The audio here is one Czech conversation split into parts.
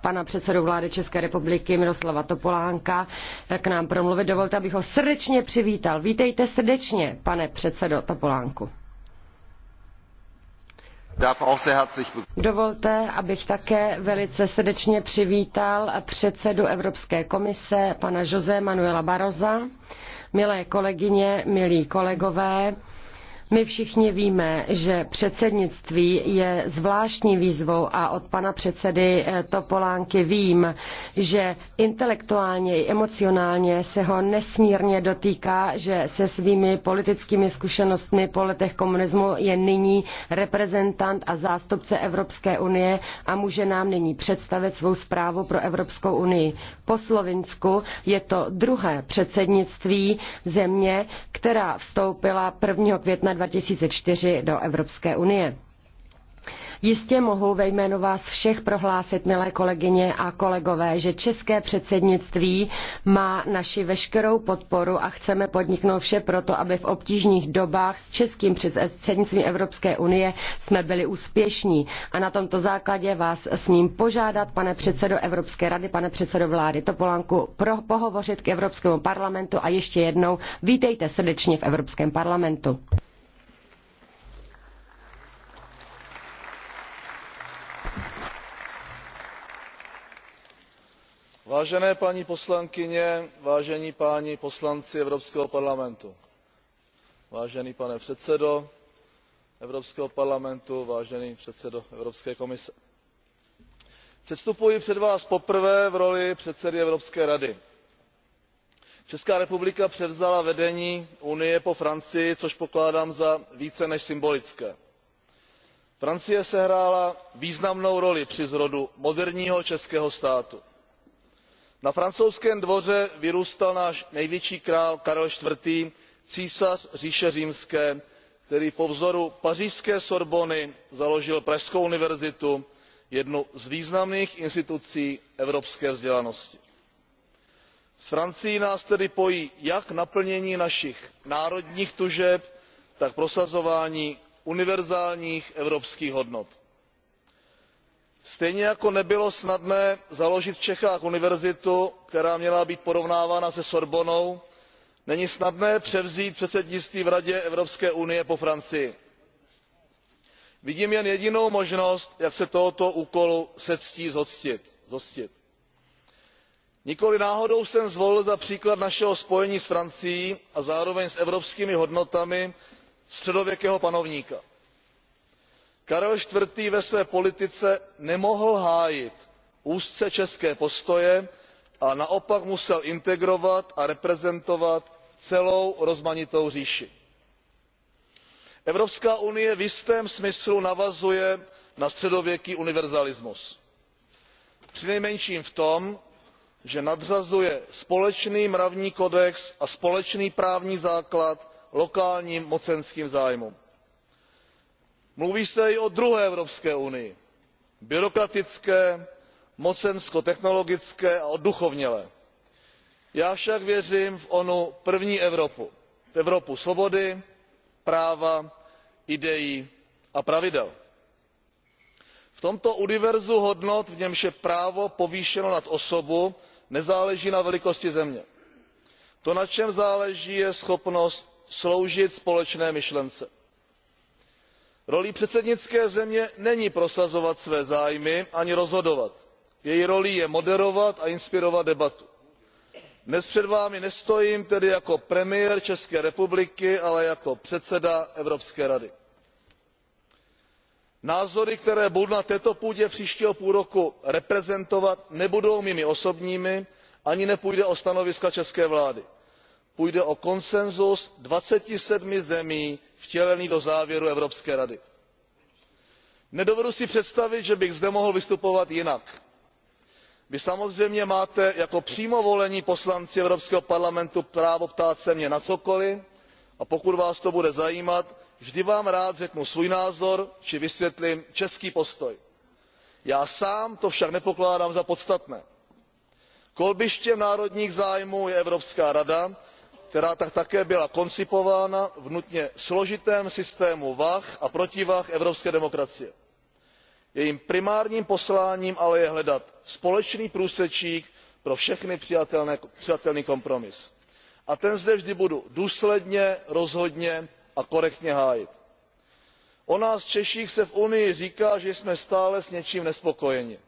pana předsedu vlády České republiky Miroslava Topolánka k nám promluvit. Dovolte, abych ho srdečně přivítal. Vítejte srdečně, pane předsedo Topolánku. Dovolte, abych také velice srdečně přivítal předsedu Evropské komise, pana Jose Manuela Baroza, milé kolegyně, milí kolegové. My všichni víme, že předsednictví je zvláštní výzvou a od pana předsedy eh, Topolánky vím, že intelektuálně i emocionálně se ho nesmírně dotýká, že se svými politickými zkušenostmi po letech komunismu je nyní reprezentant a zástupce Evropské unie a může nám nyní představit svou zprávu pro Evropskou unii. Po Slovinsku je to druhé předsednictví země, která vstoupila 1. května 2004 do Evropské unie. Jistě mohu ve jménu vás všech prohlásit, milé kolegyně a kolegové, že české předsednictví má naši veškerou podporu a chceme podniknout vše proto, aby v obtížných dobách s českým předsednictvím Evropské unie jsme byli úspěšní. A na tomto základě vás smím požádat, pane předsedo Evropské rady, pane předsedo vlády Topolánku, pro pohovořit k Evropskému parlamentu a ještě jednou vítejte srdečně v Evropském parlamentu. vážené paní poslankyně vážení páni poslanci evropského parlamentu vážený pane předsedo evropského parlamentu vážený předsedo evropské komise předstupuji před vás poprvé v roli předsedy evropské rady. česká republika převzala vedení unie po francii což pokládám za více než symbolické. francie sehrála významnou roli při zrodu moderního českého státu na francouzském dvoře vyrůstal náš největší král karel iv císař říše římské který po vzoru pařížské sorbonny založil pražskou univerzitu jednu z významných institucí evropské vzdělanosti. s francií nás tedy pojí jak naplnění našich národních tužeb tak prosazování univerzálních evropských hodnot stejně jako nebylo snadné založit v čechách univerzitu která měla být porovnávána se sorbonnou není snadné převzít předsednictví v radě evropské unie po francii. vidím jen jedinou možnost jak se tohoto úkolu se ctí zhostit. nikoli náhodou jsem zvolil za příklad našeho spojení s francií a zároveň s evropskými hodnotami středověkého panovníka karel iv. ve své politice nemohl hájit úzce české postoje a naopak musel integrovat a reprezentovat celou rozmanitou říši. evropská unie v jistém smyslu navazuje na středověký univerzalismus přinejmenším v tom že nadřazuje společný mravní kodex a společný právní základ lokálním mocenským zájmům mluví se i o druhé evropské unii byrokratické mocensko technologické a oduchovnělé. já však věřím v onu první evropu v evropu svobody práva idejí a pravidel. v tomto univerzu hodnot v němž je právo povýšeno nad osobu nezáleží na velikosti země. to na čem záleží je schopnost sloužit společné myšlence rolí předsednické země není prosazovat své zájmy ani rozhodovat její rolí je moderovat a inspirovat debatu. dnes před vámi nestojím tedy jako premiér české republiky ale jako předseda evropské rady. názory které budu na této půdě příštího půlroku reprezentovat nebudou mými osobními ani nepůjde o stanoviska české vlády. půjde o konsensus twenty seven zemí vtělený do závěrů evropské rady nedovedu si představit že bych zde mohl vystupovat jinak. vy samozřejmě máte jako přímo volení poslanci evropského parlamentu právo ptát se mě na cokoliv a pokud vás to bude zajímat vždy vám rád řeknu svůj názor či vysvětlím český postoj. já sám to však nepokládám za podstatné. kolbištěm národních zájmů je evropská rada která tak také byla koncipována v nutně složitém systému vah a protivah evropské demokracie jejím primárním posláním ale je hledat společný průsečík pro všechny přijatelný kompromis a ten zde vždy budu důsledně rozhodně a korektně hájit. o nás češích se v unii říká že jsme stále s něčím nespokojeni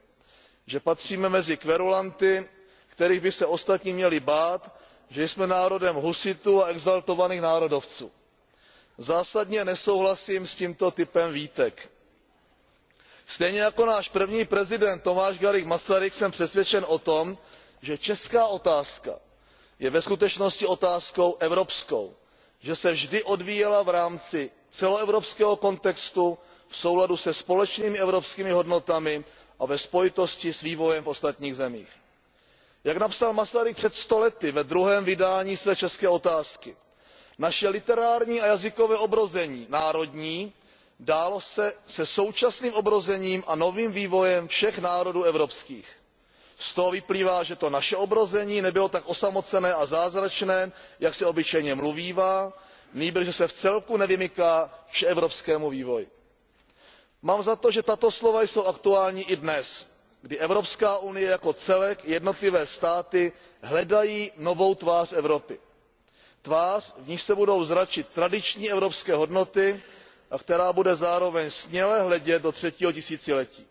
že patříme mezi kverulanty kterých by se ostatní měli bát že jsme národem husitů a exaltovaných národovců. zásadně nesouhlasím s tímto typem výtek stejně jako náš první prezident tomáš garrigue masaryk jsem přesvědčen o tom že česká otázka je ve skutečnosti otázkou evropskou že se vždy odvíjela v rámci celoevropského kontextu v souladu se společnými evropskými hodnotami a ve spojitosti s vývojem v ostatních zemích. jak napsal masaryk před sto lety ve druhém vydání své české otázky naše literární a jazykové obrození národní dálo se se současným obrozením a novým vývojem všech národů evropských. z toho vyplývá že to naše obrození nebylo tak osamocené a zázračné jak se obyčejně mluvívá nýbrž že se vcelku nevymyká všeevropskému vývoji. mám za to že tato slova jsou aktuální i dnes kdy evropská unie jako celek i jednotlivé státy hledají novou tvář evropy. tvář v níž se budou zračit tradiční evropské hodnoty a která bude zároveň směle hledět do třetího tisíciletí.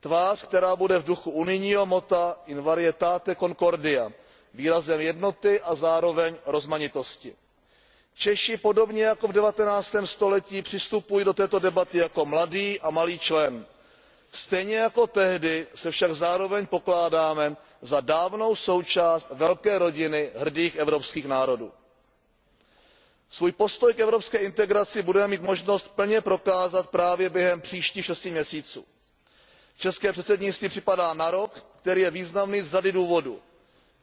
tvář která bude v duchu unijního motta in varietate concordia výrazem jednoty a zároveň rozmanitosti. češi podobně jako v devatenáctém století přistupují do této debaty jako mladý a malý člen. stejně jako tehdy se však zároveň pokládáme za dávnou součást velké rodiny hrdých evropských národů svůj postoj k evropské integraci budeme mít možnost plně prokázat právě během příštích šesti měsíců. české předsednictví připadá na rok který je významný z řady důvodů.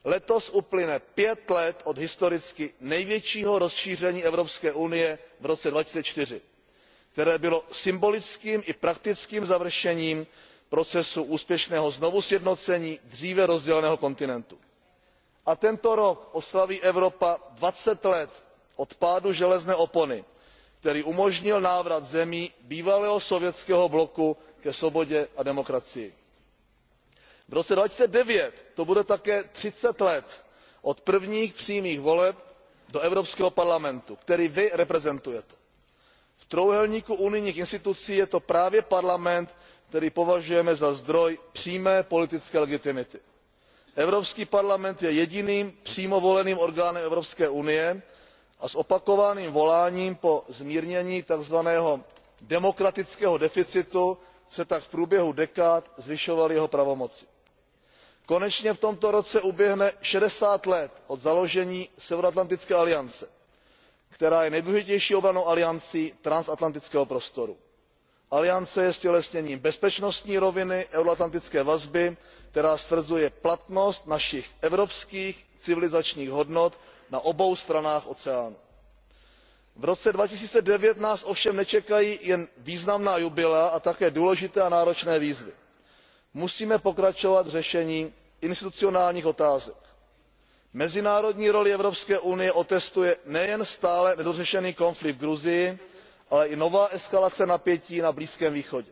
letos uplyne pět let od historicky největšího rozšíření evropské unie v roce two thousand and four které bylo symbolickým i praktickým završením procesu úspěšného znovusjednocení dříve rozděleného kontinentu. a tento rok oslaví evropa twenty let od pádu železné opony který umožnil návrat zemí bývalého sovětského bloku ke svobodě a demokracii. v roce two thousand and nine to bude také thirty let od prvních přímých voleb do evropského parlamentu který vy reprezentujete. v trojúhelníku unijních institucí je to právě parlament který považujeme za zdroj přímé politické legitimity. evropský parlament je jediným přímo voleným orgánem evropské unie a s opakovaným voláním po zmírnění tzv. demokratického deficitu se tak v průběhu dekád zvyšovaly jeho pravomoci. konečně v tomto roce uběhne sixty let od založení severoatlantické aliance která je nejdůležitější obrannou aliancí transatlantického prostoru. aliance je ztělesněním bezpečnostní roviny euroatlantické vazby která stvrzuje platnost našich evropských civilizačních hodnot na obou stranách oceánu. v roce two thousand and nine nás ovšem nečekají jen významná jubilea a také důležité a náročné výzvy. musíme pokračovat v řešení institucionálních otázek. mezinárodní roli evropské unie otestuje nejen stále nedořešený konflikt v gruzii ale i nová eskalace napětí na blízkém východě.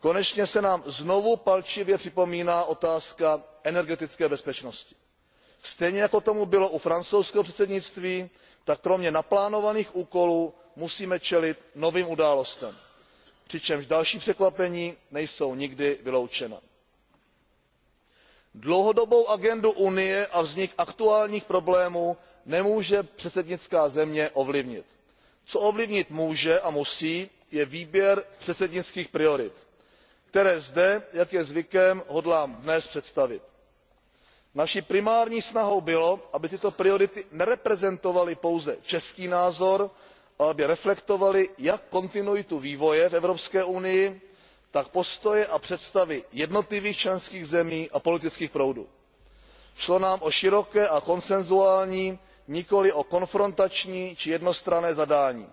konečně se nám znovu palčivě připomíná otázka energetické bezpečnosti stejně jako tomu bylo u francouzského předsednictví tak kromě naplánovaných úkolů musíme čelit novým událostem přičemž další překvapení nejsou nikdy vyloučena. dlouhodobou agendu unie a vznik aktuálních problémů nemůže předsednická země ovlivnit. co ovlivnit může a musí je výběr předsednických priorit které zde jak je zvykem hodlám dnes představit naší primární snahou bylo aby tyto priority nereprezentovaly pouze český názor ale aby reflektovaly jak kontinuitu vývoje v evropské unii tak postoje a představy jednotlivých členských zemí a politických proudů. šlo nám o široké a konsensuální nikoli o konfrontační či jednostranné zadání.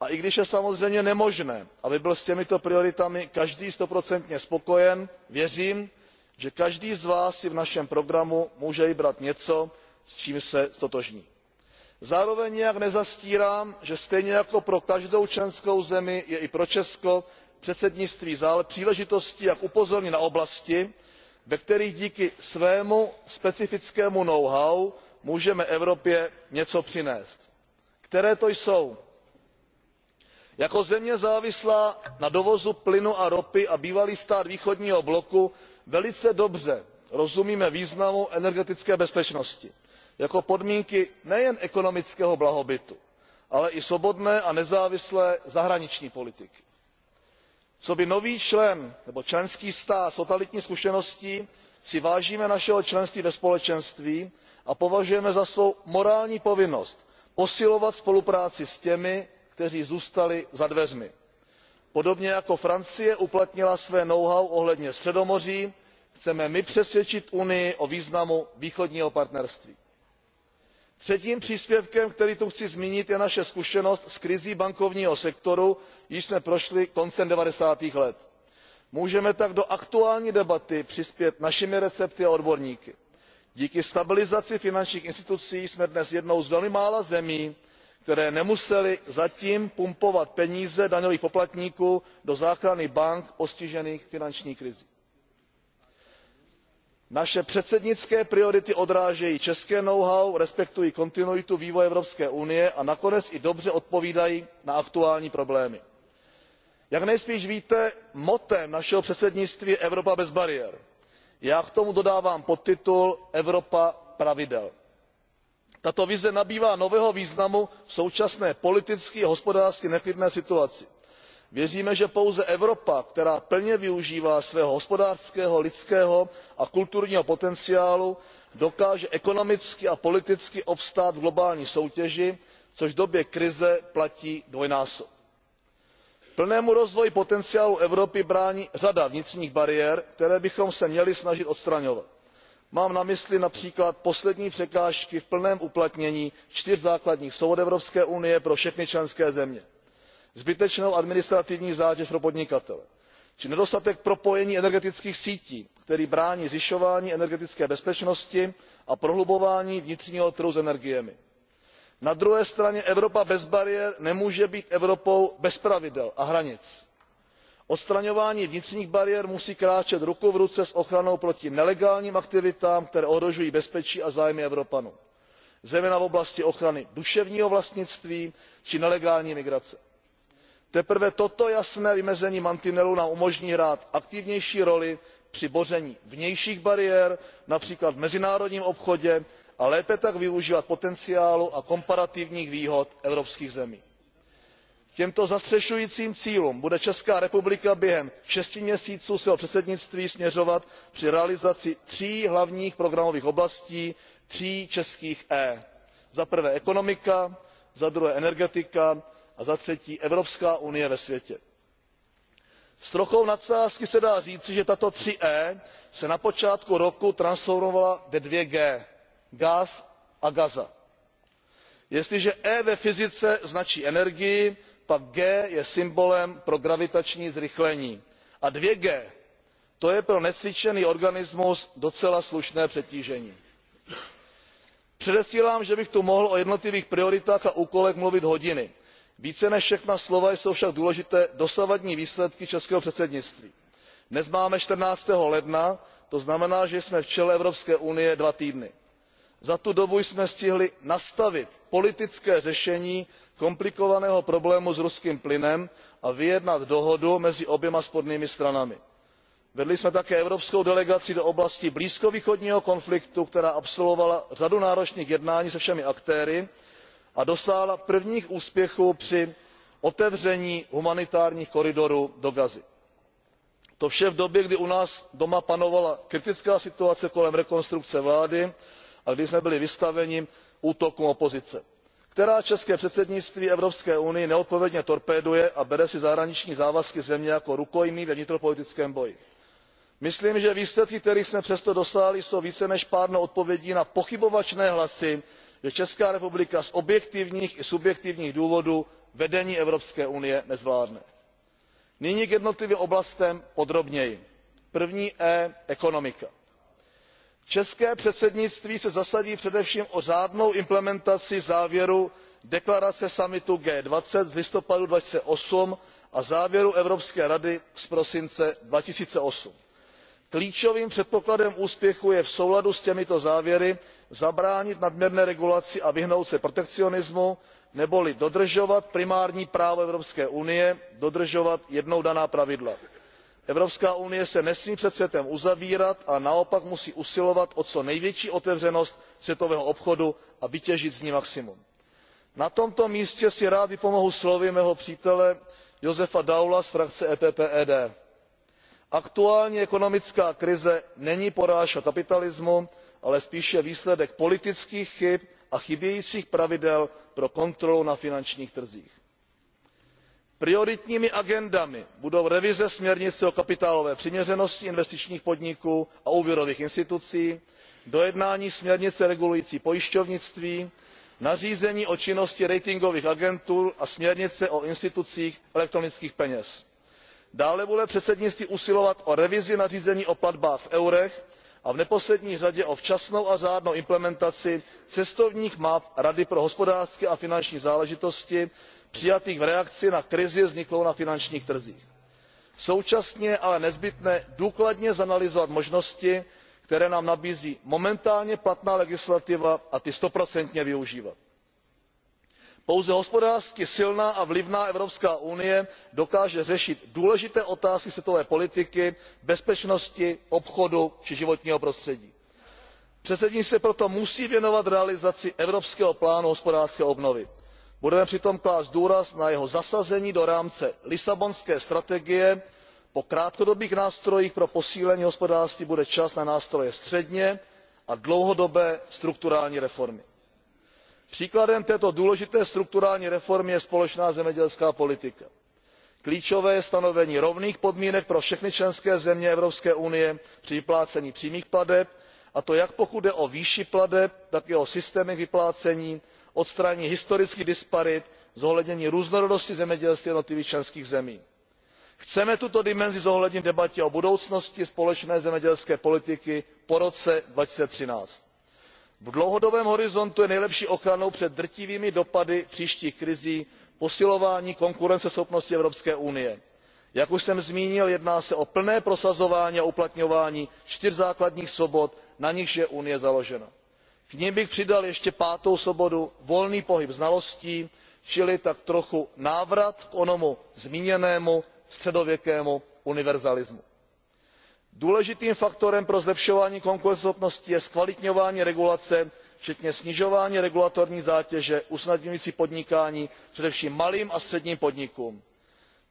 a i když je samozřejmě nemožné aby byl s těmito prioritami každý stoprocentně spokojen věřím že každý z vás si v našem programu může vybrat něco s čím se ztotožní. zároveň nijak nezastírám že stejně jako pro každou členskou zemi je i pro česko předsednictví příležitostí jak upozornit na oblasti ve kterých díky svému specifickému know how můžeme evropě něco přinést. které to jsou? jako země závislá na dovozu plynu a ropy a bývalý stát východního bloku velice dobře rozumíme významu energetické bezpečnosti jako podmínky nejen ekonomického blahobytu ale i svobodné a nezávislé zahraniční politiky. coby nový člen nebo členský stát s totalitní zkušeností si vážíme našeho členství ve společenství a považujeme za svou morální povinnost posilovat spolupráci s těmi kteří zůstali za dveřmi podobně jako francie uplatnila své know how ohledně středomoří chceme my přesvědčit unii o významu východního partnerství. třetím příspěvkem který zde chci zmínit je naše zkušenost s krizí bankovního sektoru jíž jsme prošli koncem devadesátých let. můžeme tak do aktuální debaty přispět našimi recepty a odborníky. díky stabilizaci finančních institucí jsme dnes jednou z velmi mála zemí které nemusely zatím pumpovat peníze daňových poplatníků do záchrany bank postižených finanční krizí. naše předsednické priority odrážejí české know how respektují kontinuitu vývoje evropské unie a nakonec i dobře odpovídají na aktuální problémy. jak nejspíš víte mottem našeho předsednictví je evropa bez bariér. já k tomu dodávám podtitul evropa pravidel tato vize nabývá nového významu v současné politicky a hospodářsky neklidné situaci. věříme že pouze evropa která plně využívá svého hospodářského lidského a kulturního potenciálu dokáže ekonomicky a politicky obstát v globální soutěži což v době krize platí dvojnásob. plnému rozvoji potenciálu evropy brání řada vnitřních bariér které bychom se měli snažit odstraňovat mám na mysli například poslední překážky v plném uplatnění čtyř základních svobod evropské unie pro všechny členské země zbytečnou administrativní zátěž pro podnikatele či nedostatek propojení energetických sítí který brání zvyšování energetické bezpečnosti a prohlubování vnitřního trhu s energiemi. na druhé straně evropa bez bariér nemůže být evropou bez pravidel a hranic odstraňování vnitřních bariér musí kráčet ruku v ruce s ochranou proti nelegálním aktivitám které ohrožují bezpečí a zájmy evropanů zejména v oblasti ochrany duševního vlastnictví či nelegální migrace. teprve toto jasné vymezení mantinelů nám umožní hrát aktivnější roli při boření vnějších bariér například v mezinárodním obchodě a lépe tak využívat potenciálu a komparativních výhod evropských zemí těmto zastřešujícím cílům bude česká republika během šesti měsíců svého předsednictví směřovat při realizaci tří hlavních programových oblastí tří českých e za prvé ekonomika za druhé energetika a za třetí evropská unie ve světě. s trochou nadsázky se dá říci že tato tři e se na počátku roku transformovala ve dvě g gas a gaza. jestliže e ve fyzice značí energii pak g je symbolem pro gravitační zrychlení a two g to je pro necvičený organismus docela slušné přetížení. předesílám že bych tu mohl o jednotlivých prioritách a úkolech mluvit hodiny. více než všechna slova jsou však důležité dosavadní výsledky českého předsednictví. dnes máme. fourteen ledna to znamená že jsme v čele evropské unie dva týdny. za tu dobu jsme stihli nastavit politické řešení komplikovaného problému s ruským plynem a vyjednat dohodu mezi oběma spornými stranami. vedli jsme také evropskou delegaci do oblasti blízkovýchodního konfliktu která absolvovala řadu náročných jednání se všemi aktéry a dosáhla prvních úspěchů při otevření humanitárních koridorů do gazy. to vše v době kdy u nás doma panovala kritická situace kolem rekonstrukce vlády a kdy jsme byli vystaveni útokům opozice která české předsednictví evropské unii neodpovědně torpéduje a bere si zahraniční závazky země jako rukojmí ve vnitropolitickém boji. myslím že výsledky kterých jsme přesto dosáhli jsou více než pádnou odpovědí na pochybovačné hlasy že česká republika z objektivních i subjektivních důvodů vedení evropské unie nezvládne. nyní k jednotlivým oblastem podrobněji. první e ekonomika české předsednictví se zasadí především o řádnou implementaci závěrů deklarace summitu g twenty z listopadu two thousand and eight a závěrů evropské rady z prosince. two thousand and eight klíčovým předpokladem úspěchu je v souladu s těmito závěry zabránit nadměrné regulaci a vyhnout se protekcionismu neboli dodržovat primární právo evropské unie dodržovat jednou daná pravidla evropská unie se nesmí před světem uzavírat a naopak musí usilovat o co největší otevřenost světového obchodu a vytěžit z ní maximum. na tomto místě si rád vypomohu slovy mého přítele josefa daula z frakce e ppe de. aktuální ekonomická krize není porážka kapitalismu ale spíše výsledek politických chyb a chybějících pravidel pro kontrolu na finančních trzích prioritními agendami budou revize směrnice o kapitálové přiměřenosti investičních podniků a úvěrových institucí dojednání směrnice regulující pojišťovnictví nařízení o činnosti ratingových agentur a směrnice o institucích elektronických peněz. dále bude předsednictví usilovat o revizi nařízení o platbách v eurech a v neposlední řadě o včasnou a řádnou implementaci cestovních map rady pro hospodářské a finanční záležitosti přijatých v reakci na krizi vzniklou na finančních trzích. současně je ale nezbytné důkladně zanalyzovat možnosti které nám nabízí momentálně platná legislativa a ty stoprocentně využívat. pouze hospodářsky silná a vlivná evropská unie dokáže řešit důležité otázky světové politiky bezpečnosti obchodu či životního prostředí. předsednictví se proto musí věnovat realizaci evropského plánu hospodářské obnovy budeme přitom klást důraz na jeho zasazení do rámce lisabonské strategie po krátkodobých nástrojích pro posílení hospodářství bude čas na nástroje středně a dlouhodobé strukturální reformy. příkladem této důležité strukturální reformy je společná zemědělská politika. klíčové je stanovení rovných podmínek pro všechny členské země evropské unie při vyplácení přímých plateb a to jak pokud jde o výši plateb tak i o systémy vyplácení odstranění historických disparit zohlednění různorodosti zemědělství jednotlivých členských zemí. chceme tuto dimenzi zohlednit v debatě o budoucnosti společné zemědělské politiky po roce. two thousand and thirteen v dlouhodobém horizontu je nejlepší ochranou před drtivými dopady příštích krizí posilování konkurenceschopnosti evropské unie. jak už jsem zmínil jedná se o plné prosazování a uplatňování čtyř základních svobod na nichž je unie založena k nim bych přidal ještě pátou svobodu volný pohyb znalostí čili tak trochu návrat k onomu zmíněnému středověkému univerzalismu. důležitým faktorem pro zlepšování konkurenceschopnosti je zkvalitňování regulace včetně snižování regulatorní zátěže usnadňující podnikání především malým a středním podnikům.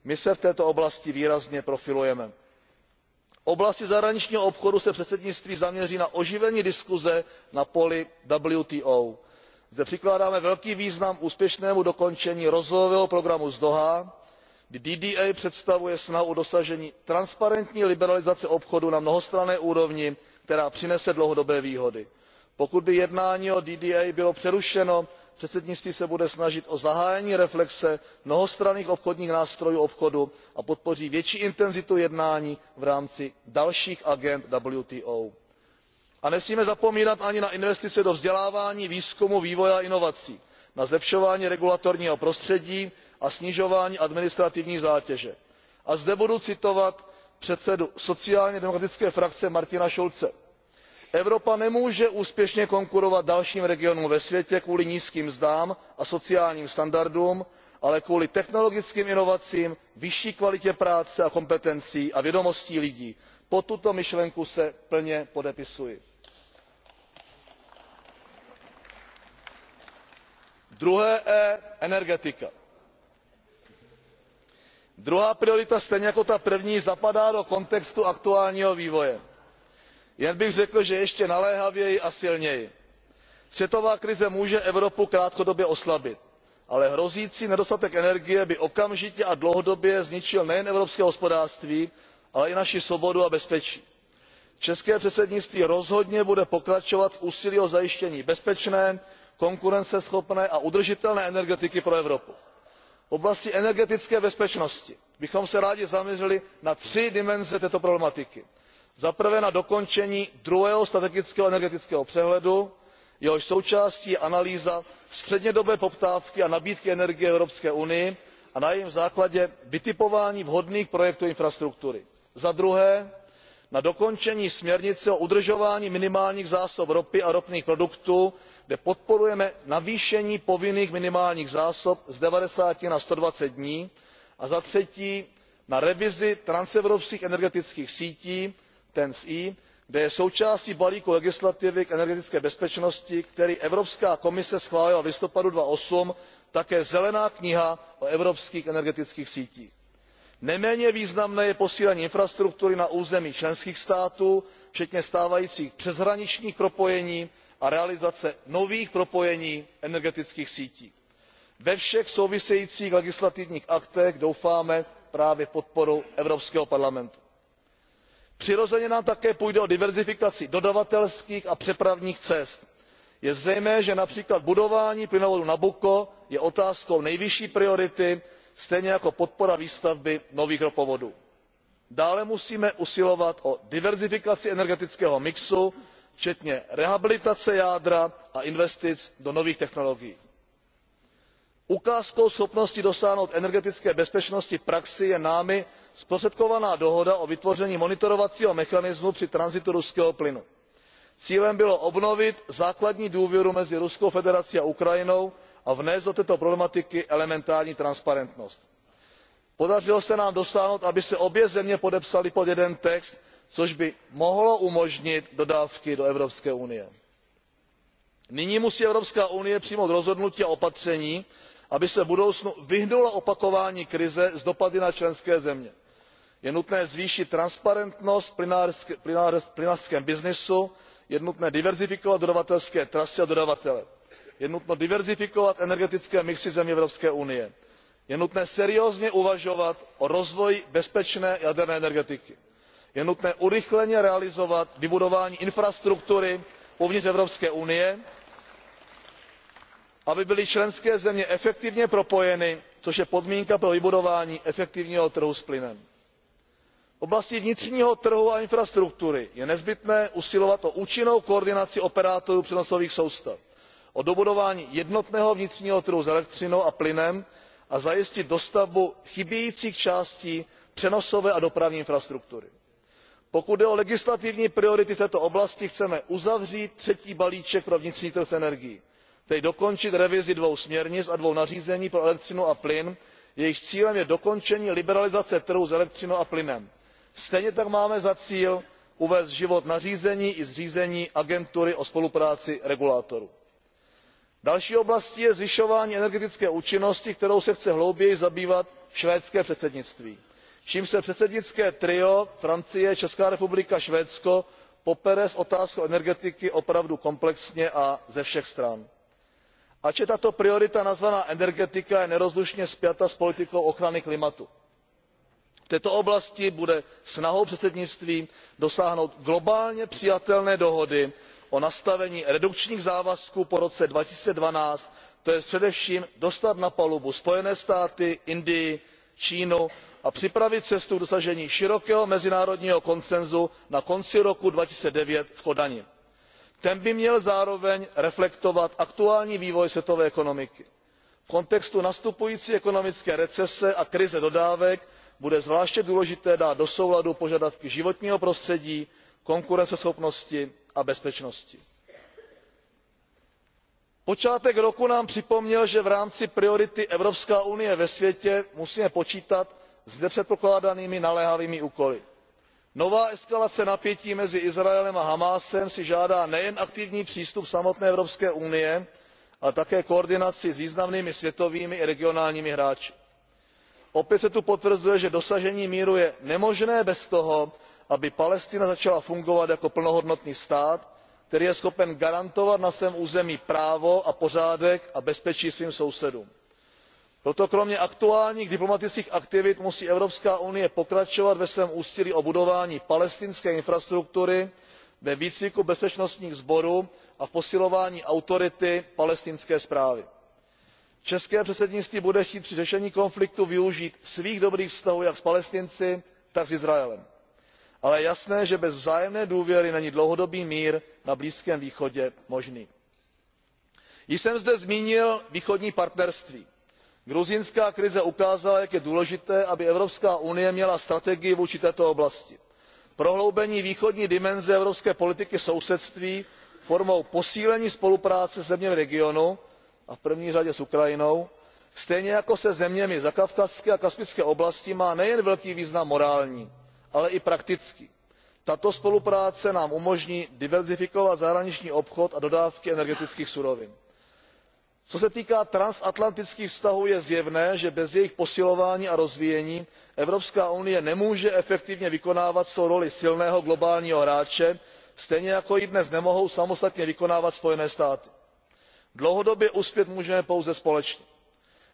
my se v této oblasti výrazně profilujeme v oblasti zahraničního obchodu se předsednictví zaměří na oživení diskuse na poli wto. zde přikládáme velký význam úspěšnému dokončení rozvojového programu z dauhá kdy dda představuje snahu o dosažení transparentní liberalizace obchodu na mnohostranné úrovni která přinese dlouhodobé výhody. pokud by jednání o dda bylo přerušeno předsednictví se bude snažit o zahájení reflexe mnohostranných obchodních nástrojů obchodu a podpoří větší intenzitu jednání v rámci dalších agend wto. a nesmíme zapomínat ani na investice do vzdělávání výzkumu vývoje a inovací na zlepšování regulatorního prostředí a snižování administrativní zátěže. a zde budu citovat předsedu sociálně demokratické frakce martina schulze evropa nemůže úspěšně konkurovat dalším regionům ve světě kvůli nízkým mzdám a sociálním standardům ale kvůli technologickým inovacím vyšší kvalitě práce a kompetencí a vědomostí lidí. pod tuto myšlenku se plně podepisuji. druhé e energetika. druhá priorita stejně jako ta první zapadá do kontextu aktuálního vývoje jen bych řekl že ještě naléhavěji a silněji. světová krize může evropu krátkodobě oslabit ale hrozící nedostatek energie by okamžitě a dlouhodobě zničil nejen evropské hospodářství ale i naši svobodu a bezpečí. české předsednictví rozhodně bude pokračovat v úsilí o zajištění bezpečné konkurenceschopné a udržitelné energetiky pro evropu. v oblasti energetické bezpečnosti bychom se rádi zaměřili na tři dimenze této problematiky zaprvé na dokončení druhého strategického energetického přehledu jehož součástí je analýza střednědobé poptávky a nabídky energie v evropské unii a na jejím základě vytipování vhodných projektů infrastruktury. zadruhé na dokončení směrnice o udržování minimálních zásob ropy a ropných produktů kde podporujeme navýšení povinných minimálních zásob z ninety na one hundred and twenty dní a zatřetí na revizi transevropských energetických sítí ten e kde je součástí balíku legislativy k energetické bezpečnosti který evropská komise schválila v listopadu two thousand and eight také zelená kniha o evropských energetických sítích. neméně významné je posílení infrastruktury na území členských států včetně stávajících přeshraničních propojení a realizace nových propojení energetických sítí. ve všech souvisejících legislativních aktech doufáme právě v podporu evropského parlamentu přirozeně nám také půjde o diverzifikaci dodavatelských a přepravních cest. je zřejmé že například budování plynovodu nabucco je otázkou nejvyšší priority stejně jako podpora výstavby nových ropovodů. dále musíme usilovat o diverzifikaci energetického mixu včetně rehabilitace jádra a investic do nových technologií ukázkou schopnosti dosáhnout energetické bezpečnosti v praxi je námi zprostředkovaná dohoda o vytvoření monitorovacího mechanismu při tranzitu ruského plynu. cílem bylo obnovit základní důvěru mezi ruskou federací a ukrajinou a vnést do této problematiky elementární transparentnost. podařilo se nám dosáhnout aby se obě země podepsaly pod jeden text což by mohlo umožnit dodávky do evropské unie. nyní musí evropská unie přijmout rozhodnutí a opatření aby se v budoucnu vyhnula opakování krize s dopady na členské země. je nutné zvýšit transparentnost v plynárenském byznysu je nutné diverzifikovat dodavatelské trasy a dodavatele je nutno diverzifikovat energetické mixy zemí evropské unie je nutné seriózně uvažovat o rozvoji bezpečné jaderné energetiky je nutné urychleně realizovat vybudování infrastruktury uvnitř evropské unie aby byly členské země efektivně propojeny což je podmínka pro vybudování efektivního trhu s plynem. v oblasti vnitřního trhu a infrastruktury je nezbytné usilovat o účinnou koordinaci operátorů přenosových soustav o dobudování jednotného vnitřního trhu s elektřinou a plynem a zajistit dostavbu chybějících částí přenosové a dopravní infrastruktury. pokud jde o legislativní priority v této oblasti chceme uzavřít třetí balíček pro vnitřní trh s energií tedy dokončit revizi dvou směrnic a dvou nařízení pro elektřinu a plyn jejichž cílem je dokončení liberalizace trhu s elektřinou a plynem. stejně tak máme za cíl uvést v život nařízení i zřízení agentury o spolupráci regulátorů. další oblastí je zvyšování energetické účinnosti kterou se chce hlouběji zabývat švédské předsednictví čímž se předsednické trio francie česká republika švédsko popere s otázkou energetiky opravdu komplexně a ze všech stran ač je tato priorita nazvaná energetika je nerozlučně spjata s politikou ochrany klimatu. v této oblasti bude snahou předsednictví dosáhnout globálně přijatelné dohody o nastavení redukčních závazků po roce two thousand and twelve to jest především dostat na palubu spojené státy indii čínu a připravit cestu k dosažení širokého mezinárodního konsensu na konci roku two thousand and nine v kodani ten by měl zároveň reflektovat aktuální vývoj světové ekonomiky. v kontextu nastupující ekonomické recese a krize dodávek bude zvláště důležité dát do souladu požadavky životního prostředí konkurenceschopnosti a bezpečnosti. počátek roku nám připomněl že v rámci priority evropská unie ve světě musíme počítat s nepředpokládanými naléhavými úkoly nová eskalace napětí mezi izraelem a hamásem si žádá nejen aktivní přístup samotné evropské unie ale také koordinaci s významnými světovými i regionálními hráči. opět se tu potvrzuje že dosažení míru je nemožné bez toho aby palestina začala fungovat jako plnohodnotný stát který je schopen garantovat na svém území právo a pořádek a bezpečí svým sousedům proto kromě aktuálních diplomatických aktivit musí evropská unie pokračovat ve svém úsilí o budování palestinské infrastruktury ve výcviku bezpečnostních sborů a v posilování autority palestinské správy. české předsednictví bude chtít při řešení konfliktu využít svých dobrých vztahů jak s palestinci tak s izraelem. ale je jasné že bez vzájemné důvěry není dlouhodobý mír na blízkém východě možný. již jsem zde zmínil východní partnerství gruzínská krize ukázala jak je důležité aby evropská unie měla strategii vůči této oblasti. prohloubení východní dimenze evropské politiky sousedství formou posílení spolupráce se zeměmi regionu a v první řadě s ukrajinou stejně jako se zeměmi zakavkazské a kaspické oblasti má nejen velký význam morální ale i praktický. tato spolupráce nám umožní diverzifikovat zahraniční obchod a dodávky energetických surovin co se týká transatlantických vztahů je zjevné že bez jejich posilování a rozvíjení evropská unie nemůže efektivně vykonávat svou roli silného globálního hráče stejně jako ji dnes nemohou samostatně vykonávat spojené státy. dlouhodobě uspět můžeme pouze společně.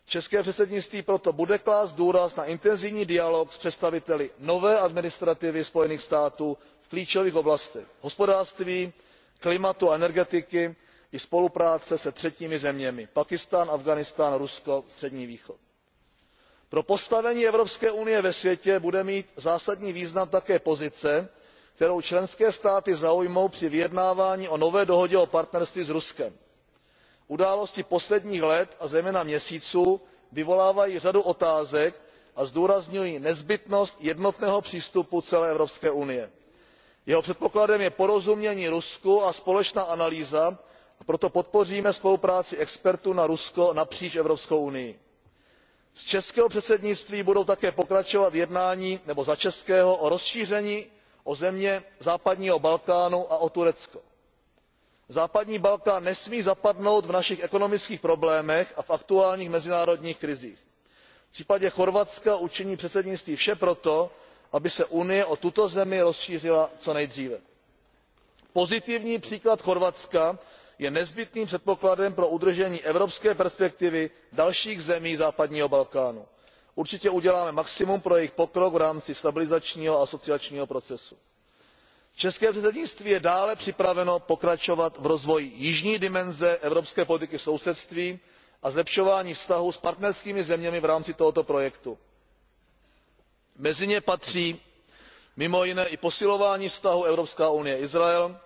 české předsednictví proto bude klást důraz na intenzivní dialog s představiteli nové administrativy spojených států v klíčových oblastech hospodářství klimatu a energetiky i spolupráce se třetími zeměmi pákistán afghánistán rusko střední východ. pro postavení evropské unie ve světě bude mít zásadní význam také pozice kterou členské státy zaujmou při vyjednávání o nové dohodě o partnerství s ruskem. události posledních let a zejména měsíců vyvolávají řadu otázek a zdůrazňují nezbytnost jednotného přístupu celé evropské unie. jeho předpokladem je porozumění rusku a společná analýza proto podpoříme spolupráci expertů na rusko napříč evropskou unií. za českého předsednictví budou také pokračovat jednání o rozšíření o země západního balkánu a o turecko. západní balkán nesmí zapadnout v našich ekonomických problémech a v aktuálních mezinárodních krizích. v případě chorvatska učiní předsednictví vše pro to aby se unie o tuto zemi rozšířila co nejdříve. pozitivní příklad chorvatska je nezbytným předpokladem pro udržení evropské perspektivy dalších zemí západního balkánu. určitě uděláme maximum pro jejich pokrok v rámci stabilizačního a asociačního procesu. české předsednictví je dále připraveno pokračovat v rozvoji jižní dimenze evropské politiky sousedství a zlepšování vztahů s partnerskými zeměmi v rámci tohoto projektu. mezi ně patří mimo jiné i posilování vztahů evropská unie izrael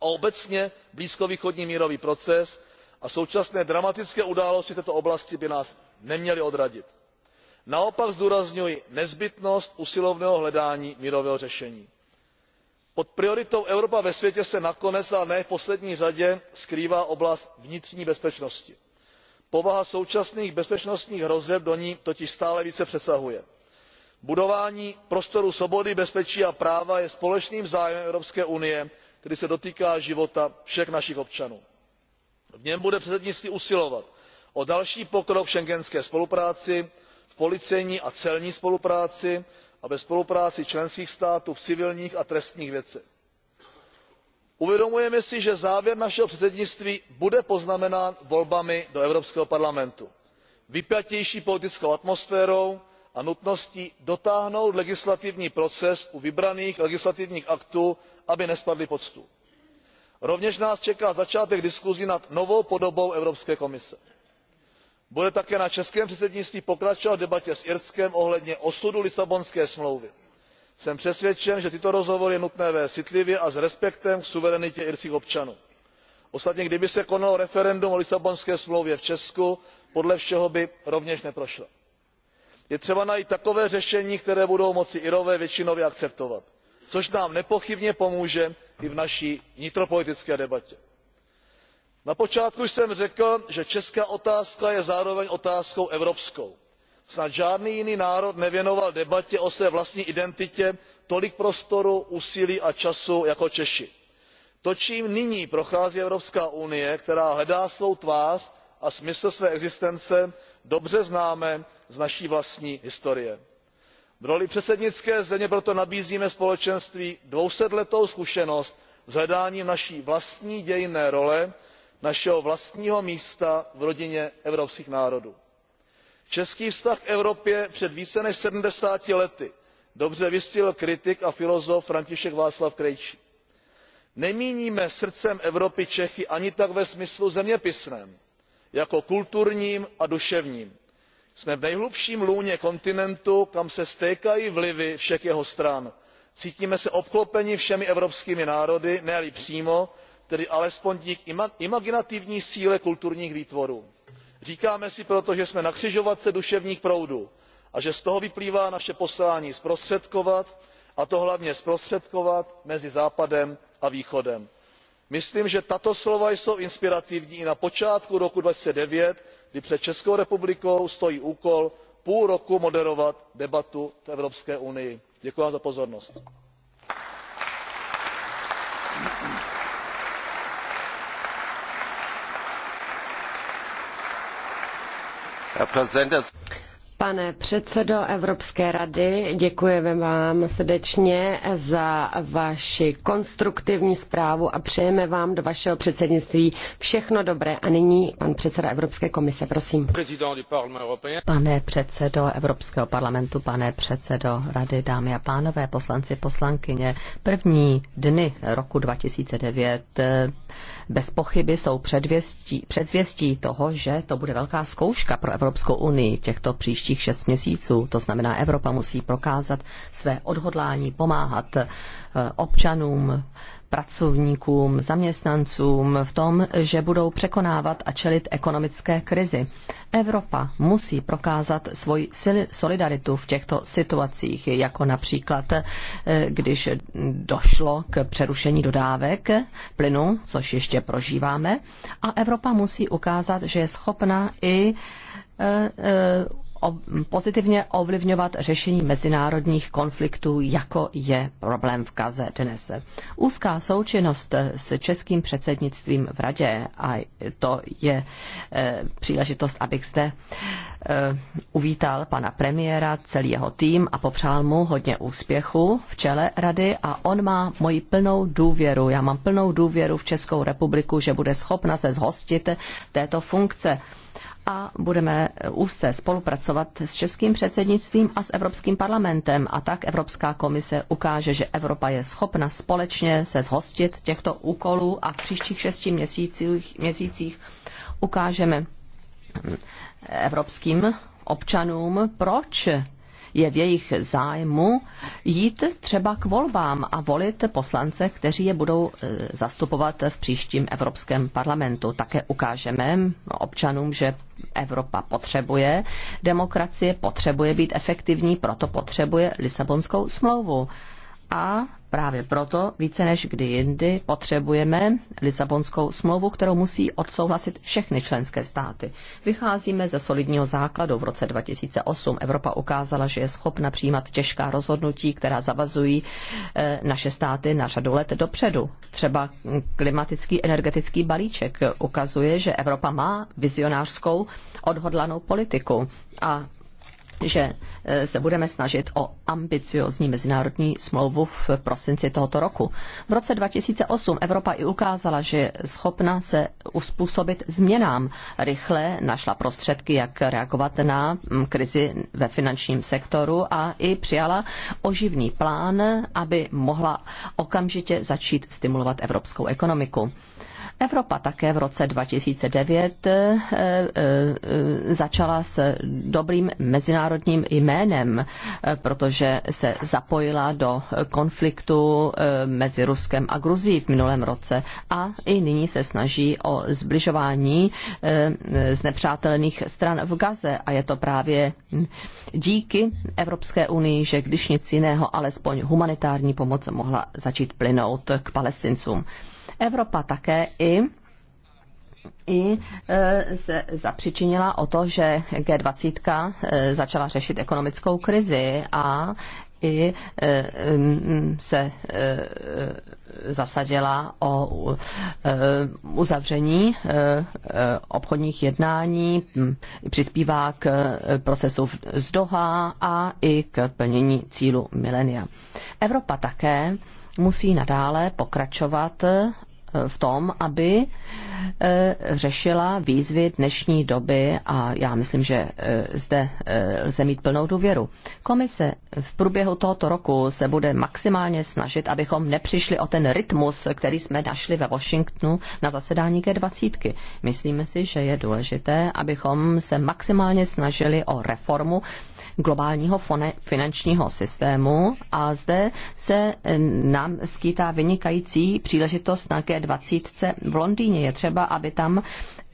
a obecně blízkovýchodní mírový proces a současné dramatické události v této oblasti by nás neměly odradit. naopak zdůrazňuji nezbytnost usilovného hledání mírového řešení. pod prioritou evropa ve světě se nakonec ale ne v poslední řadě skrývá oblast vnitřní bezpečnosti. povaha současných bezpečnostních hrozeb do ní totiž stále více přesahuje. budování prostoru svobody bezpečí a práva je společným zájmem evropské unie který se dotýká života všech našich občanů. v něm bude předsednictví usilovat o další pokrok v schengenské spolupráci v policejní a celní spolupráci a ve spolupráci členských států v civilních a trestních věcech. uvědomujeme si že závěr našeho předsednictví bude poznamenán volbami do evropského parlamentu vypjatější politickou atmosférou a nutností dotáhnout legislativní proces u vybraných legislativních aktů aby nespadly pod stůl. rovněž nás čeká začátek diskusí nad novou podobou evropské komise. bude také na českém předsednictví pokračovat v debatě s irskem ohledně osudu lisabonské smlouvy. jsem přesvědčen že tyto rozhovory je nutné vést citlivě a s respektem k suverenitě irských občanů. ostatně kdyby se konalo referendum o lisabonské smlouvě v česku podle všeho by rovněž neprošlo je třeba najít takové řešení které budou moci irové většinově akceptovat což nám nepochybně pomůže i v naší vnitropolitické debatě. na počátku jsem řekl že česká otázka je zároveň otázkou evropskou. snad žádný jiný národ nevěnoval debatě o své vlastní identitě tolik prostoru úsilí a času jako češi. to čím nyní prochází evropská unie která hledá svou tvář a smysl své existence dobře známe z naší vlastní historie. v roli předsednické země proto nabízíme společenství dvousetletou zkušenost s hledáním naší vlastní dějinné role našeho vlastního místa v rodině evropských národů. český vztah k evropě před více než sedmdesáti lety dobře vystihl kritik a filozof františek václav krejčí. nemíníme srdcem evropy čechy ani tak ve smyslu zeměpisném jako kulturním a duševním. jsme v nejhlubším lůně kontinentu kam se stékají vlivy všech jeho stran. cítíme se obklopeni všemi evropskými národy ne li přímo tedy alespoň díky imaginativní síle kulturních výtvorů. říkáme si proto že jsme na křižovatce duševních proudů a že z toho vyplývá naše poslání zprostředkovat a to hlavně zprostředkovat mezi západem a východem myslím že tato slova jsou inspirativní i na počátku roku two thousand and nine kdy před českou republikou stojí úkol půl roku moderovat debatu v evropské unii. děkuji vám za pozornost. Pane předsedo Evropské rady, děkujeme vám srdečně za vaši konstruktivní zprávu a přejeme vám do vašeho předsednictví všechno dobré. A nyní pan předseda Evropské komise, prosím. Pane předsedo Evropského parlamentu, pane předsedo rady, dámy a pánové, poslanci, poslankyně, první dny roku 2009 eh, bez pochyby jsou předvěstí, předvěstí toho, že to bude velká zkouška pro Evropskou unii těchto příštích příštích šest měsíců. To znamená, Evropa musí prokázat své odhodlání pomáhat eh, občanům, pracovníkům, zaměstnancům v tom, že budou překonávat a čelit ekonomické krizi. Evropa musí prokázat svoji solidaritu v těchto situacích, jako například, eh, když došlo k přerušení dodávek plynu, což ještě prožíváme, a Evropa musí ukázat, že je schopna i eh, pozitivně ovlivňovat řešení mezinárodních konfliktů, jako je problém v Gaze dnes. Úzká součinnost s českým předsednictvím v Radě a to je e, příležitost, abych zde e, uvítal pana premiéra, celý jeho tým a popřál mu hodně úspěchu v čele Rady a on má moji plnou důvěru. Já mám plnou důvěru v Českou republiku, že bude schopna se zhostit této funkce a budeme úzce spolupracovat s českým předsednictvím a s Evropským parlamentem a tak Evropská komise ukáže, že Evropa je schopna společně se zhostit těchto úkolů a v příštích šesti měsících, měsících ukážeme mm, evropským občanům, proč je v jejich zájmu jít třeba k volbám a volit poslance, kteří je budou e, zastupovat v příštím Evropském parlamentu. Také ukážeme občanům, že Evropa potřebuje demokracie, potřebuje být efektivní, proto potřebuje Lisabonskou smlouvu. A Právě proto více než kdy jindy potřebujeme Lisabonskou smlouvu, kterou musí odsouhlasit všechny členské státy. Vycházíme ze solidního základu. V roce 2008 Evropa ukázala, že je schopna přijímat těžká rozhodnutí, která zavazují eh, naše státy na řadu let dopředu. Třeba klimatický energetický balíček ukazuje, že Evropa má vizionářskou odhodlanou politiku a že e, se budeme snažit o ambiciozní mezinárodní smlouvu v prosinci tohoto roku. V roce 2008 Evropa i ukázala, že je schopna se uspůsobit změnám. Rychle našla prostředky, jak reagovat na mm, krizi ve finančním sektoru a i přijala oživný plán, aby mohla okamžitě začít stimulovat evropskou ekonomiku. Evropa také v roce 2009 eh, eh, začala s dobrým mezinárodním jménem, eh, protože se zapojila do konfliktu mezi Ruskem a Gruzí v minulém roce a i nyní se snaží o zbližování nepřátelných stran v Gaze a je to právě díky Evropské unii, že když nic jiného, alespoň humanitární pomoc mohla začít plynout k palestincům. Evropa také i i e, se zapřičinila o to, že G20 e, začala řešit ekonomickou krizi a i e, se zasadila o uzavření obchodních jednání, přispívá k procesu z Doha a i k plnění cílu milenia. Evropa také musí nadále pokračovat v tom, aby e, řešila výzvy dnešní doby a já myslím, že e, zde e, lze mít plnou důvěru. Komise v průběhu tohoto roku se bude maximálně snažit, abychom nepřišli o ten rytmus, který jsme našli ve Washingtonu na zasedání G20. Myslíme si, že je důležité, abychom se maximálně snažili o reformu globálního finančního systému a zde se eh, nám skýtá vynikající příležitost na G20 v Londýně. Je třeba, aby tam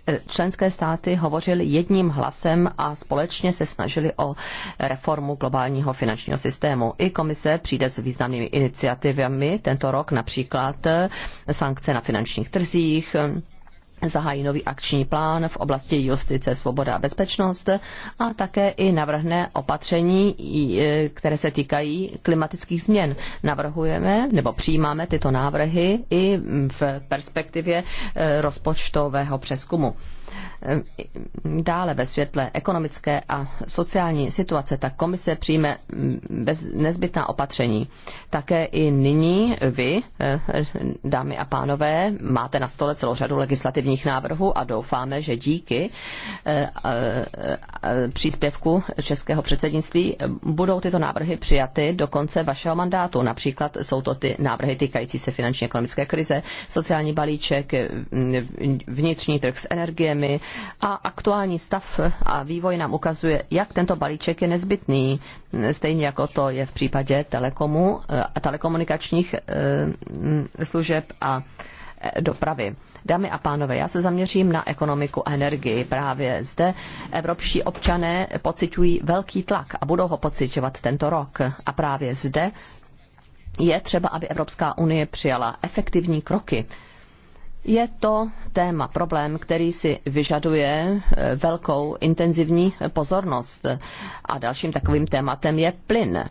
eh, členské státy hovořily jedním hlasem a společně se snažili o reformu globálního finančního systému. I komise přijde s významnými iniciativami tento rok, například eh, sankce na finančních trzích, zahájí nový akční plán v oblasti justice, svoboda a bezpečnost a také i navrhne opatření, e, které se týkají klimatických změn. Navrhujeme nebo přijímáme tyto návrhy i v perspektivě e, rozpočtového přeskumu. Ehm, dále ve světle ekonomické a sociální situace tak komise přijme mm, bez nezbytná opatření. Také i nyní vy, eh, dámy a pánové, máte na stole celou řadu legislativních návrhů a doufáme, že díky eh, eh, příspěvku českého předsednictví budou tyto návrhy přijaty do konce vašeho mandátu. Například jsou to ty návrhy týkající se finanční ekonomické krize, sociální balíček, mm, vnitřní trh s energiemi, zemi a aktuální stav a vývoj nám ukazuje, jak tento balíček je nezbytný, stejně jako to je v případě telekomu a eh, telekomunikačních eh, služeb a eh, dopravy. Dámy a pánové, já se zaměřím na ekonomiku a energii. Právě zde evropští občané pocitují velký tlak a budou ho pocitovat tento rok. A právě zde je třeba, aby Evropská unie přijala efektivní kroky je to téma, problém, který si vyžaduje eh, velkou intenzivní pozornost. A dalším takovým tématem je plyn,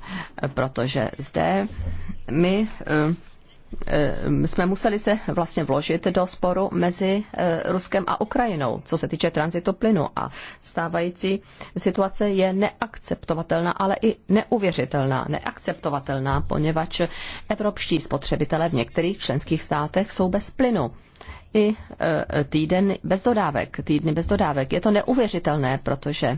protože zde my eh, eh, jsme museli se vlastně vložit do sporu mezi Ruskem a Ukrajinou, co se týče tranzitu plynu. A stávající situace je neakceptovatelná, ale i neuvěřitelná. Neakceptovatelná, poněvadž evropští spotřebitelé v některých členských státech jsou bez plynu i e, týden bez dodávek, týdny bez dodávek. Je to neuvěřitelné, protože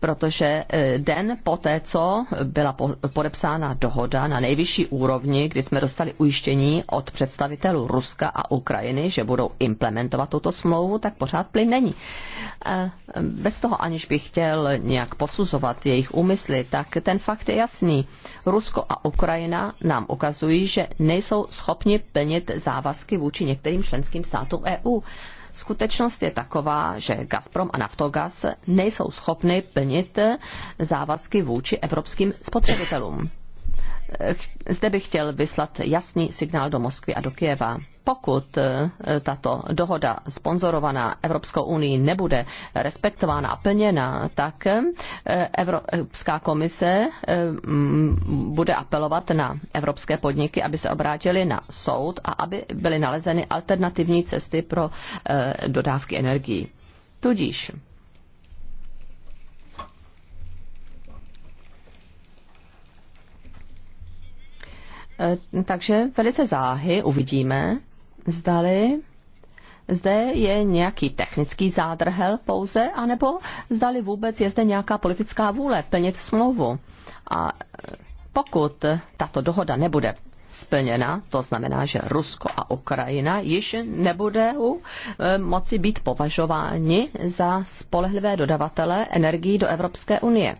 protože e, den poté, co byla podepsána dohoda na nejvyšší úrovni, kdy jsme dostali ujištění od představitelů Ruska a Ukrajiny, že budou implementovat tuto smlouvu, tak pořád plyn není. E, bez toho, aniž bych chtěl nějak posuzovat jejich úmysly, tak ten fakt je jasný. Rusko a Ukrajina nám ukazují, že nejsou schopni plnit závazky vůči některým členským státům EU. Skutečnost je taková, že Gazprom a Naftogaz nejsou schopny plnit závazky vůči evropským spotřebitelům. Eh, zde bych chtěl vyslat jasný signál do Moskvy a do Kieva. Pokud eh, tato dohoda sponzorovaná Evropskou unii nebude respektována a plněna, tak eh, Evropská komise bude apelovat na evropské podniky, aby se obrátili na soud a aby byly nalezeny alternativní cesty pro dodávky energií. Tudíž Eh, takže velice záhy uvidíme, zdali zde je nějaký technický zádrhel pouze, anebo zdali vůbec je zde nějaká politická vůle plnit smlouvu. A eh, pokud tato dohoda nebude splněna, to znamená, že Rusko a Ukrajina již nebude eh, moci být považováni za spolehlivé dodavatele energií do Evropské unie.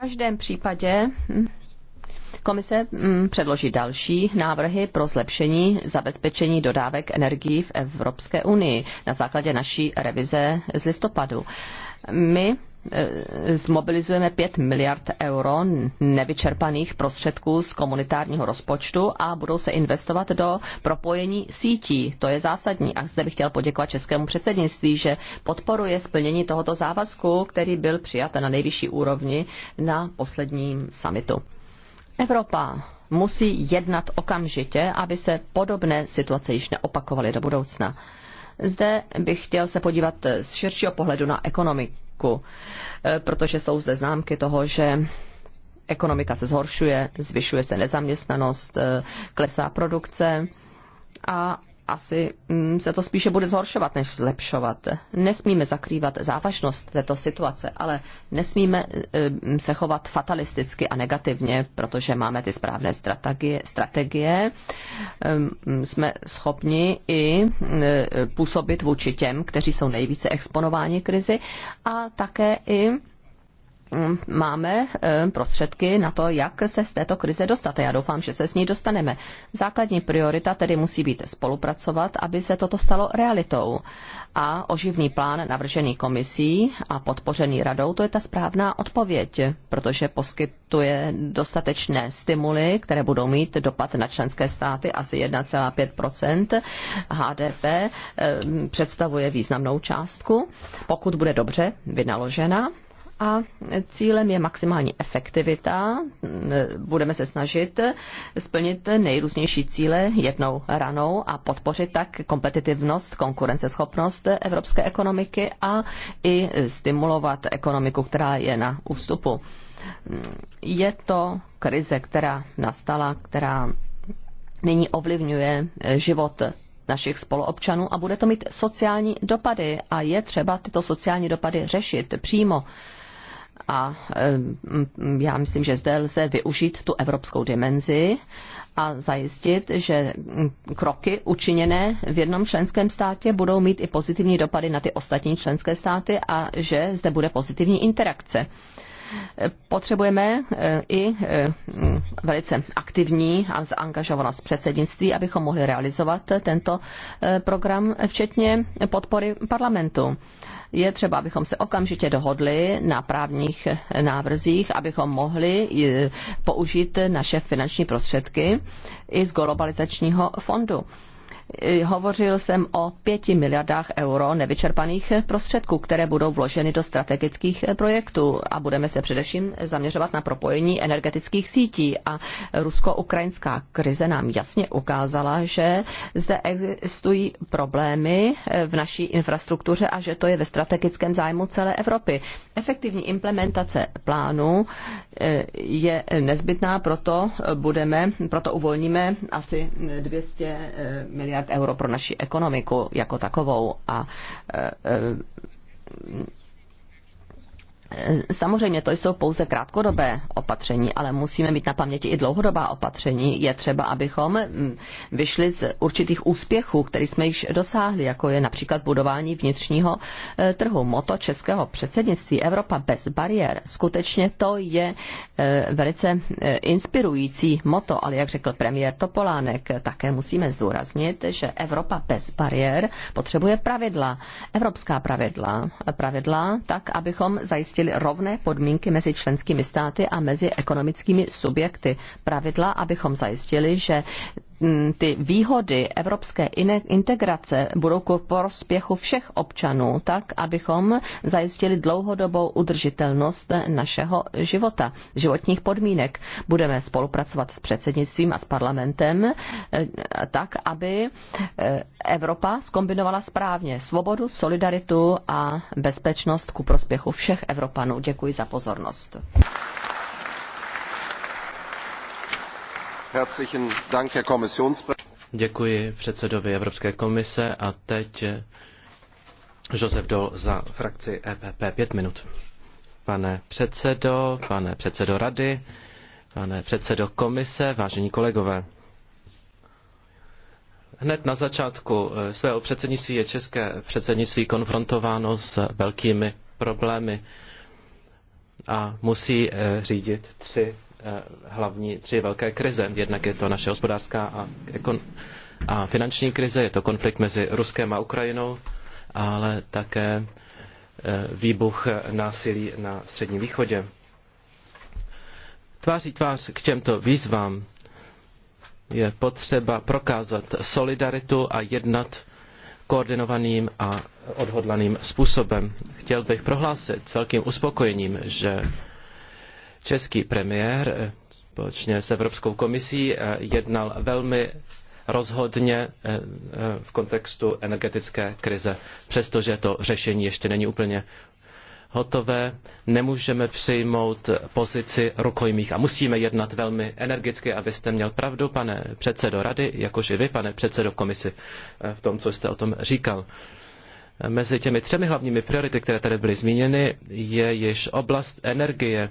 V každém případě mm, Komise mm, předloží další návrhy pro zlepšení zabezpečení dodávek energií v Evropské unii na základě naší revize z listopadu. My Eh, zmobilizujeme 5 miliard euro nevyčerpaných prostředků z komunitárního rozpočtu a budou se investovat do propojení sítí. To je zásadní a zde bych chtěl poděkovat českému předsednictví, že podporuje splnění tohoto závazku, který byl přijat na nejvyšší úrovni na posledním samitu. Evropa musí jednat okamžitě, aby se podobné situace již neopakovaly do budoucna. Zde bych chtěl se podívat z širšího pohledu na ekonomiku tlaku, eh, protože jsou zde známky toho, že ekonomika se zhoršuje, zvyšuje se nezaměstnanost, eh, klesá produkce a asi mm, se to spíše bude zhoršovat, než zlepšovat. Nesmíme zakrývat závažnost této situace, ale nesmíme mm, se chovat fatalisticky a negativně, protože máme ty správné strategie. strategie. Mm, jsme schopni i působit vůči těm, kteří jsou nejvíce exponováni krizi a také i Mm, máme eh, prostředky na to, jak se z této krize dostat. Já doufám, že se z ní dostaneme. Základní priorita tedy musí být spolupracovat, aby se toto stalo realitou. A oživný plán navržený komisí a podpořený radou, to je ta správná odpověď, protože poskytuje dostatečné stimuly, které budou mít dopad na členské státy asi 1,5 HDP, eh, představuje významnou částku, pokud bude dobře vynaložena a cílem je maximální efektivita. Budeme se snažit splnit nejrůznější cíle jednou ranou a podpořit tak kompetitivnost, konkurenceschopnost evropské ekonomiky a i stimulovat ekonomiku, která je na ústupu. Je to krize, která nastala, která nyní ovlivňuje život našich spoluobčanů a bude to mít sociální dopady a je třeba tyto sociální dopady řešit přímo a eh, já myslím, že zde lze využít tu evropskou dimenzi a zajistit, že kroky učiněné v jednom členském státě budou mít i pozitivní dopady na ty ostatní členské státy a že zde bude pozitivní interakce. Potřebujeme e, i e, velice aktivní a zaangažovanost předsednictví, abychom mohli realizovat tento e, program, včetně podpory parlamentu. Je třeba, abychom se okamžitě dohodli na právních návrzích, abychom mohli použít naše finanční prostředky i z globalizačního fondu. Eh, hovořil jsem o pěti miliardách euro nevyčerpaných prostředků, které budou vloženy do strategických eh, projektů a budeme se především zaměřovat na propojení energetických sítí. A rusko-ukrajinská krize nám jasně ukázala, že zde existují problémy eh, v naší infrastruktuře a že to je ve strategickém zájmu celé Evropy. Efektivní implementace plánu je nezbytná, proto budeme, proto uvolníme asi 200 miliard miliard euro pro naši ekonomiku jako takovou a e, e, Samozřejmě to jsou pouze krátkodobé opatření, ale musíme mít na paměti i dlouhodobá opatření. Je třeba, abychom mm, vyšli z určitých úspěchů, které jsme již dosáhli, jako je například budování vnitřního e, trhu. Moto českého předsednictví Evropa bez bariér. Skutečně to je e, velice e, inspirující moto, ale jak řekl premiér Topolánek, také musíme zdůraznit, že Evropa bez bariér potřebuje pravidla, evropská pravidla, pravidla tak, abychom zajistili zajistili rovné podmínky mezi členskými státy a mezi ekonomickými subjekty. Pravidla, abychom zajistili, že Mm, ty výhody evropské integrace budou ku prospěchu všech občanů, tak abychom zajistili dlouhodobou udržitelnost našeho života, životních podmínek. Budeme spolupracovat s předsednictvím a s parlamentem eh, tak, aby eh, Evropa skombinovala správně svobodu, solidaritu a bezpečnost ku prospěchu všech Evropanů. Děkuji za pozornost. Děkuji předsedovi Evropské komise a teď eh, Josef Dol za frakci EPP pět minut. Pane předsedo, pane předsedo rady, pane předsedo komise, vážení kolegové. Hned na začátku eh, svého předsednictví je české předsednictví konfrontováno s velkými problémy a musí eh, řídit tři Eh, hlavní tři velké krize. Jednak je to naše hospodářská a, ekon- a finanční krize, je to konflikt mezi Ruskem a Ukrajinou, ale také eh, výbuch násilí na Středním východě. Tváří tvář k těmto výzvám je potřeba prokázat solidaritu a jednat koordinovaným a odhodlaným způsobem. Chtěl bych prohlásit celkým uspokojením, že Český premiér eh, společně s Evropskou komisí eh, jednal velmi rozhodně eh, v kontextu energetické krize, přestože to řešení ještě není úplně hotové, nemůžeme přijmout pozici rukojmích a musíme jednat velmi energicky, abyste měl pravdu, pane předsedo rady, jakož i vy, pane předsedo komisi, v tom, co jste o tom říkal. Mezi těmi třemi hlavními priority, které tady byly zmíněny, je již oblast energie.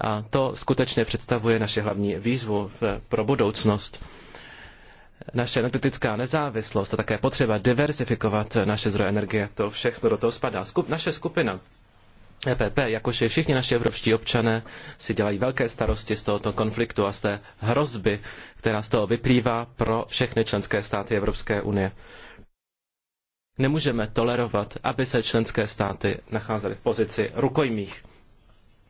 A to skutečně představuje naše hlavní výzvu pro budoucnost. Naše energetická nezávislost a také potřeba diversifikovat naše zdroje energie, to všechno do toho spadá. Skup, naše skupina EPP, jakož i všichni naši evropští občané, si dělají velké starosti z tohoto konfliktu a z té hrozby, která z toho vyplývá pro všechny členské státy Evropské unie. Nemůžeme tolerovat, aby se členské státy nacházely v pozici rukojmích.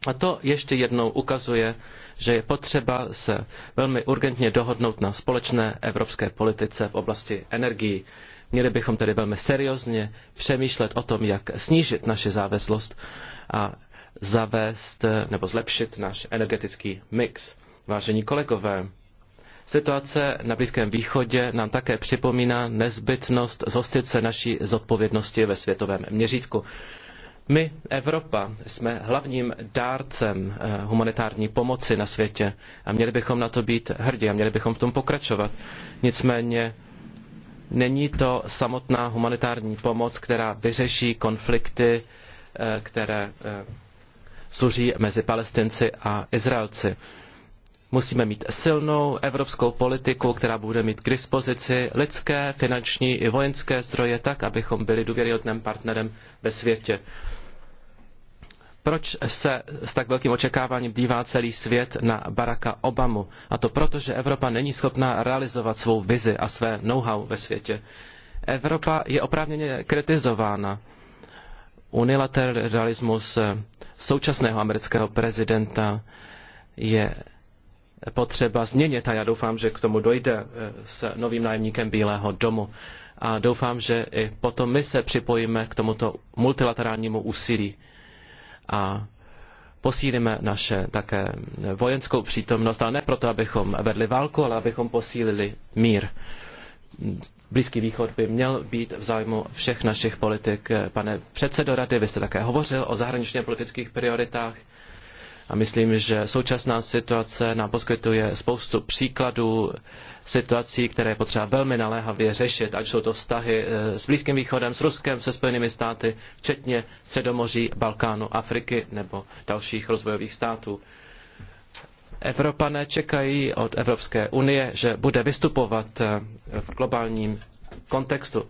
A to ještě jednou ukazuje, že je potřeba se velmi urgentně dohodnout na společné evropské politice v oblasti energií. Měli bychom tedy velmi seriózně přemýšlet o tom, jak snížit naši závislost a zavést nebo zlepšit náš energetický mix. Vážení kolegové, Situace na Blízkém východě nám také připomíná nezbytnost zhostit se naší zodpovědnosti ve světovém měřítku. My, Evropa, jsme hlavním dárcem eh, humanitární pomoci na světě a měli bychom na to být hrdí a měli bychom v tom pokračovat. Nicméně není to samotná humanitární pomoc, která vyřeší konflikty, eh, které služí eh, mezi Palestinci a Izraelci. Musíme mít silnou evropskou politiku, která bude mít k dispozici lidské, finanční i vojenské zdroje tak, abychom byli důvěryhodným partnerem ve světě. Proč se s tak velkým očekáváním dívá celý svět na Baracka Obamu? A to proto, že Evropa není schopná realizovat svou vizi a své know-how ve světě. Evropa je oprávněně kritizována. Unilateralismus současného amerického prezidenta je potřeba změnit a já doufám, že k tomu dojde eh, s novým nájemníkem Bílého domu. A doufám, že i potom my se připojíme k tomuto multilaterálnímu úsilí a posílíme naše také vojenskou přítomnost, ale ne proto, abychom vedli válku, ale abychom posílili mír. Blízký východ by měl být v zájmu všech našich politik. Pane předsedo rady, vy jste také hovořil o zahraničně politických prioritách. A myslím, že současná situace nám poskytuje spoustu příkladů situací, které je potřeba velmi naléhavě řešit, ať jsou to vztahy eh, s Blízkým východem, s Ruskem, se Spojenými státy, včetně Středomoří, Balkánu, Afriky nebo dalších rozvojových států. Evropané čekají od Evropské unie, že bude vystupovat eh, v globálním kontextu.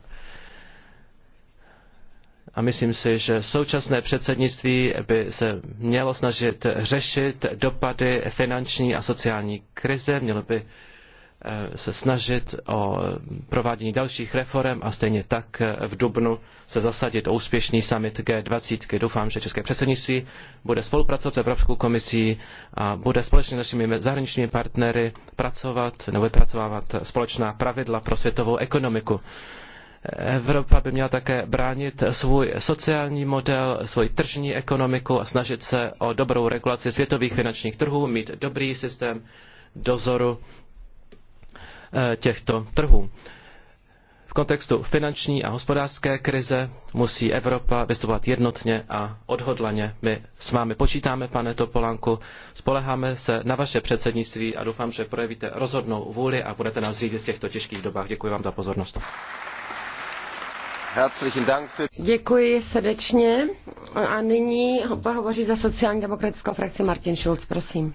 A myslím si, že současné předsednictví by se mělo snažit řešit dopady finanční a sociální krize, mělo by eh, se snažit o provádění dalších reform a stejně tak eh, v Dubnu se zasadit o úspěšný summit G20. Doufám, že České předsednictví bude spolupracovat s Evropskou komisí a bude společně s našimi zahraničními partnery pracovat nebo vypracovávat společná pravidla pro světovou ekonomiku. Evropa by měla také bránit svůj sociální model, svoji tržní ekonomiku a snažit se o dobrou regulaci světových finančních trhů, mít dobrý systém dozoru eh, těchto trhů. V kontextu finanční a hospodářské krize musí Evropa vystupovat jednotně a odhodlaně. My s vámi počítáme, pane Topolanku, spoleháme se na vaše předsednictví a doufám, že projevíte rozhodnou vůli a budete nás řídit v těchto těžkých dobách. Děkuji vám za pozornost. Děkuji srdečně. A nyní hovoří za sociální demokratickou frakci Martin Schulz, prosím.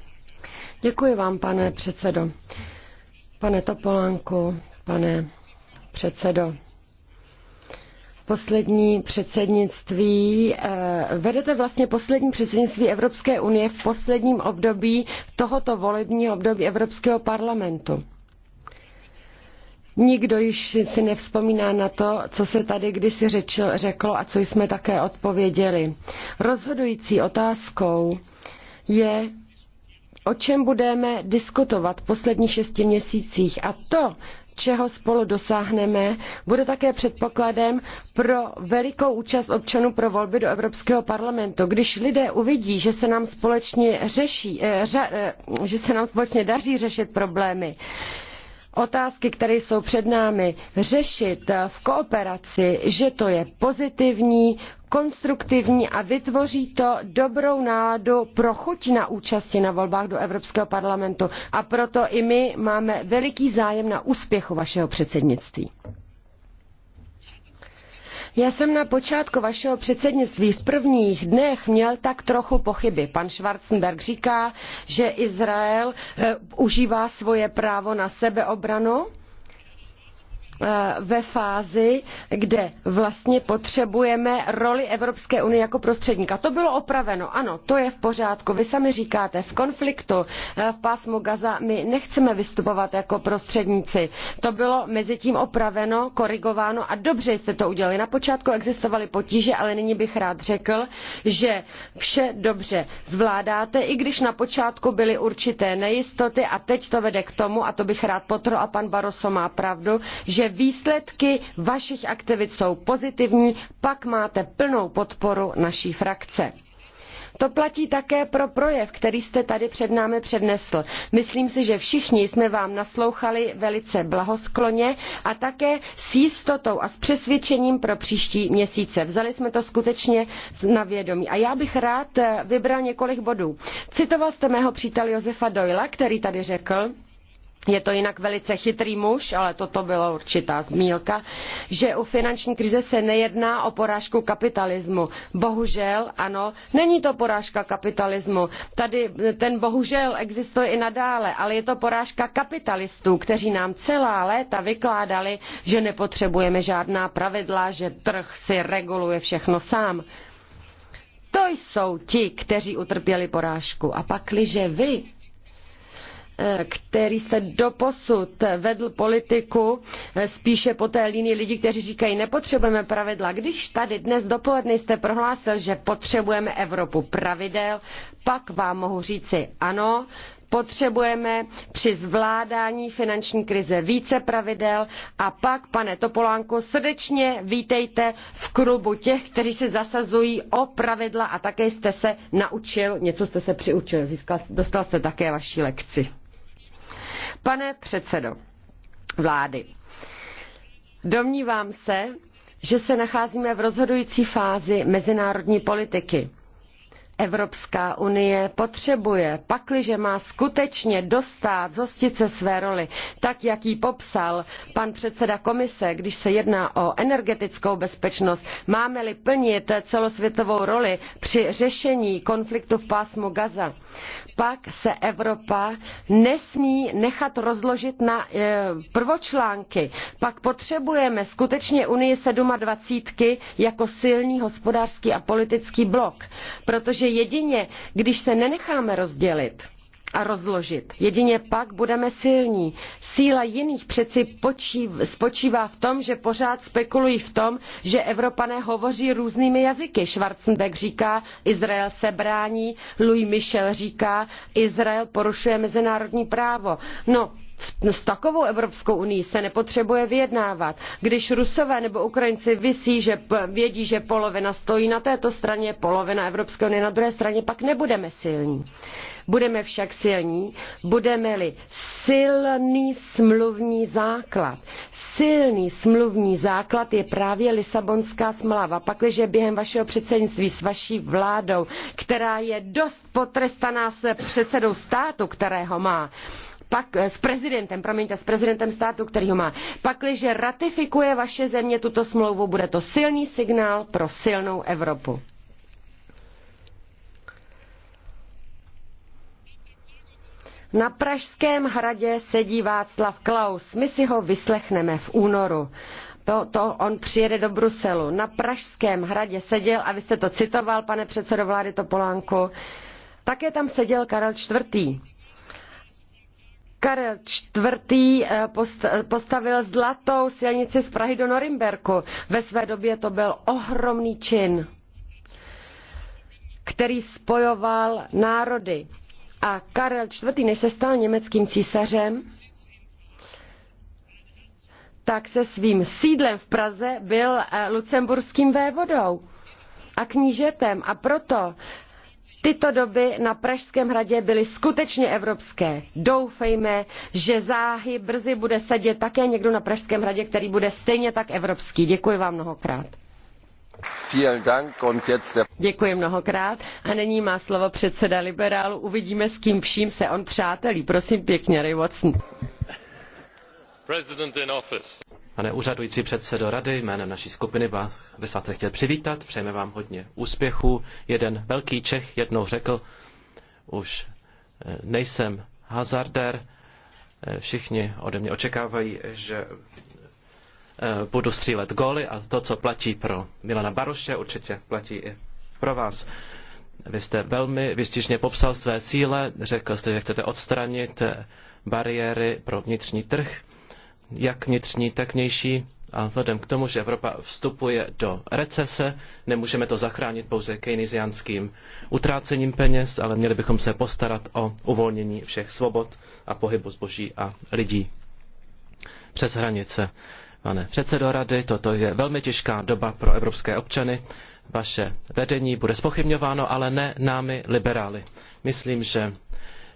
Děkuji vám, pane předsedo. Pane Topolanku, pane předsedo. Poslední předsednictví, eh, vedete vlastně poslední předsednictví Evropské unie v posledním období tohoto volebního období Evropského parlamentu. Nikdo již si nevzpomíná na to, co se tady kdysi řečil, řeklo a co jsme také odpověděli. Rozhodující otázkou je, o čem budeme diskutovat v posledních šesti měsících. A to, čeho spolu dosáhneme, bude také předpokladem pro velikou účast občanů pro volby do Evropského parlamentu. Když lidé uvidí, že se nám společně, řeší, eh, eh, že se nám společně daří řešit problémy, otázky, které jsou před námi, řešit v kooperaci, že to je pozitivní, konstruktivní a vytvoří to dobrou náladu pro chuť na účasti na volbách do Evropského parlamentu. A proto i my máme veliký zájem na úspěchu vašeho předsednictví. Já jsem na počátku vašeho předsednictví v prvních dnech měl tak trochu pochyby. Pan Schwarzenberg říká, že Izrael e, užívá svoje právo na sebeobranu Eh, ve fázi, kde vlastně potřebujeme roli Evropské unie jako prostředníka. To bylo opraveno, ano, to je v pořádku. Vy sami říkáte, v konfliktu eh, v pásmu Gaza my nechceme vystupovat jako prostředníci. To bylo mezi tím opraveno, korigováno a dobře jste to udělali. Na počátku existovaly potíže, ale nyní bych rád řekl, že vše dobře zvládáte, i když na počátku byly určité nejistoty a teď to vede k tomu, a to bych rád potrhl a pan Barroso má pravdu, že že výsledky vašich aktivit jsou pozitivní, pak máte plnou podporu naší frakce. To platí také pro projev, který jste tady před námi přednesl. Myslím si, že všichni jsme vám naslouchali velice blahoskloně a také s jistotou a s přesvědčením pro příští měsíce. Vzali jsme to skutečně na vědomí. A já bych rád vybral několik bodů. Citoval jste mého přítele Josefa Doyla, který tady řekl, je to jinak velice chytrý muž, ale toto byla určitá zmílka, že u finanční krize se nejedná o porážku kapitalismu. Bohužel, ano, není to porážka kapitalismu. Tady ten bohužel existuje i nadále, ale je to porážka kapitalistů, kteří nám celá léta vykládali, že nepotřebujeme žádná pravidla, že trh si reguluje všechno sám. To jsou ti, kteří utrpěli porážku. A pakliže vy Eh, který se doposud vedl politiku eh, spíše po té linii lidí, kteří říkají, nepotřebujeme pravidla. Když tady dnes dopoledne jste prohlásil, že potřebujeme Evropu pravidel, pak vám mohu říci ano, potřebujeme při zvládání finanční krize více pravidel a pak, pane Topolánku, srdečně vítejte v klubu těch, kteří se zasazují o pravidla a také jste se naučil, něco jste se přiučil, získal, dostal jste také vaši lekci. Pane předsedo vlády, domnívám se, že se nacházíme v rozhodující fázi mezinárodní politiky. Evropská unie potřebuje, pakliže má skutečně dostat, zhostit se své roli, tak jak ji popsal pan předseda komise, když se jedná o energetickou bezpečnost, máme-li plnit celosvětovou roli při řešení konfliktu v pásmu Gaza, pak se Evropa nesmí nechat rozložit na eh, prvočlánky. Pak potřebujeme skutečně Unii 27 jako silný hospodářský a politický blok, protože jedině, když se nenecháme rozdělit, a rozložit. Jedině pak budeme silní. Síla jiných přeci počív, spočívá v tom, že pořád spekulují v tom, že Evropané hovoří různými jazyky. Schwarzenberg říká, Izrael se brání, Louis Michel říká, Izrael porušuje mezinárodní právo. No, s takovou Evropskou unií se nepotřebuje vyjednávat. Když Rusové nebo Ukrajinci že vědí, že polovina stojí na této straně, polovina Evropské unie na druhé straně, pak nebudeme silní. Budeme však silní, budeme-li silný smluvní základ. Silný smluvní základ je právě Lisabonská smlouva. Pakliže během vašeho předsednictví s vaší vládou, která je dost potrestaná s předsedou státu, kterého má, Eh, s prezidentem, promiňte, s prezidentem státu, který ho má. Pakliže ratifikuje vaše země tuto smlouvu, bude to silný signál pro silnou Evropu. Na Pražském hradě sedí Václav Klaus. My si ho vyslechneme v únoru. To, to on přijede do Bruselu. Na Pražském hradě seděl, a vy jste to citoval, pane předsedo vlády Topolánku, také tam seděl Karel IV Karel IV. Eh, eh, postavil zlatou silnici z Prahy do Norimberku. Ve své době to byl ohromný čin, který spojoval národy. A Karel IV., než se stal německým císařem, tak se svým sídlem v Praze byl eh, lucemburským vévodou a knížetem. A proto Tyto doby na Pražském hradě byly skutečně evropské. Doufejme, že záhy brzy bude sedět také někdo na Pražském hradě, který bude stejně tak evropský. Děkuji vám mnohokrát. Děkuji mnohokrát. A nyní má slovo předseda liberálu. Uvidíme, s kým vším se on přátelí. Prosím pěkně, Ray Watson. Pane úřadující předsedo rady, jménem naší skupiny vás vysláte chtěl přivítat. Přejeme vám hodně úspěchů. Jeden velký Čech jednou řekl, už eh, nejsem hazardér, eh, všichni ode mě očekávají, že eh, budu střílet góly a to, co platí pro Milana Baroše, určitě platí i pro vás. Vy jste velmi vystižně popsal své cíle, řekl jste, že chcete odstranit bariéry pro vnitřní trh jak vnitřní, tak vnější. A vzhledem k tomu, že Evropa vstupuje do recese, nemůžeme to zachránit pouze keynesiánským utrácením peněz, ale měli bychom se postarat o uvolnění všech svobod a pohybu zboží a lidí přes hranice. Pane předsedo rady, toto je velmi těžká doba pro evropské občany. Vaše vedení bude spochybňováno, ale ne námi liberály. Myslím, že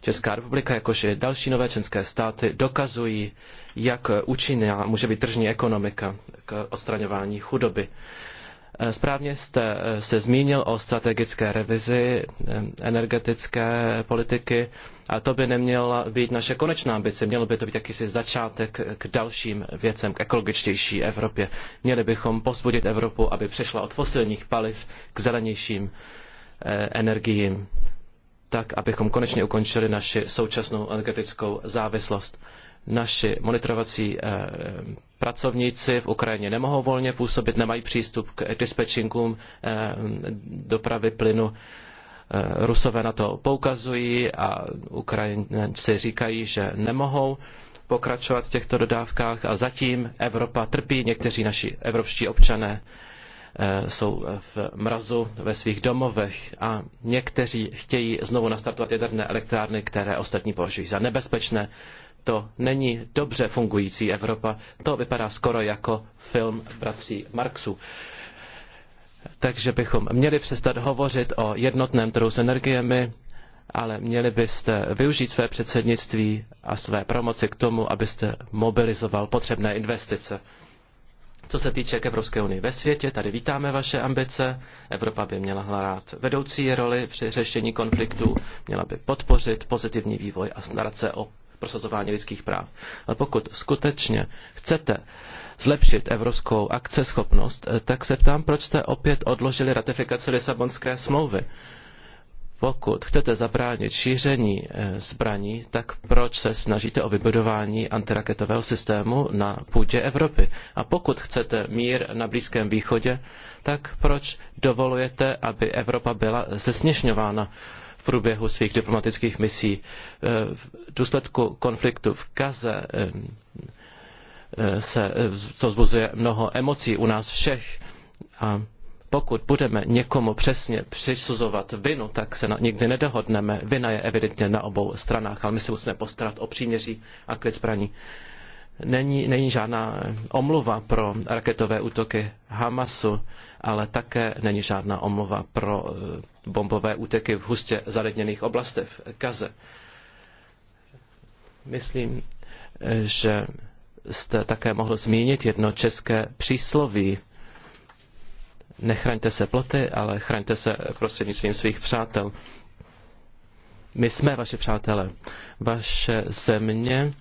Česká republika, jakož i další nové členské státy, dokazují, jak účinná může být tržní ekonomika k odstraňování chudoby. Eh, správně jste eh, se zmínil o strategické revizi eh, energetické politiky a to by neměla být naše konečná ambice, mělo by to být jakýsi začátek k dalším věcem, k ekologičtější Evropě. Měli bychom pozbudit Evropu, aby přešla od fosilních paliv k zelenějším energiím tak abychom konečně ukončili naši současnou energetickou závislost. Naši monitorovací eh, pracovníci v Ukrajině nemohou volně působit, nemají přístup k dispečingům eh, dopravy plynu. Eh, Rusové na to poukazují a Ukrajinci říkají, že nemohou pokračovat v těchto dodávkách a zatím Evropa trpí, někteří naši evropští občané Eh, jsou v mrazu ve svých domovech a někteří chtějí znovu nastartovat jaderné elektrárny, které ostatní považují za nebezpečné. To není dobře fungující Evropa, to vypadá skoro jako film bratří Marxů. Takže bychom měli přestat hovořit o jednotném trhu s energiemi, ale měli byste využít své předsednictví a své promoci k tomu, abyste mobilizoval potřebné investice. Co se týče k Evropské unii ve světě, tady vítáme vaše ambice. Evropa by měla hrát vedoucí roli při řešení konfliktů, měla by podpořit pozitivní vývoj a snarat se o prosazování lidských práv. Ale pokud skutečně chcete zlepšit evropskou akceschopnost, tak se ptám, proč jste opět odložili ratifikaci Lisabonské smlouvy. Pokud chcete zabránit šíření eh, zbraní, tak proč se snažíte o vybudování antiraketového systému na půdě Evropy? A pokud chcete mír na Blízkém východě, tak proč dovolujete, aby Evropa byla zesněšňována v průběhu svých diplomatických misí? Eh, v důsledku konfliktu v Gaze eh, se to zbuzuje mnoho emocí u nás všech. A pokud budeme někomu přesně přisuzovat vinu, tak se na, nikdy nedohodneme. Vina je evidentně na obou stranách, ale my se musíme postarat o příměří a klid zbraní. Není, není žádná omluva pro raketové útoky Hamasu, ale také není žádná omluva pro eh, bombové útoky v hustě zaledněných oblastech Gaze. Myslím, eh, že jste také mohl zmínit jedno české přísloví, Nechraňte se ploty, ale chraňte se prostřednictvím svých přátel. My jsme vaše přátelé. Vaše země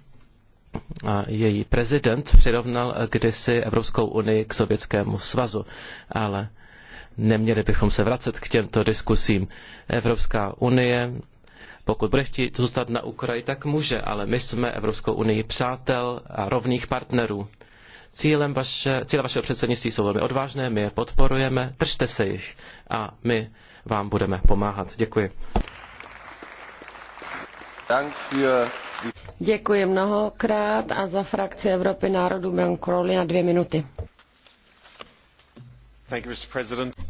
a její prezident přirovnal kdysi Evropskou unii k Sovětskému svazu, ale neměli bychom se vracet k těmto diskusím. Evropská unie, pokud bude chtít zůstat na Ukraji, tak může, ale my jsme Evropskou unii přátel a rovných partnerů. Cílem vaše, cíle vašeho předsednictví jsou velmi odvážné, my je podporujeme, držte se jich a my vám budeme pomáhat. Děkuji. Děkuji mnohokrát a za frakci Evropy národů Bran Crowley na dvě minuty.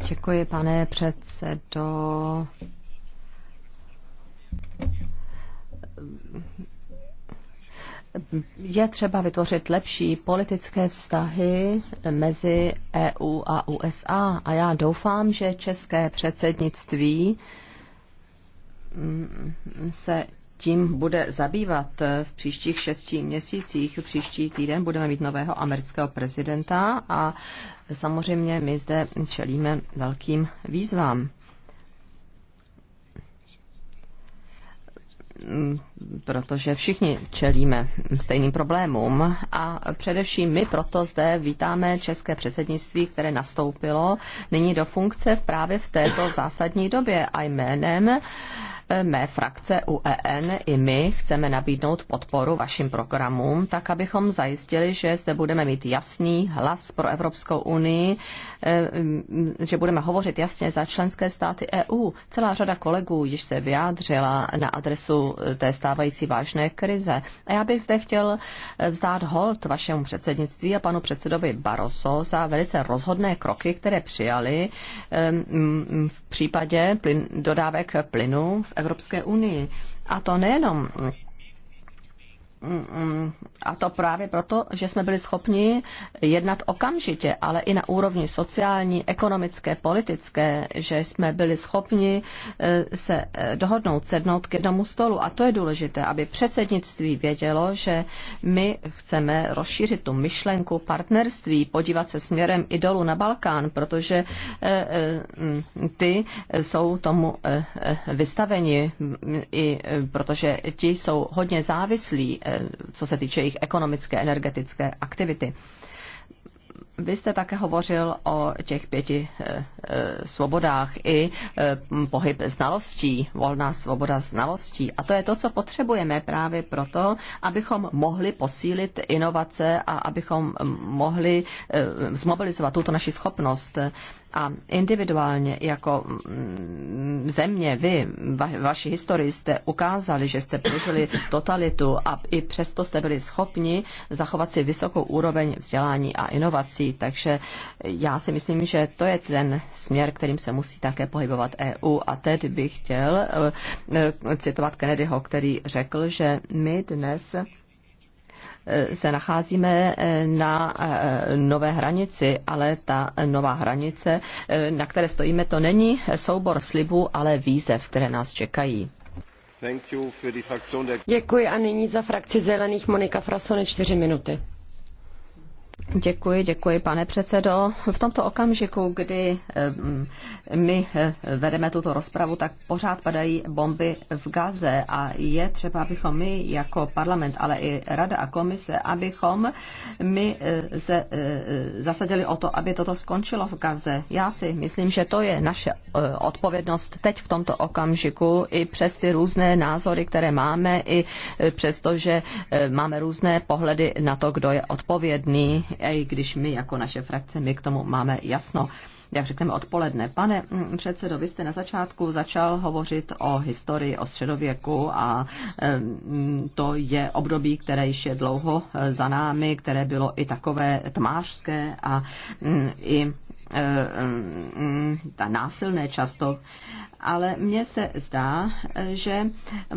Děkuji, pane předsedo je třeba vytvořit lepší politické vztahy mezi EU a USA a já doufám, že české předsednictví mm, se tím bude zabývat v příštích šesti měsících. v Příští týden budeme mít nového amerického prezidenta a samozřejmě my zde čelíme velkým výzvám. Mm, protože všichni čelíme stejným problémům a především my proto zde vítáme české předsednictví, které nastoupilo nyní do funkce právě v této zásadní době a jménem mé frakce UEN i my chceme nabídnout podporu vašim programům, tak abychom zajistili, že zde budeme mít jasný hlas pro Evropskou unii, eh, že budeme hovořit jasně za členské státy EU. Celá řada kolegů již se vyjádřila na adresu eh, té stávající vážné krize. A já bych zde chtěl eh, vzdát hold vašemu předsednictví a panu předsedovi Barroso za velice rozhodné kroky, které přijali v v případě plyn, dodávek plynu v Evropské unii. A to nejenom a to právě proto, že jsme byli schopni jednat okamžitě, ale i na úrovni sociální, ekonomické, politické, že jsme byli schopni eh, se eh, dohodnout, sednout k jednomu stolu. A to je důležité, aby předsednictví vědělo, že my chceme rozšířit tu myšlenku partnerství, podívat se směrem i dolů na Balkán, protože eh, ty jsou tomu vystaveni, mm, i protože ti jsou hodně závislí co se týče jejich ekonomické, energetické aktivity. Vy jste také hovořil o těch pěti eh, eh, svobodách i eh, pohyb znalostí, volná svoboda znalostí. A to je to, co potřebujeme právě proto, abychom mohli posílit inovace a abychom mohli zmobilizovat tuto naši schopnost a individuálně jako mm, země, vy, va, vaši historii jste ukázali, že jste přežili totalitu a i přesto jste byli schopni zachovat si vysokou úroveň vzdělání a inovací. Takže já si myslím, že to je ten směr, kterým se musí také pohybovat EU. A teď bych chtěl eh, eh, citovat Kennedyho, který řekl, že my dnes se nacházíme eh, na eh, nové hranici, ale ta nová hranice, eh, na které stojíme, to není soubor slibů, ale výzev, které nás čekají. Děkuji a nyní za frakci zelených Monika Frasone čtyři minuty. Děkuji, děkuji, pane předsedo. V tomto okamžiku, kdy eh, my eh, vedeme tuto rozpravu, tak pořád padají bomby v Gaze a je třeba, abychom my jako parlament, ale i rada a komise, abychom my eh, se zasadili o to, aby toto skončilo v Gaze. Já si myslím, že to je naše odpovědnost teď v tomto okamžiku i přes ty různé názory, které máme, i přesto, že máme různé pohledy na to, kdo je odpovědný i když my jako naše frakce, my k tomu máme jasno jak řekneme, odpoledne. Pane mm, předsedo, vy jste na začátku začal hovořit o historii, o středověku a mm, to je období, které již je dlouho eh, za námi, které bylo i takové tmářské a mm, i Eh, eh, ta násilné často, ale mně se zdá, eh, že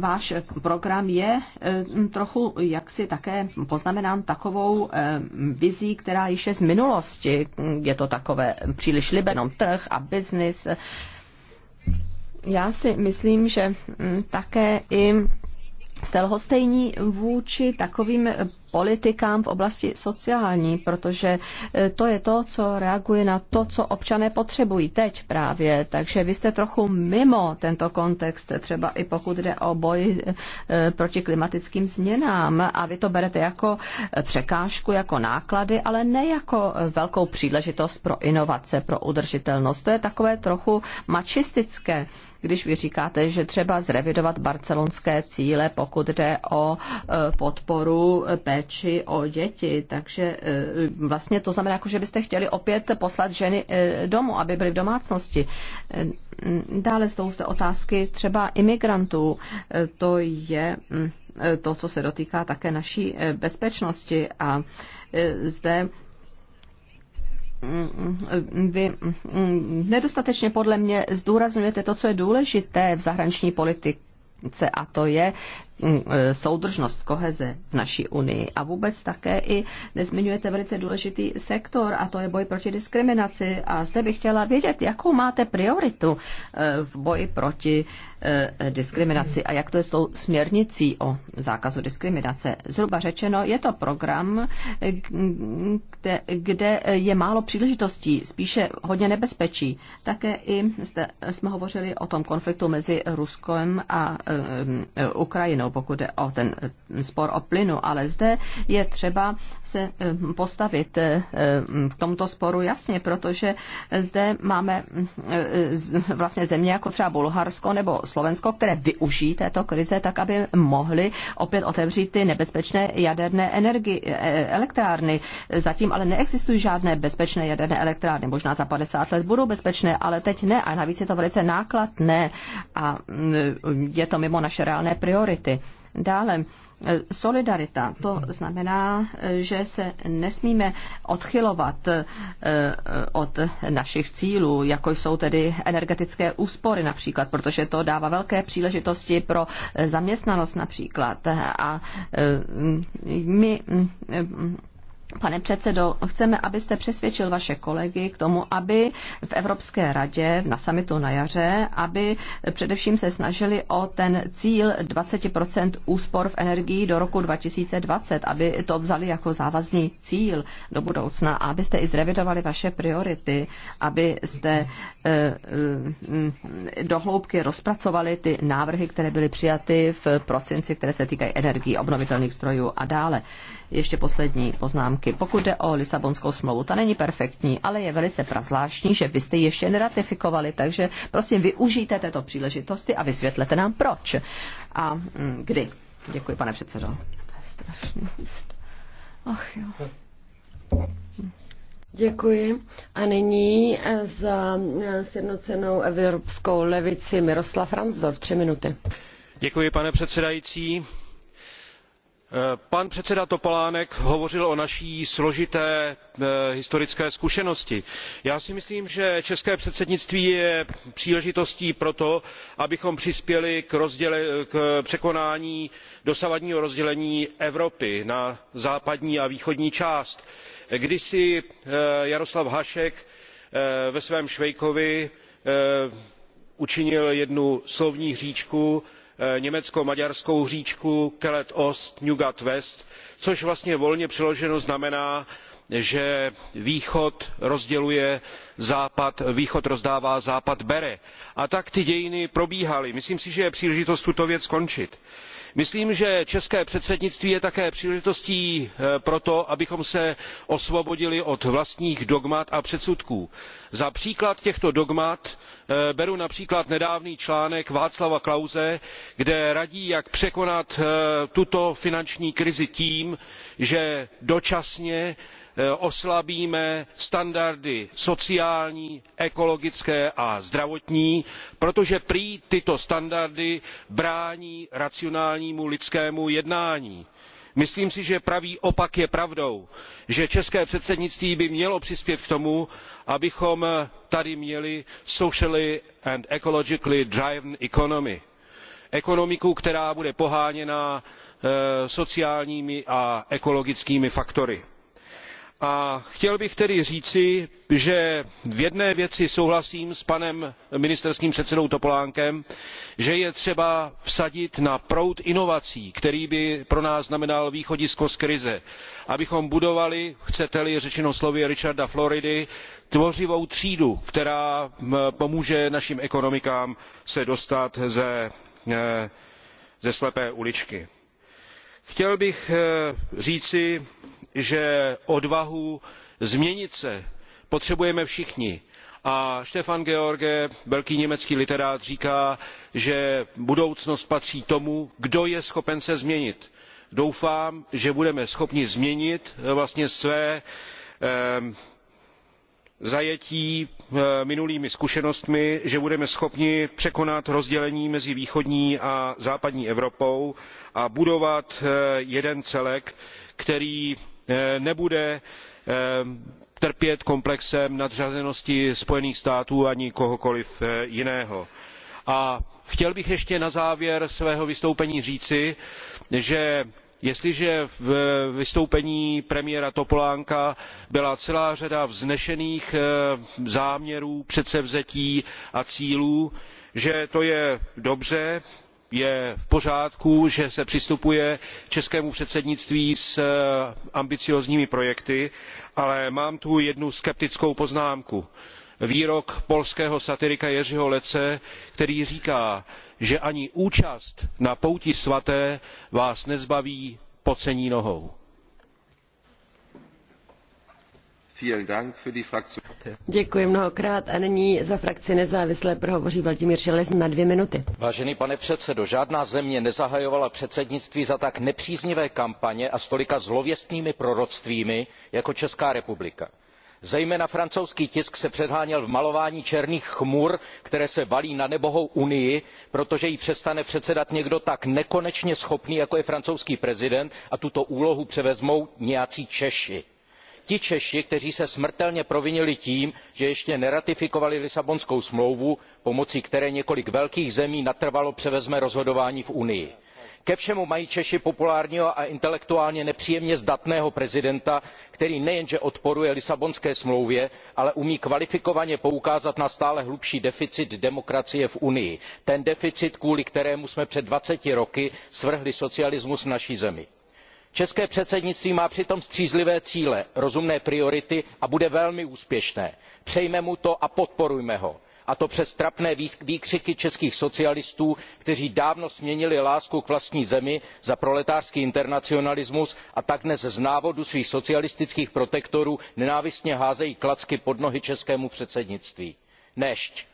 váš program je trochu jaksi také poznamenán takovou vizí, která již je z minulosti. Je to takové příliš libenom trh a biznis. Já si myslím, že mm, také i jste lhostejní vůči takovým politikám v oblasti sociální, protože e, to je to, co reaguje na to, co občané potřebují teď právě. Takže vy jste trochu mimo tento kontext, třeba i pokud jde o boj e, proti klimatickým změnám a vy to berete jako e, překážku, jako náklady, ale ne jako velkou příležitost pro inovace, pro udržitelnost. To je takové trochu mačistické když vy říkáte, že třeba zrevidovat barcelonské cíle, pokud jde o e, podporu péči o děti. Takže e, vlastně to znamená, jako, že byste chtěli opět poslat ženy e, domů, aby byly v domácnosti. Dále jsou zde otázky třeba imigrantů. To je mm, to, co se dotýká také naší bezpečnosti a zde Mm, mm, vy mm, nedostatečně podle mě zdůrazňujete to, co je důležité v zahraniční politice a to je Mm, eh, soudržnost koheze v naší unii. A vůbec také i nezmiňujete velice důležitý sektor, a to je boj proti diskriminaci. A zde bych chtěla vědět, jakou máte prioritu eh, v boji proti eh, diskriminaci a jak to je s tou směrnicí o zákazu diskriminace. Zhruba řečeno, je to program, kde, kde je málo příležitostí, spíše hodně nebezpečí. Také i jste, jsme hovořili o tom konfliktu mezi Ruskem a Ukrajinou pokud jde o ten eh, spor o plynu, ale zde je třeba se eh, postavit eh, k tomto sporu jasně, protože zde máme vlastně země jako třeba Bulharsko nebo Slovensko, které využijí této krize tak, aby mohly opět otevřít ty nebezpečné jaderné energie, elektrárny. Zatím ale neexistují žádné bezpečné jaderné elektrárny. Možná za 50 let budou bezpečné, ale teď ne. A navíc je to velice nákladné a mm, je to mimo naše reálné priority. Dále, eh, solidarita, to znamená, eh, že se nesmíme odchylovat eh, od našich cílů, jako jsou tedy energetické úspory například, protože to dává velké příležitosti pro zaměstnanost například. A my Pane předsedo, chceme, abyste přesvědčil vaše kolegy k tomu, aby v Evropské radě na samitu na jaře, aby především se snažili o ten cíl 20% úspor v energii do roku 2020, aby to vzali jako závazný cíl do budoucna a abyste i zrevidovali vaše priority, abyste eh, eh, dohloubky rozpracovali ty návrhy, které byly přijaty v prosinci, které se týkají energii, obnovitelných strojů a dále. Ještě poslední poznámka poznámky, Pokud jde o Lisabonskou smlouvu, ta není perfektní, ale je velice prazvláštní, že vy jste ji ještě neratifikovali, takže prosím využijte této příležitosti a vysvětlete nám proč a mm, kdy. Děkuji, pane předsedo. Ach jo. Děkuji. A nyní eh, za eh, sjednocenou evropskou levici Miroslav Ransdorf. Tři minuty. Děkuji, pane předsedající pan předseda topolánek hovořil o naší složité eh, historické zkušenosti. já si myslím že české předsednictví je příležitostí pro to abychom přispěli k překonání dosavadního rozdělení evropy na západní a východní část. kdysi eh, jaroslav hašek eh, ve svém švejkovi učinil jednu slovní hříčku Eh, německo maďarskou hříčku kelet ost newgat west což vlastně volně přeloženo znamená že východ rozděluje západ východ rozdává západ bere. a tak ty dějiny probíhaly. myslím si že je příležitost tuto věc skončit. myslím že české předsednictví je také příležitostí eh, pro to abychom se osvobodili od vlastních dogmat a předsudků. za příklad těchto dogmat Eh, beru například nedávný článek václava klause kde radí jak překonat eh, tuto finanční krizi tím že dočasně eh, oslabíme standardy sociální ekologické a zdravotní protože prý tyto standardy brání racionálnímu lidskému jednání myslím si že pravý opak je pravdou že české předsednictví by mělo přispět k tomu abychom tady měli socially and ecologically driven economy ekonomiku která bude poháněna eh, sociálními a ekologickými faktory a chtěl bych tedy říci že v jedné věci souhlasím s panem ministerským předsedou topolánkem že je třeba vsadit na proud inovací který by pro nás znamenal východisko z krize abychom budovali chcete li řečeno slovy richarda floridy tvořivou třídu která pomůže našim ekonomikám se dostat ze, e, slepé uličky. chtěl bych e, říci že odvahu změnit se potřebujeme všichni a stefan george velký německý literát říká že budoucnost patří tomu kdo je schopen se změnit. doufám že budeme schopni změnit eh, vlastně své eh, zajetí eh, minulými zkušenostmi že budeme schopni překonat rozdělení mezi východní a západní evropou a budovat jeden celek který Eh, nebude eh, trpět komplexem nadřazenosti spojených států ani kohokoliv eh, jiného. a chtěl bych ještě na závěr svého vystoupení říci že jestliže v vystoupení premiéra topolánka byla celá řada vznešených záměrů předsevzetí a cílů že to je dobře je v pořádku že se přistupuje k českému předsednictví s eh, ambiciózními projekty ale mám tu jednu skeptickou poznámku výrok polského satirika jerzego lece který říká že ani účast na pouti svaté vás nezbaví pocení nohou. Děkuji mnohokrát a za Vladimír na dvě minuty. Vážený pane předsedo, žádná země nezahajovala předsednictví za tak nepříznivé kampaně a s tolika zlověstnými proroctvími jako Česká republika. Zejména francouzský tisk se předháněl v malování černých chmur, které se valí na nebohou Unii, protože jí přestane předsedat někdo tak nekonečně schopný, jako je francouzský prezident a tuto úlohu převezmou nějací Češi ti češi kteří se smrtelně provinili tím že ještě neratifikovali lisabonskou smlouvu pomocí které několik velkých zemí natrvalo převezme rozhodování v unii. ke všemu mají češi populárního a intelektuálně nepříjemně zdatného prezidenta který nejenže odporuje lisabonské smlouvě ale umí kvalifikovaně poukázat na stále hlubší deficit demokracie v unii ten deficit kvůli kterému jsme před twenty roky svrhli socialismus v naší zemi české předsednictví má přitom střízlivé cíle rozumné priority a bude velmi úspěšné. přejme mu to a podporujme ho a to přes trapné výkřiky českých socialistů kteří dávno směnili lásku k vlastní zemi za proletářský internacionalismus a tak dnes z návodu svých socialistických protektorů nenávistně házejí klacky pod nohy českému předsednictví. nešť!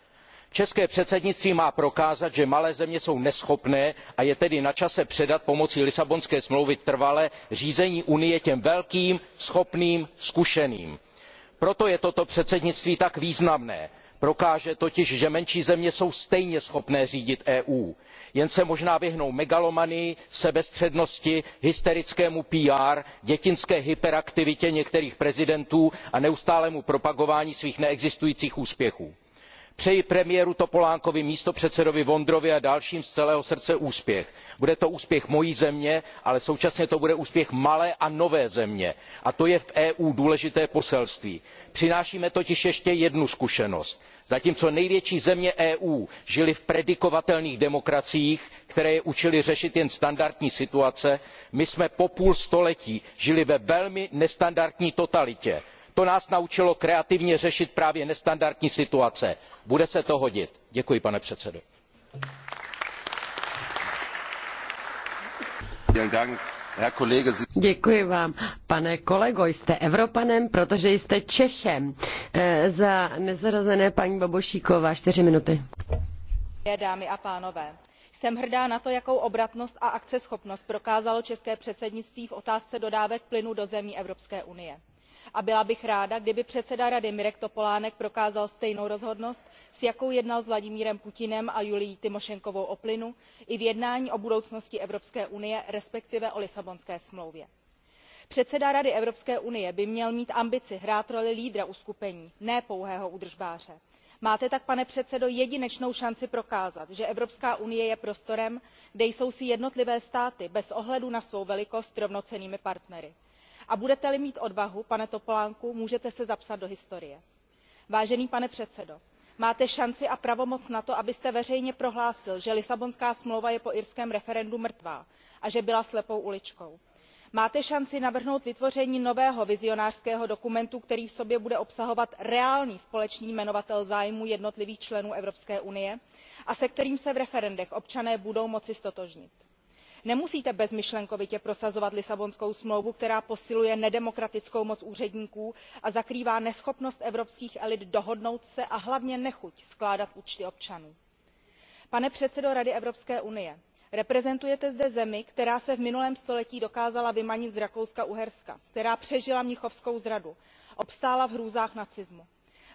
české předsednictví má prokázat že malé země jsou neschopné a je tedy na čase předat pomocí lisabonské smlouvy trvale řízení unie těm velkým schopným zkušeným. proto je toto předsednictví tak významné prokáže totiž že menší země jsou stejně schopné řídit eu jen se možná vyhnou megalomanii sebestřednosti hysterickému pr dětinské hyperaktivitě některých prezidentů a neustálému propagování svých neexistujících úspěchů přeji premiéru topolánkovi místopředsedovi vondrovi a dalším z celého srdce úspěch. bude to úspěch mojí země ale současně to bude úspěch malé a nové země a to je v eu důležité poselství. přinášíme totiž ještě jednu zkušenost zatímco největší země eu žily v predikovatelných demokraciích které je učily řešit jen standardní situace my jsme po půl století žili ve velmi nestandardní totalitě to nás naučilo kreativně řešit právě nestandardní situace. bude se to hodit. děkuji pane předsedající. Děkuji vám. Pane kolego, jste Evropanem, protože jste Čechem. Eh, za nezařazené paní Babošíková, čtyři minuty. Dámy a pánové, jsem hrdá na to jakou obratnost a akceschopnost prokázalo české předsednictví v otázce dodávek plynu do zemí evropské unie a byla bych ráda kdyby předseda rady mirek topolánek prokázal stejnou rozhodnost s jakou jednal s vladimirem putinem a julií tymošenkovou o plynu i v jednání o budoucnosti evropské unie respektive o lisabonské smlouvě. předseda rady evropské unie by měl mít ambici hrát roli lídra uskupení ne pouhého údržbáře. máte tak pane předsedo jedinečnou šanci prokázat že evropská unie je prostorem kde jsou si jednotlivé státy bez ohledu na svou velikost rovnocennými partnery a budete li mít odvahu pane topolánku můžete se zapsat do historie. vážený pane předsedo máte šanci a pravomoc na to abyste veřejně prohlásil že lisabonská smlouva je po irském referendu mrtvá a že byla slepou uličkou. máte šanci navrhnout vytvoření nového vizionářského dokumentu který v sobě bude obsahovat reálný společný jmenovatel zájmů jednotlivých členů evropské unie a se kterým se v referendech občané budou moci ztotožnit nemusíte bezmyšlenkovitě prosazovat lisabonskou smlouvu která posiluje nedemokratickou moc úředníků a zakrývá neschopnost evropských elit dohodnout se a hlavně nechuť skládat účty občanům. pane předsedo rady evropské unie reprezentujete zde zemi která se v minulém století dokázala vymanit z rakouska uherska která přežila mnichovskou zradu obstála v hrůzách nacismu.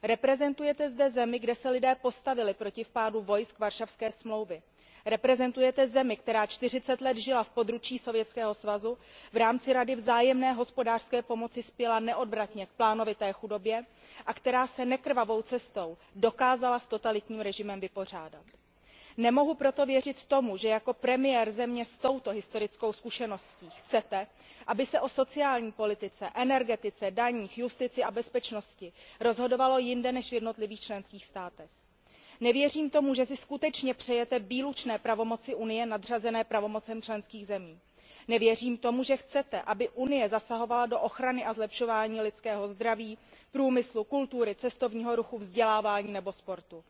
reprezentujete zde zemi kde se lidé postavili proti vpádu vojsk varšavské smlouvy reprezentujete zemi která čtyřicet let žila v područí sovětského svazu v rámci rady vzájemné hospodářské pomoci spěla neodvratně k plánovité chudobě a která se nekrvavou cestou dokázala s totalitním režimem vypořádat. nemohu proto věřit tomu že jako premiér země s touto historickou zkušeností chcete aby se o sociální politice energetice daních justici a bezpečnosti rozhodovalo jinde než v jednotlivých členských státech nevěřím tomu že si skutečně přejete výlučné pravomoci unie nadřazené pravomocem členských zemí. nevěřím tomu že chcete aby unie zasahovala do ochrany a zlepšování lidského zdraví průmyslu kultury cestovního ruchu vzdělávání nebo sportu.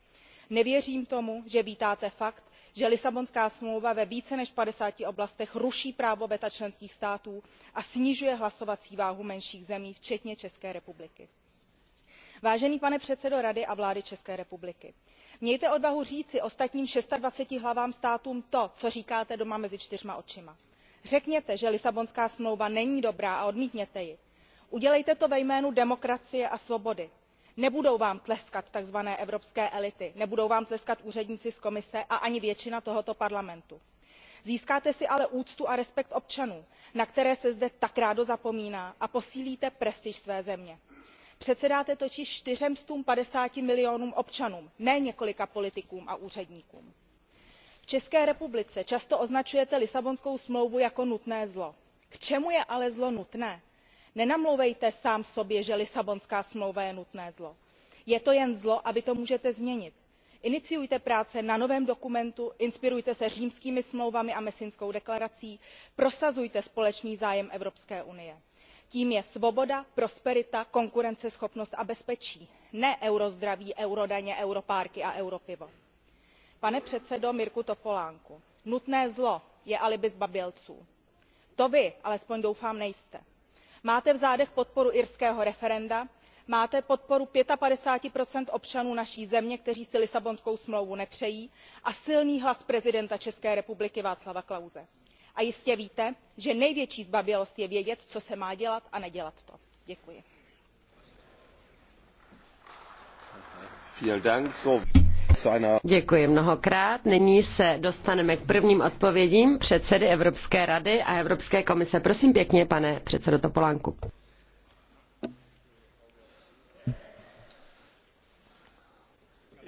nevěřím tomu že vítáte fakt že lisabonská smlouva ve více než fifty oblastech ruší právo veta členských států a snižuje hlasovací váhu menších zemí včetně české republiky. vážený pane předsedo rady a vlády české republiky mějte odvahu říci ostatním šestadvaceti hlavám států to co říkáte doma mezi čtyřma očima. řekněte že lisabonská smlouva není dobrá a odmítněte ji. udělejte to ve jménu demokracie a svobody. nebudou vám tleskat takzvané evropské elity nebudou vám tleskat úředníci z komise a ani většina tohoto parlamentu. získáte si ale úctu a respekt občanů na které se zde tak rádo zapomíná a posílíte prestiž své země předsedáte totiž four hundred and fifty milionům občanů ne několika politikům a úředníkům. v české republice často označujete lisabonskou smlouvu jako nutné zlo. k čemu je ale zlo nutné? nenamlouvejte sám sobě že lisabonská smlouva je nutné zlo. je to jen zlo a vy to můžete změnit. iniciujte práce na novém dokumentu inspirujte se římskými smlouvami a messinskou deklarací prosazujte společný zájem evropské unie tím je svoboda prosperita konkurenceschopnost a bezpečí ne eurozdraví eurodaně europárky a europivo. pane předsedo mirku topolánku nutné zlo je alibi zbabělců. to vy alespoň doufám nejste. máte v zádech podporu irského referenda máte podporu fifty five občanů naší země kteří si lisabonskou smlouvu nepřejí a silný hlas prezidenta české republiky václava klause a jistě víte že největší zbabělost je vědět co se má dělat a nedělat to. děkuji. Děkuji mnohokrát. Nyní se dostaneme k prvním odpovědím předsedy Evropské rady a Evropské komise. Prosím pěkně, pane předsedo Topolánku.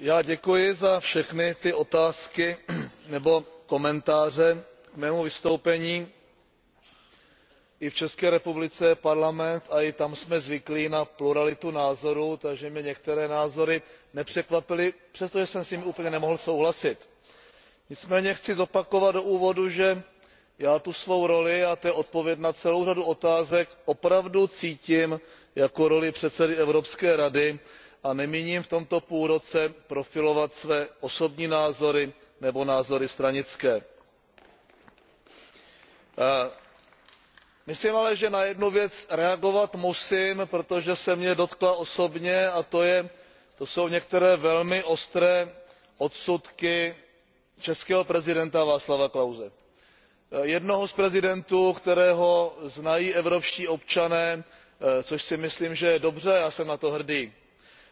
Já děkuji za všechny ty otázky nebo komentáře k mému vystoupení i v české republice je parlament a i tam jsme zvyklí na pluralitu názorů takže mě některé názory nepřekvapily přestože jsem s nimi úplně nemohl souhlasit. nicméně chci zopakovat do úvodu že já tu svou roli a to je odpověď na celou řadu otázek opravdu cítím jako roli předsedy evropské rady a nemíním v tomto půlroce profilovat své osobní názory nebo názory stranické. Eh, myslím ale že na jednu věc reagovat musím protože se mě dotkla osobně a to jsou některé velmi ostré odsudky českého prezidenta václava klause eh, jednoho z prezidentů kterého znají evropští občané eh, což si myslím že je dobře a já jsem na to hrdý.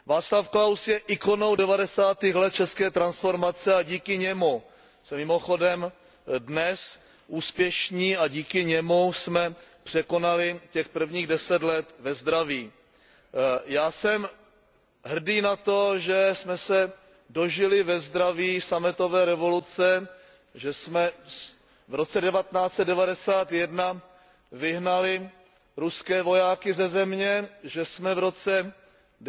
václav klaus je ikonou devadesátých let české transformace a díky němu se mimochodem dnes úspěšní a díky němu jsme překonali těch prvních deset let ve zdraví. Eh, já jsem hrdý na to že jsme se dožili ve zdraví sametové revoluce že jsme v roce one thousand nine hundred and ninety one vyhnali ruské vojáky ze země že jsme v roce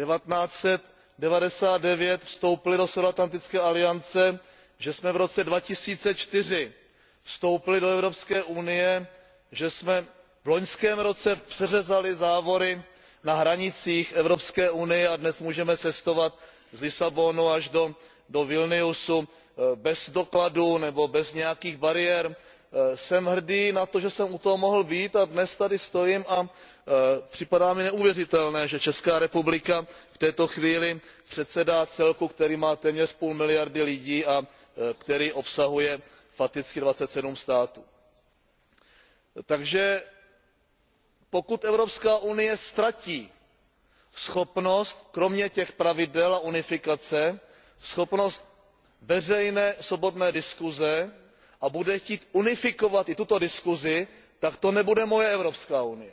one thousand nine hundred and ninety nine vstoupili do severoatlantické aliance že jsme v roce two thousand and four vstoupili do evropské unie že jsme v loňském roce přeřezali závory na hranicích evropské unie a dnes můžeme cestovat z lisabonu až do vilniusu eh, bez dokladů nebo bez nějakých bariér. Eh, jsem hrdý na to že jsem u toho mohl být a dnes tady stojím a eh, připadá mi neuvěřitelné že česká republika v této chvíli předsedá celku který má téměř půl miliardy lidí a který obsahuje fakticky twenty seven států. takže pokud evropská unie ztratí schopnost kromě těch pravidel a unifikace schopnost veřejné svobodné diskuse a bude chtít unifikovat i tuto diskusi tak to nebude moje evropská unie.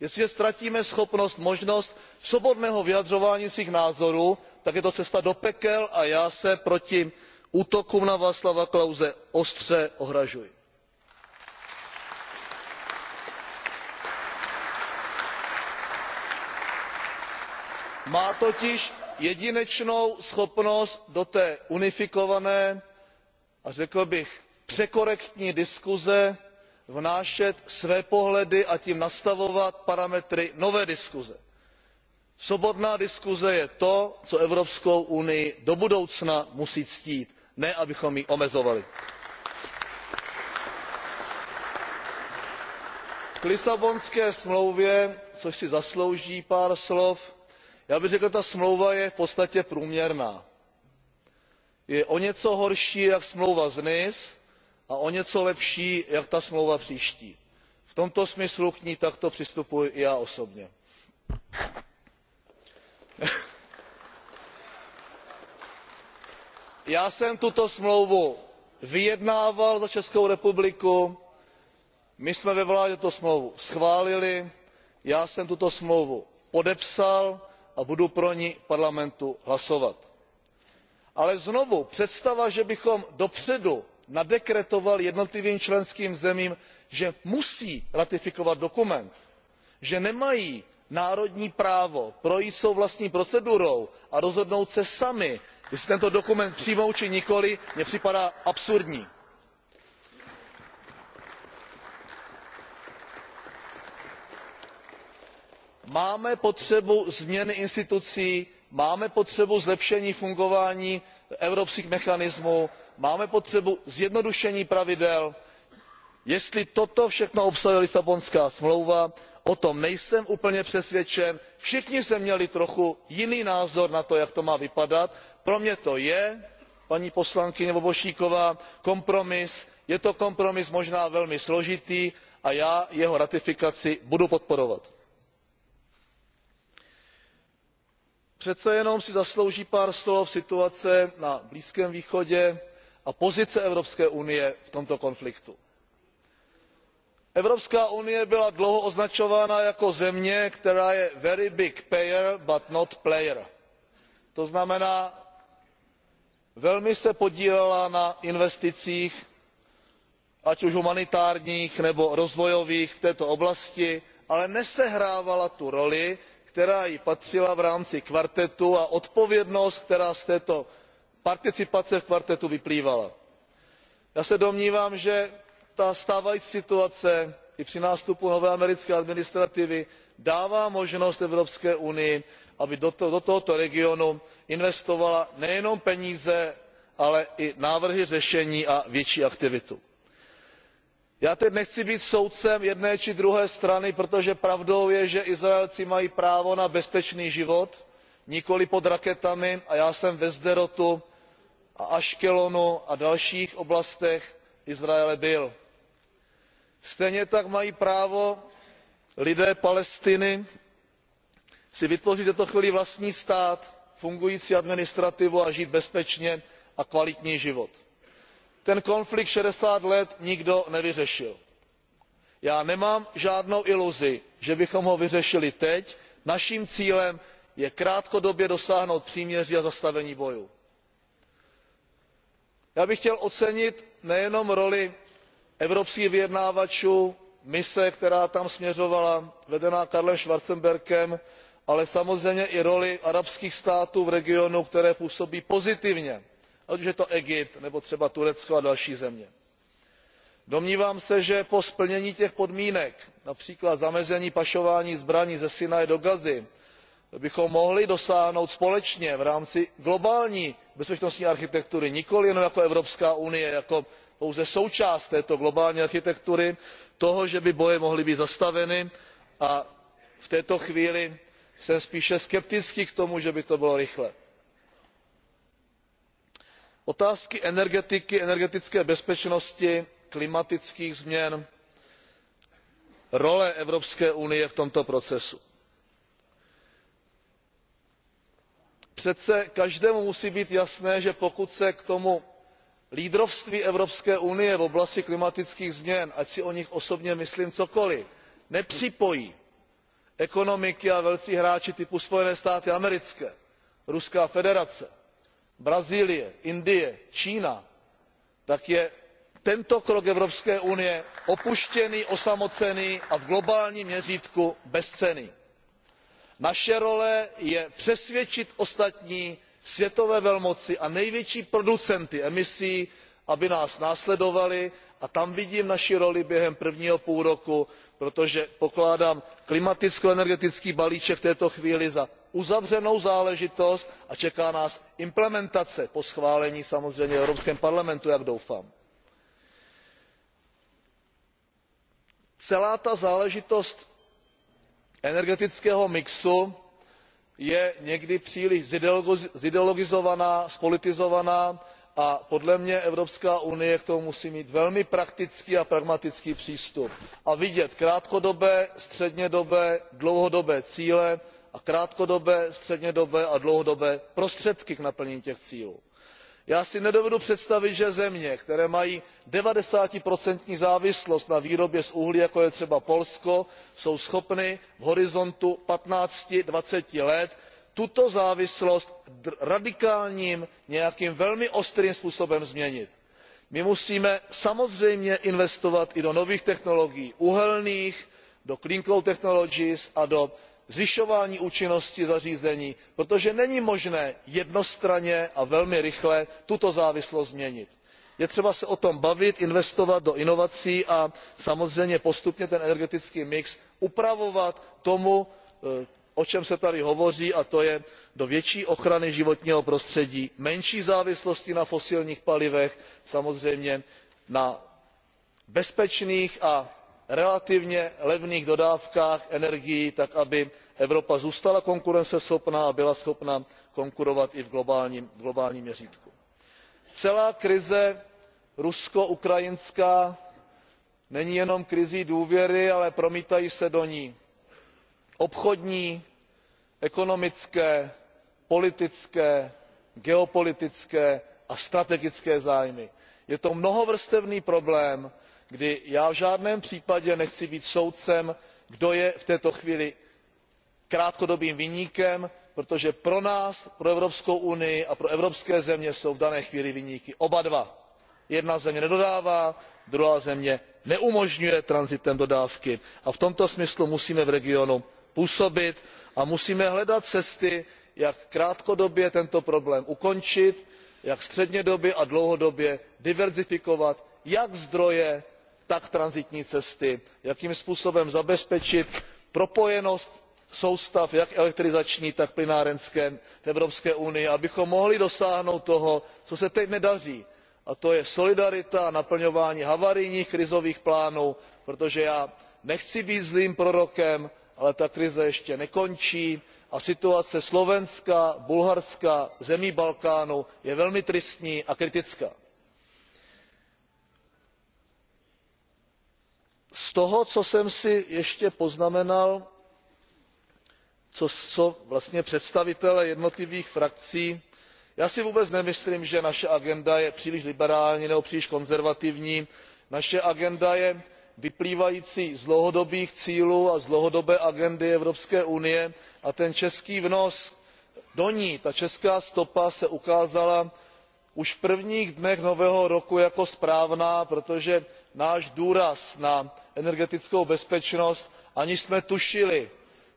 jestliže ztratíme schopnost možnost svobodného vyjadřování svých názorů tak je to cesta do pekel a já se proti útokům na václava klause ostře ohrazuji. má totiž jedinečnou schopnost do té unifikované a řekl bych překorektní diskuse vnášet své pohledy a tím nastavovat parametry nové diskuse. svobodná diskuse je to co evropskou unii do budoucna musí ctít ne abychom ji omezovali. k lisabonské smlouvě což si zaslouží pár slov já bych řekl ta smlouva je v podstatě průměrná. je o něco horší jak smlouva z nice a o něco lepší jak ta smlouva příští. v tomto smyslu k ní takto přistupuji i já osobně. já jsem tuto smlouvu vyjednával za českou republiku my jsme ve vládě tuto smlouvu schválili já jsem tuto smlouvu podepsal a budu pro ni v parlamentu hlasovat. ale znovu představa že bychom dopředu nadekretovali jednotlivým členským zemím že musí ratifikovat dokument že nemají národní právo projít svou vlastní procedurou a rozhodnout se samy jestli tento dokument přijmout či nikoli mně připadá absurdní. máme potřebu změny institucí máme potřebu zlepšení fungování evropských mechanismů máme potřebu zjednodušení pravidel. jestli toto všechno obsahuje lisabonská smlouva o tom nejsem úplně přesvědčen. všichni jsme měli trochu jiný názor na to jak to má vypadat pro mě to je paní poslankyně bobošíková kompromis je to kompromis možná velmi složitý a já jeho ratifikaci budu podporovat. přece jenom si zaslouží pár slov situace na blízkém východě a pozice evropské unie v tomto konfliktu. evropská unie byla dlouho označována jako země která je very big payer but not player to znamená velmi se podílela na investicích ať už humanitárních nebo rozvojových v této oblasti ale nesehrávala tu roli která jí patřila v rámci kvartetu a odpovědnost která z této participace v kvartetu vyplývala. já se domnívám že ta stávající situace i při nástupu nové americké administrativy dává možnost evropské unii aby do tohoto regionu investovala nejenom peníze ale i návrhy řešení a větší aktivitu. já teď nechci být soudcem jedné či druhé strany protože pravdou je že izraelci mají právo na bezpečný život nikoli pod raketami a já jsem ve sderotu a ashkelonu a dalších oblastech izraele byl. stejně tak mají právo lidé palestiny si vytvořit v této chvíli vlastní stát fungující administrativu a žít bezpečně a kvalitní život. ten konflikt šedesát let nikdo nevyřešil. já nemám žádnou iluzi že bychom ho vyřešili teď naším cílem je krátkodobě dosáhnout příměří a zastavení bojů. já bych chtěl ocenit nejenom roli evropských vyjednávačů mise která tam směřovala vedená karlem schwarzenbergem ale samozřejmě i roli arabských států v regionu které působí pozitivně ať už je to egypt nebo třeba turecko a další země. domnívám se že po splnění těch podmínek například zamezení pašování zbraní ze sinaje do gazy bychom mohli dosáhnout společně v rámci globální bezpečnostní architektury nikoli jenom jako evropská unie jako pouze součást této globální architektury toho že by boje mohly být zastaveny a v této chvíli jsem spíše skeptický k tomu že by to bylo rychlé. otázky energetiky energetické bezpečnosti klimatických změn role evropské unie v tomto procesu přece každému musí být jasné že pokud se k tomu lídrovství evropské unie v oblasti klimatických změn ať si o nich osobně myslím cokoliv nepřipojí ekonomiky a velcí hráči typu spojené státy americké ruská federace brazílie indie čína tak je tento krok evropské unie opuštěný osamocený a v globálním měřítku bezcenný. naše role je přesvědčit ostatní světové velmoci a největší producenty emisí aby nás následovali a tam vidím naši roli během prvního půlroku protože pokládám klimaticko energetický balíček v této chvíli za uzavřenou záležitost a čeká nás implementace po schválení samozřejmě v evropském parlamentu jak doufám. celá ta záležitost energetického mixu je někdy příliš zideologizovaná zpolitizovaná a podle mě evropská unie k tomu musí mít velmi praktický a pragmatický přístup a vidět krátkodobé střednědobé dlouhodobé cíle a krátkodobé střednědobé a dlouhodobé prostředky k naplnění těch cílů. já si nedovedu představit že země které mají ninety závislost na výrobě z uhlí jako je třeba polsko jsou schopny v horizontu fifteen twenty let tuto závislost radikálním nějakým velmi ostrým způsobem změnit. my musíme samozřejmě investovat i do nových technologií uhelných do clean technologies a do zvyšování účinnosti zařízení protože není možné jednostranně a velmi rychle tuto závislost změnit. je třeba se o tom bavit investovat do inovací a samozřejmě postupně ten energetický mix upravovat tomu eh, o čem se tady hovoří a to je do větší ochrany životního prostředí menší závislosti na fosilních palivech samozřejmě na bezpečných a relativně levných dodávkách energií tak aby evropa zůstala konkurenceschopná a byla schopna konkurovat i v globálním měřítku. celá krize rusko ukrajinská není jenom krizí důvěry ale promítají se do ní obchodní ekonomické politické geopolitické a strategické zájmy. je to mnohovrstevný problém kdy já v žádném případě nechci být soudcem kdo je v této chvíli krátkodobým viníkem protože pro nás pro evropskou unii a pro evropské země jsou v dané chvíli viníky oba dva. jedna země nedodává druhá země neumožňuje tranzitem dodávky a v tomto smyslu musíme v regionu působit a musíme hledat cesty jak krátkodobě tento problém ukončit jak střednědobě a dlouhodobě diverzifikovat jak zdroje tak tranzitní cesty jakým způsobem zabezpečit propojenost soustav jak elektrizační tak plynárenské v evropské unii abychom mohli dosáhnout toho co se teď nedaří a to je solidarita a naplňování havarijních krizových plánů protože já nechci být zlým prorokem ale ta krize ještě nekončí a situace slovenska bulharska zemí balkánu je velmi tristní a kritická. z toho co jsem si ještě poznamenal co vlastně představitelé jednotlivých frakcí já si vůbec nemyslím že naše agenda je příliš liberální nebo příliš konzervativní. naše agenda je vyplývající z dlouhodobých cílů a z dlouhodobé agendy evropské unie a ten český vnos do ní ta česká stopa se ukázala už v prvních dnech nového roku jako správná protože náš důraz na energetickou bezpečnost aniž jsme tušili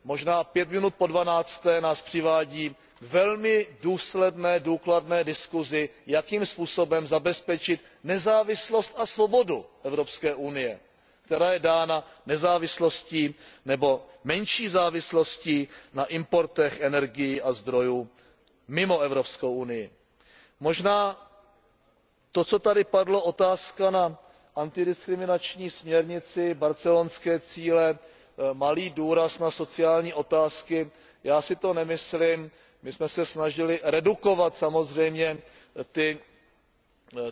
možná pět minut po dvanácté nás přivádí k velmi důsledné důkladné diskusi jakým způsobem zabezpečit nezávislost a svobodu evropské unie která je dána nezávislostí nebo menší závislostí na importech energií a zdrojů mimo evropskou unii. možná to co tady padlo otázka na antidiskriminační směrnici barcelonské cíle eh, malý důraz na sociální otázky já si to nemyslím. my jsme se snažili redukovat samozřejmě eh, eh,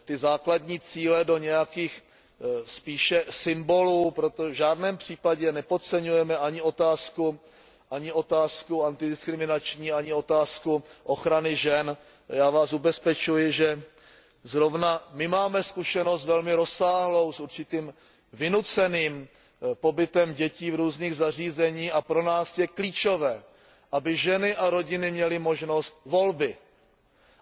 ty základní cíle do nějakých Eh, spíše symbolů proto v žádném případě nepodceňujeme ani otázku antidiskriminační ani otázku ochrany žen. já vás ubezpečuji že zrovna my máme zkušenost velmi rozsáhlou s určitým vynuceným eh, pobytem dětí v různých zařízeních a pro nás je klíčové aby ženy a rodiny měly možnost volby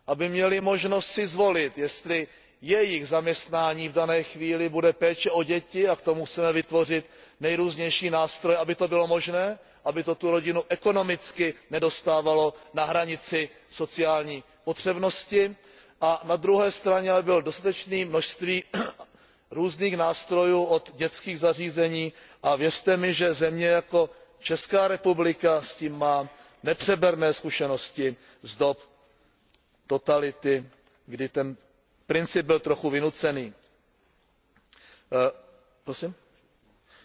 aby měly možnost si zvolit jestli jejich zaměstnání v dané chvíli bude péče o děti a k tomu chceme vytvořit nejrůznější nástroje aby to bylo možné aby to tu rodinu ekonomicky nedostávalo na hranici sociální potřebnosti a na druhé straně aby bylo dostatečné množství různých nástrojů od dětských zařízení a věřte mi že země jako česká republika s tím má nepřeberné zkušenosti z dob totality kdy ten princip byl trochu vynucený. Eh,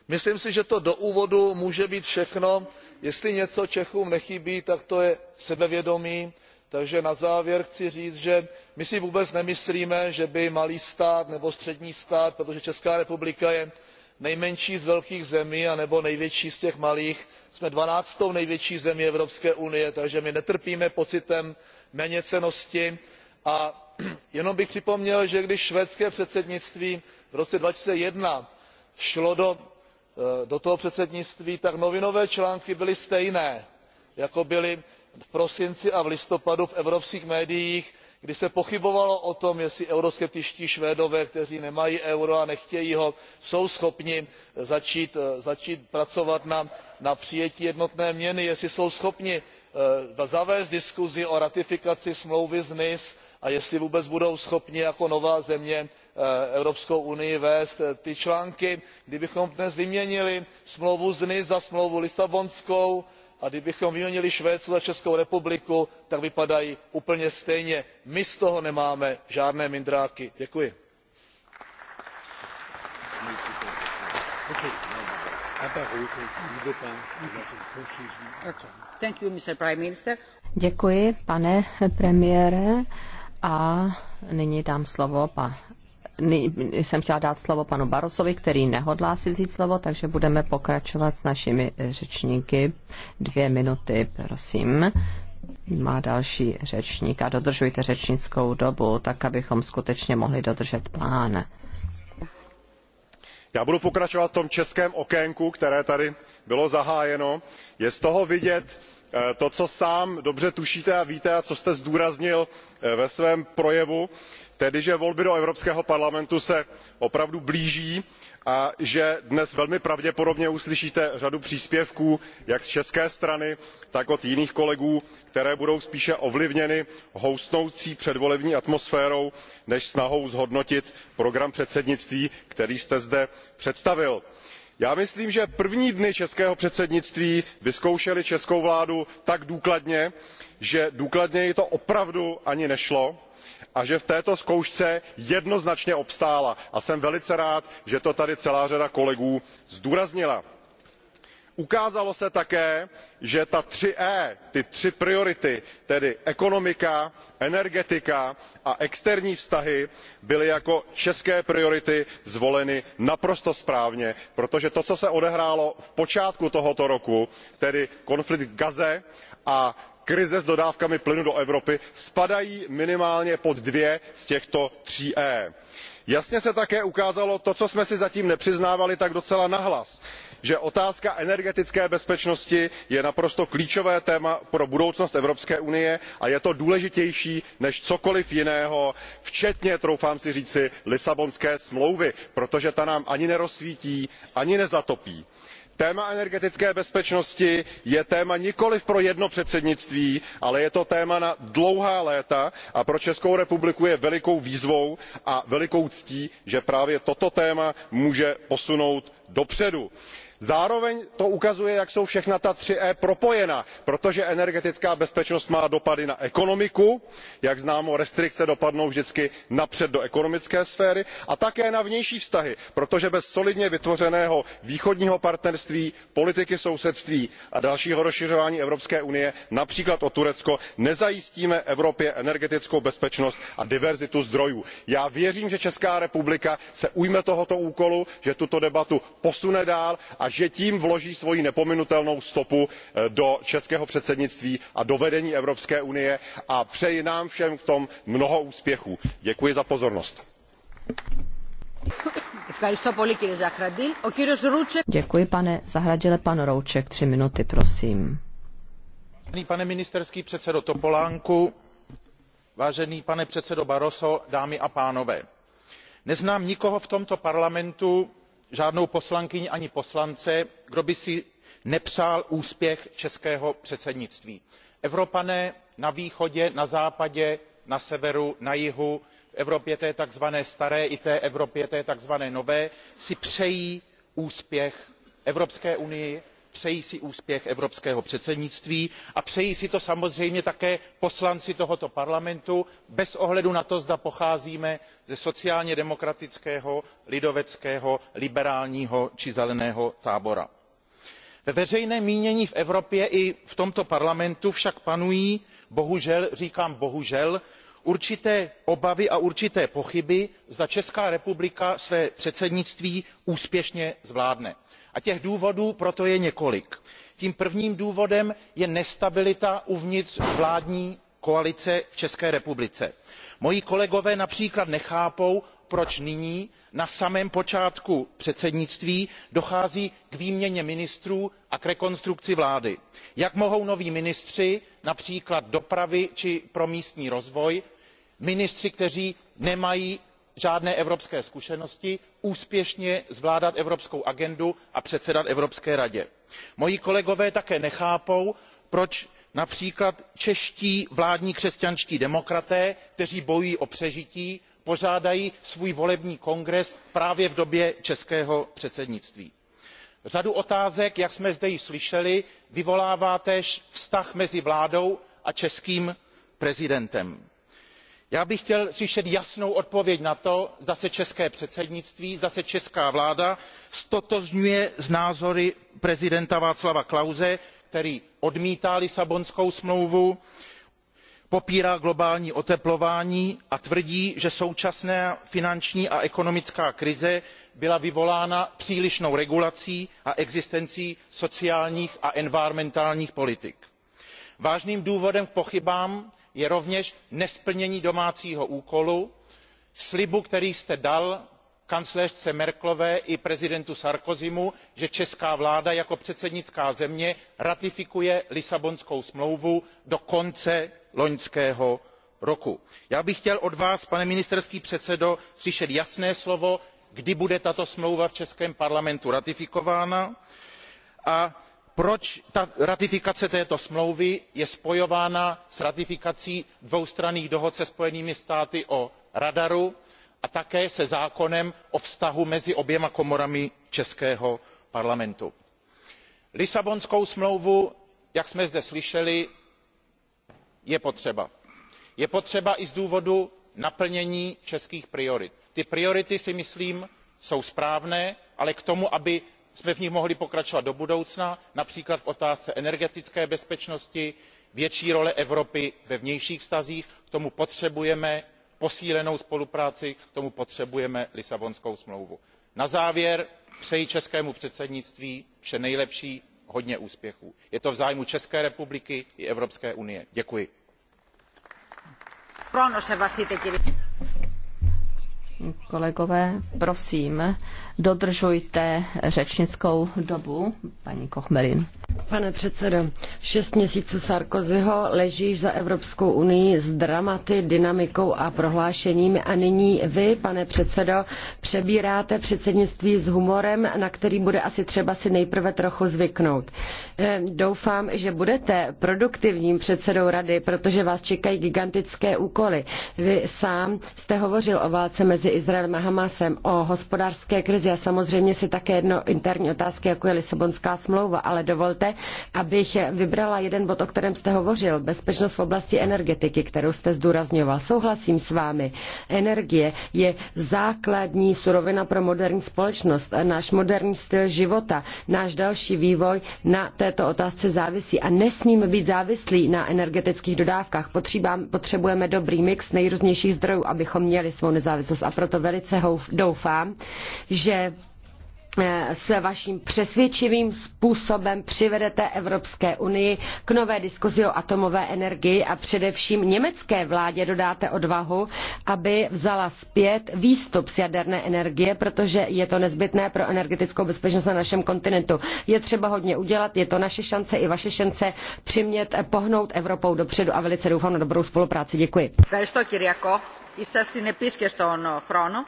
myslím si že to do úvodu může být všechno. jestli něco čechům nechybí tak to je sebevědomí takže na závěr chci říct že my si vůbec nemyslíme že by malý stát nebo střední stát protože česká republika je nejmenší z velkých zemí anebo největší z těch malých jsme dvanáctou největší zemí evropské unie takže my netrpíme pocitem méněcennosti a jenom bych připomněl že když švédské předsednictví v roce two thousand and one šlo eh, do toho předsednictví tak novinové články byly stejné jako byly v prosinci a v listopadu v evropských médiích kdy se pochybovalo o tom jestli euroskeptičtí švédové kteří nemají euro a nechtějí ho jsou schopni začít eh, pracovat na přijetí jednotné měny jestli jsou schopni eh, zavést diskusi o ratifikaci smlouvy z nice a jestli vůbec budou schopni jako nová země eh, evropskou unii vést eh, ty články. kdybychom dnes vyměnili smlouvu z nice za smlouvu lisabonskou a kdybychom vyměnili švédsko za českou republiku tak vypadají úplně stejně. my z toho nemáme žádné mindráky. děkuji. děkuji pane premiére a nyní dám slovo pa, jsem chtěla dát slovo panu Barosovi, který nehodlá si vzít slovo, takže budeme pokračovat s našimi eh, řečníky. Dvě minuty, prosím. Má další řečník a dodržujte řečnickou dobu, tak abychom skutečně mohli dodržet plán. Já budu pokračovat v tom českém okénku, které tady bylo zahájeno. Je z toho vidět, Eh, to co sám dobře tušíte a víte a co jste zdůraznil eh, ve svém projevu tedy že volby do evropského parlamentu se opravdu blíží a že dnes velmi pravděpodobně uslyšíte řadu příspěvků jak z české strany tak od jiných kolegů které budou spíše ovlivněny houstnoucí předvolební atmosférou než snahou zhodnotit program předsednictví který jste zde představil já myslím že první dny českého předsednictví vyzkoušely českou vládu tak důkladně že důkladněji to opravdu ani nešlo a že v této zkoušce jednoznačně obstála a jsem velice rád že to tady celá řada kolegů zdůraznila ukázalo se také že ta tři e ty tři priority tedy ekonomika energetika a externí vztahy byly jako české priority zvoleny naprosto správně protože to co se odehrálo v počátku tohoto roku tedy konflikt v gaze a krize s dodávkami plynu do evropy spadají minimálně pod dvě z těchto tří e. jasně se také ukázalo to co jsme si zatím nepřiznávali tak docela nahlas že otázka energetické bezpečnosti je naprosto klíčové téma pro budoucnost evropské unie a je to důležitější než cokoliv jiného včetně troufám si říci lisabonské smlouvy protože ta nám ani nerozsvítí ani nezatopí. téma energetické bezpečnosti je téma nikoliv pro jedno předsednictví ale je to téma na dlouhá léta a pro českou republiku je velikou výzvou a velikou ctí že právě toto téma může posunout dopředu zároveň to ukazuje jak jsou všechna ta tři e propojena protože energetická bezpečnost má dopady na ekonomiku jak známo restrikce dopadnou vždycky napřed do ekonomické sféry a také na vnější vztahy protože bez solidně vytvořeného východního partnerství politiky sousedství a dalšího rozšiřování evropské unie například o turecko nezajistíme evropě energetickou bezpečnost a diverzitu zdrojů. já věřím že česká republika se ujme tohoto úkolu že tuto debatu posune dál a že tím vloží svoji nepominutelnou stopu eh, do českého předsednictví a do vedení evropské unie a přeji nám všem v tom mnoho úspěchů. děkuji za pozornost. Děkuji, pane zahradile pan rouček tři minuty prosím. vážený pane ministerský předsedo topolánku vážený pane předsedo barroso dámy a pánové neznám nikoho v tomto parlamentu žádnou poslankyni ani poslance kdo by si nepřál úspěch českého předsednictví. evropané na východě na západě na severu na jihu v evropě té tzv. staré i té evropě té tzv. nové si přejí úspěch evropské unie přeji si úspěch evropského předsednictví a přejí si to samozřejmě také poslanci tohoto parlamentu bez ohledu na to zda pocházíme ze sociálně demokratického lidoveckého liberálního či zeleného tábora. ve veřejném mínění v evropě i v tomto parlamentu však panují bohužel říkám bohužel určité obavy a určité pochyby zda česká republika své předsednictví úspěšně zvládne a těch důvodů pro to je několik. tím prvním důvodem je nestabilita uvnitř vládní koalice v české republice. moji kolegové například nechápou proč nyní na samém počátku předsednictví dochází k výměně ministrů a k rekonstrukci vlády. jak mohou noví ministři například dopravy či pro místní rozvoj ministři kteří nemají žádné evropské zkušenosti úspěšně zvládat evropskou agendu a předsedat evropské radě. moji kolegové také nechápou proč například čeští vládní křesťanští demokraté kteří bojují o přežití pořádají svůj volební kongres právě v době českého předsednictví. řadu otázek jak jsme zde již slyšeli vyvolává též vztah mezi vládou a českým prezidentem já bych chtěl slyšet jasnou odpověď na to zda se české předsednictví zda se česká vláda ztotožňuje s názory prezidenta václava klause který odmítá lisabonskou smlouvu popírá globální oteplování a tvrdí že současná finanční a ekonomická krize byla vyvolána přílišnou regulací a existencí sociálních a environmentálních politik. vážným důvodem k pochybám je rovněž nesplnění domácího úkolu slibu který jste dal kancléřce merkelové i prezidentu sarkozymu že česká vláda jako předsednická země ratifikuje lisabonskou smlouvu do konce loňského roku. já bych chtěl od vás pane ministerský předsedo slyšet jasné slovo kdy bude tato smlouva v českém parlamentu ratifikována a proč ratifikace této smlouvy je spojována s ratifikací dvoustranných dohod se spojenými státy o radaru a také se zákonem o vztahu mezi oběma komorami českého parlamentu. lisabonskou smlouvu jak jsme zde slyšeli je potřeba. je potřeba i z důvodu naplnění českých priorit. ty priority si myslím jsou správné ale k tomu aby jsme v nich mohli pokračovat do budoucna například v otázce energetické bezpečnosti větší role evropy ve vnějších vztazích k tomu potřebujeme posílenou spolupráci k tomu potřebujeme lisabonskou smlouvu. na závěr přeji českému předsednictví vše nejlepší hodně úspěchů. je to v zájmu české republiky i evropské unie. děkuji. Kolegové, prosím, dodržujte řečnickou dobu, paní Kochmerin. Pane předsedo, šest měsíců Sarkozyho ležíš za Evropskou unii s dramaty, dynamikou a prohlášeními a nyní vy, pane předsedo, přebíráte předsednictví s humorem, na který bude asi třeba si nejprve trochu zvyknout. Eh, doufám, že budete produktivním předsedou rady, protože vás čekají gigantické úkoly. Vy sám jste hovořil o válce mezi Izraelem a Hamasem, o hospodářské krizi a samozřejmě si také jedno interní otázky, jako je Lisabonská smlouva, ale dovolte, abych vybrala jeden bod, o kterém jste hovořil, bezpečnost v oblasti energetiky, kterou jste zdůrazňoval. Souhlasím s vámi. Energie je základní surovina pro moderní společnost, náš moderní styl života, náš další vývoj na této otázce závisí a nesmíme být závislí na energetických dodávkách. Potřebujeme dobrý mix nejrůznějších zdrojů, abychom měli svou nezávislost a proto velice doufám, že Eh, s vaším přesvědčivým způsobem přivedete Evropské unii k nové diskuzi o atomové energii a především německé vládě dodáte odvahu, aby vzala zpět výstup z jaderné energie, protože je to nezbytné pro energetickou bezpečnost na našem kontinentu. Je třeba hodně udělat, je to naše šance i vaše šance přimět eh, pohnout Evropou dopředu a velice doufám na dobrou spolupráci. Děkuji. Děkuji. No,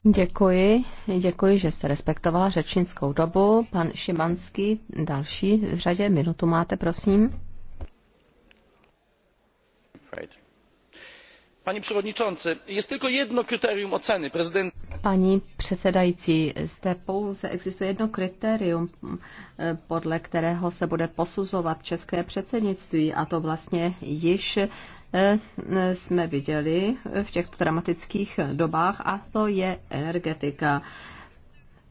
děkuji, děkuji, že jste respektovala řečnickou dobu. Pan Šimanský, další v řadě, minutu máte, prosím. Pani przewodniczący, jest tylko jedno kryterium oceny prezydenta. Paní předsedající, zde pouze existuje jedno kritérium, podle kterého se bude posuzovat české předsednictví, a to vlastně již Eh, jsme viděli v těchto dramatických dobách a to je energetika.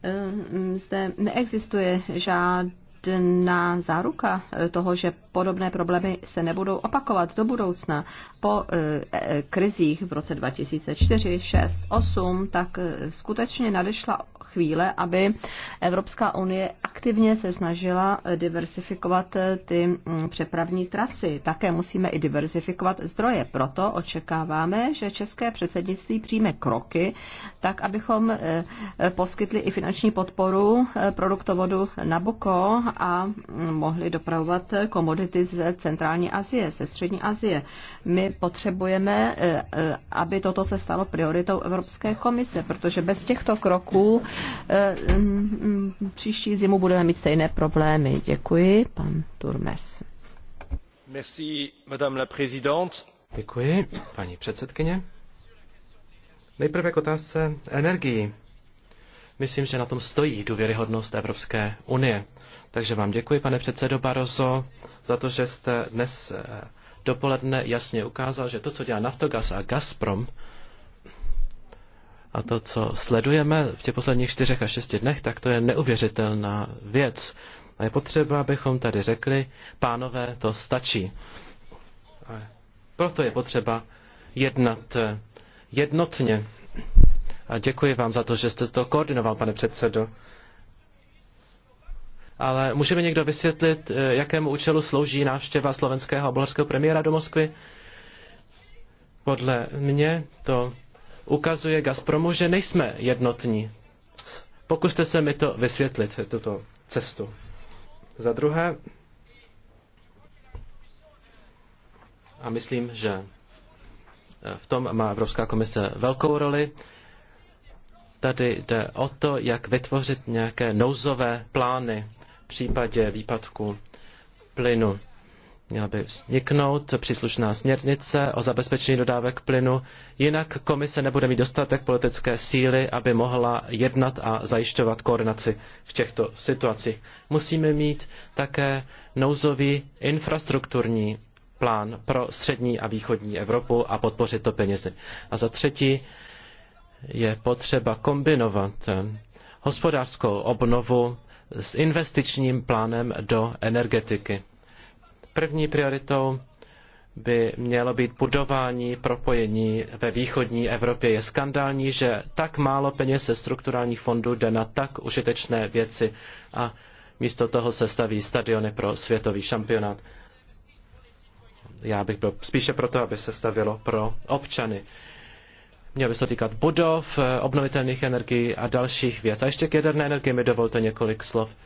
Eh, zde neexistuje žádný na záruka toho, že podobné problémy se nebudou opakovat do budoucna. Po eh, krizích v roce 2004, 6, 8, tak skutečně nadešla chvíle, aby Evropská unie aktivně se snažila diversifikovat eh, ty mm, přepravní trasy. Také musíme i diversifikovat zdroje. Proto očekáváme, že české předsednictví přijme kroky, tak abychom eh, eh, poskytli i finanční podporu produktovodu Nabuko a mm, mohli dopravovat komodity ze centrální Asie, ze střední Asie. My potřebujeme, eh, eh, aby toto se stalo prioritou Evropské komise, protože bez těchto kroků eh, mm, mm, příští zimu budeme mít stejné problémy. Děkuji, pan Turmes. Merci, madame la présidente. Děkuji, paní předsedkyně. Nejprve k otázce energii. Myslím, že na tom stojí důvěryhodnost Evropské unie. Takže vám děkuji, pane předsedo Barroso, za to, že jste dnes dopoledne jasně ukázal, že to, co dělá Naftogaz a Gazprom, a to, co sledujeme v těch posledních čtyřech a šesti dnech, tak to je neuvěřitelná věc. A je potřeba, abychom tady řekli, pánové, to stačí. A proto je potřeba jednat eh, jednotně. A děkuji vám za to, že jste to koordinoval, pane předsedo ale může mi někdo vysvětlit, eh, jakému účelu slouží návštěva slovenského a bulharského premiéra do Moskvy? Podle mě to ukazuje Gazpromu, že nejsme jednotní. Pokuste se mi to vysvětlit, tuto cestu. Za druhé, a myslím, že eh, v tom má Evropská komise velkou roli. Tady jde o to, jak vytvořit nějaké nouzové plány případě výpadku plynu měla by vzniknout příslušná směrnice o zabezpečení dodávek plynu, jinak komise nebude mít dostatek politické síly, aby mohla jednat a zajišťovat koordinaci v těchto situacích. Musíme mít také nouzový infrastrukturní plán pro střední a východní Evropu a podpořit to penězi. A za třetí je potřeba kombinovat hospodářskou obnovu s investičním plánem do energetiky. První prioritou by mělo být budování propojení ve východní Evropě. Je skandální, že tak málo peněz ze strukturálních fondů jde na tak užitečné věci a místo toho se staví stadiony pro světový šampionát. Já bych byl spíše proto, aby se stavilo pro občany. Mělo by se týkat budov, eh, obnovitelných energií a dalších věc. A ještě k jaderné energii mi dovolte několik slov.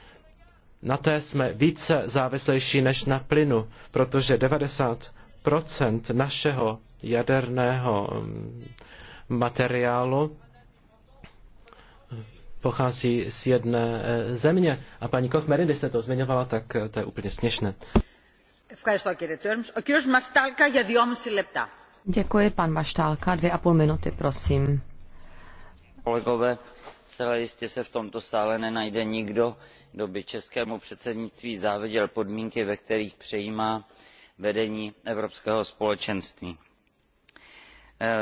Na té jsme více závislejší než na plynu, protože 90 našeho jaderného mm, materiálu eh, pochází z jedné eh, země. A paní Mary, když jste to zmiňovala, tak to je úplně směšné. Ευχαριστώ κύριε Τέρμς. Ο κύριος Μαστάλκα για δυόμιση λεπτά. Děkuji, pan Maštálka. Dvě a půl minuty, prosím. Kolegové, zcela jistě se v tomto sále nenajde nikdo, kdo by českému předsednictví záviděl podmínky, ve kterých přejímá vedení Evropského společenství. Eh,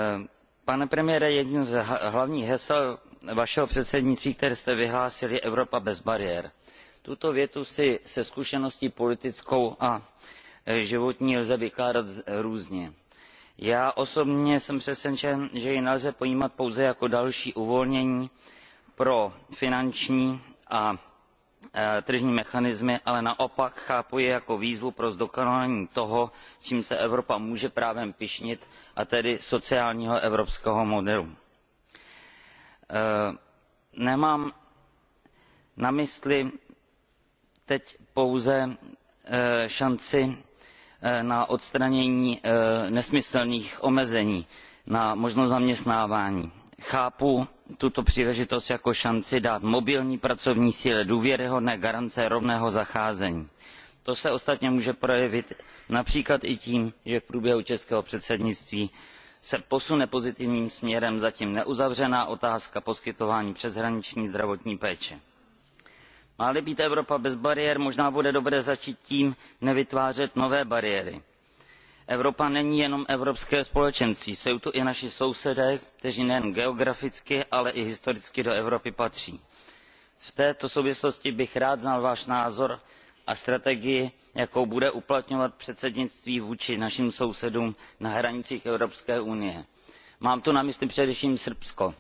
pane premiére, jedním z hlavních hesel vašeho předsednictví, které jste vyhlásili, je Evropa bez bariér. Tuto větu si se zkušeností politickou a eh, životní lze vykládat různě já osobně jsem přesvědčen že jej nelze pojímat pouze jako další uvolnění pro finanční a e, tržní mechanismy ale naopak chápu jej jako výzvu pro zdokonalení toho čím se evropa může právem pyšnit a tedy sociálního evropského modelu. E, nemám na mysli teď pouze e, šanci Eh, na odstranění eh, nesmyslných omezení na možnost zaměstnávání. chápu tuto příležitost jako šanci dát mobilní pracovní síle důvěryhodné garance rovného zacházení. to se ostatně může projevit například i tím že v průběhu českého předsednictví se posune pozitivním směrem zatím neuzavřená otázka poskytování přeshraniční zdravotní péče má li být evropa bez bariér možná bude dobré začít tím nevytvářet nové bariéry. evropa není jenom evropské společenství jsou tu i naši sousedé kteří nejen geograficky ale i historicky do evropy patří. v této souvislosti bych rád znal váš názor a strategii jakou bude uplatňovat předsednictví vůči našim sousedům na hranicích evropské unie. mám tu na mysli především srbsko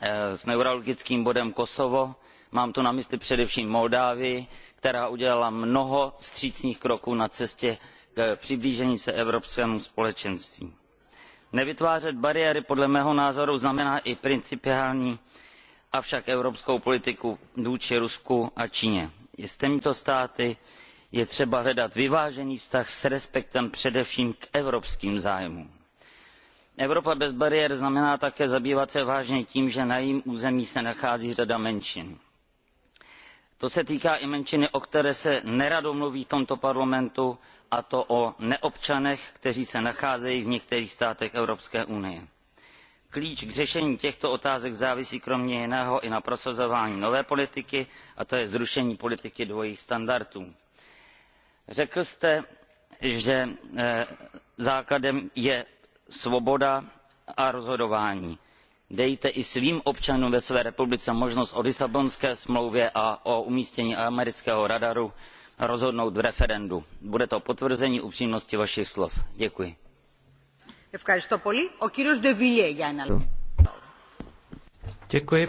eh, s neuralgickým bodem kosovo mám tu na mysli především moldavsko která udělala mnoho vstřícných kroků na cestě k přiblížení se evropskému společenství. nevytvářet bariéry podle mého názoru znamená i principiální avšak evropskou politiku vůči rusku a číně. s těmito státy je třeba hledat vyvážený vztah s respektem především k evropským zájmům. evropa bez bariér znamená také zabývat se vážně tím že na jejím území se nachází řada menšin to se týká i menšiny o které se nerado mluví v tomto parlamentu a to o neobčanech kteří se nacházejí v některých státech evropské unie. klíč k řešení těchto otázek závisí kromě jiného i na prosazování nové politiky a to je zrušení politiky dvojích standardů. řekl jste že eh, základem je svoboda a rozhodování dejte i svým občanům ve své republice možnost o lisabonské smlouvě a o umístění amerického radaru rozhodnout v referendu. bude to potvrzení upřímnosti vašich slov. děkuji.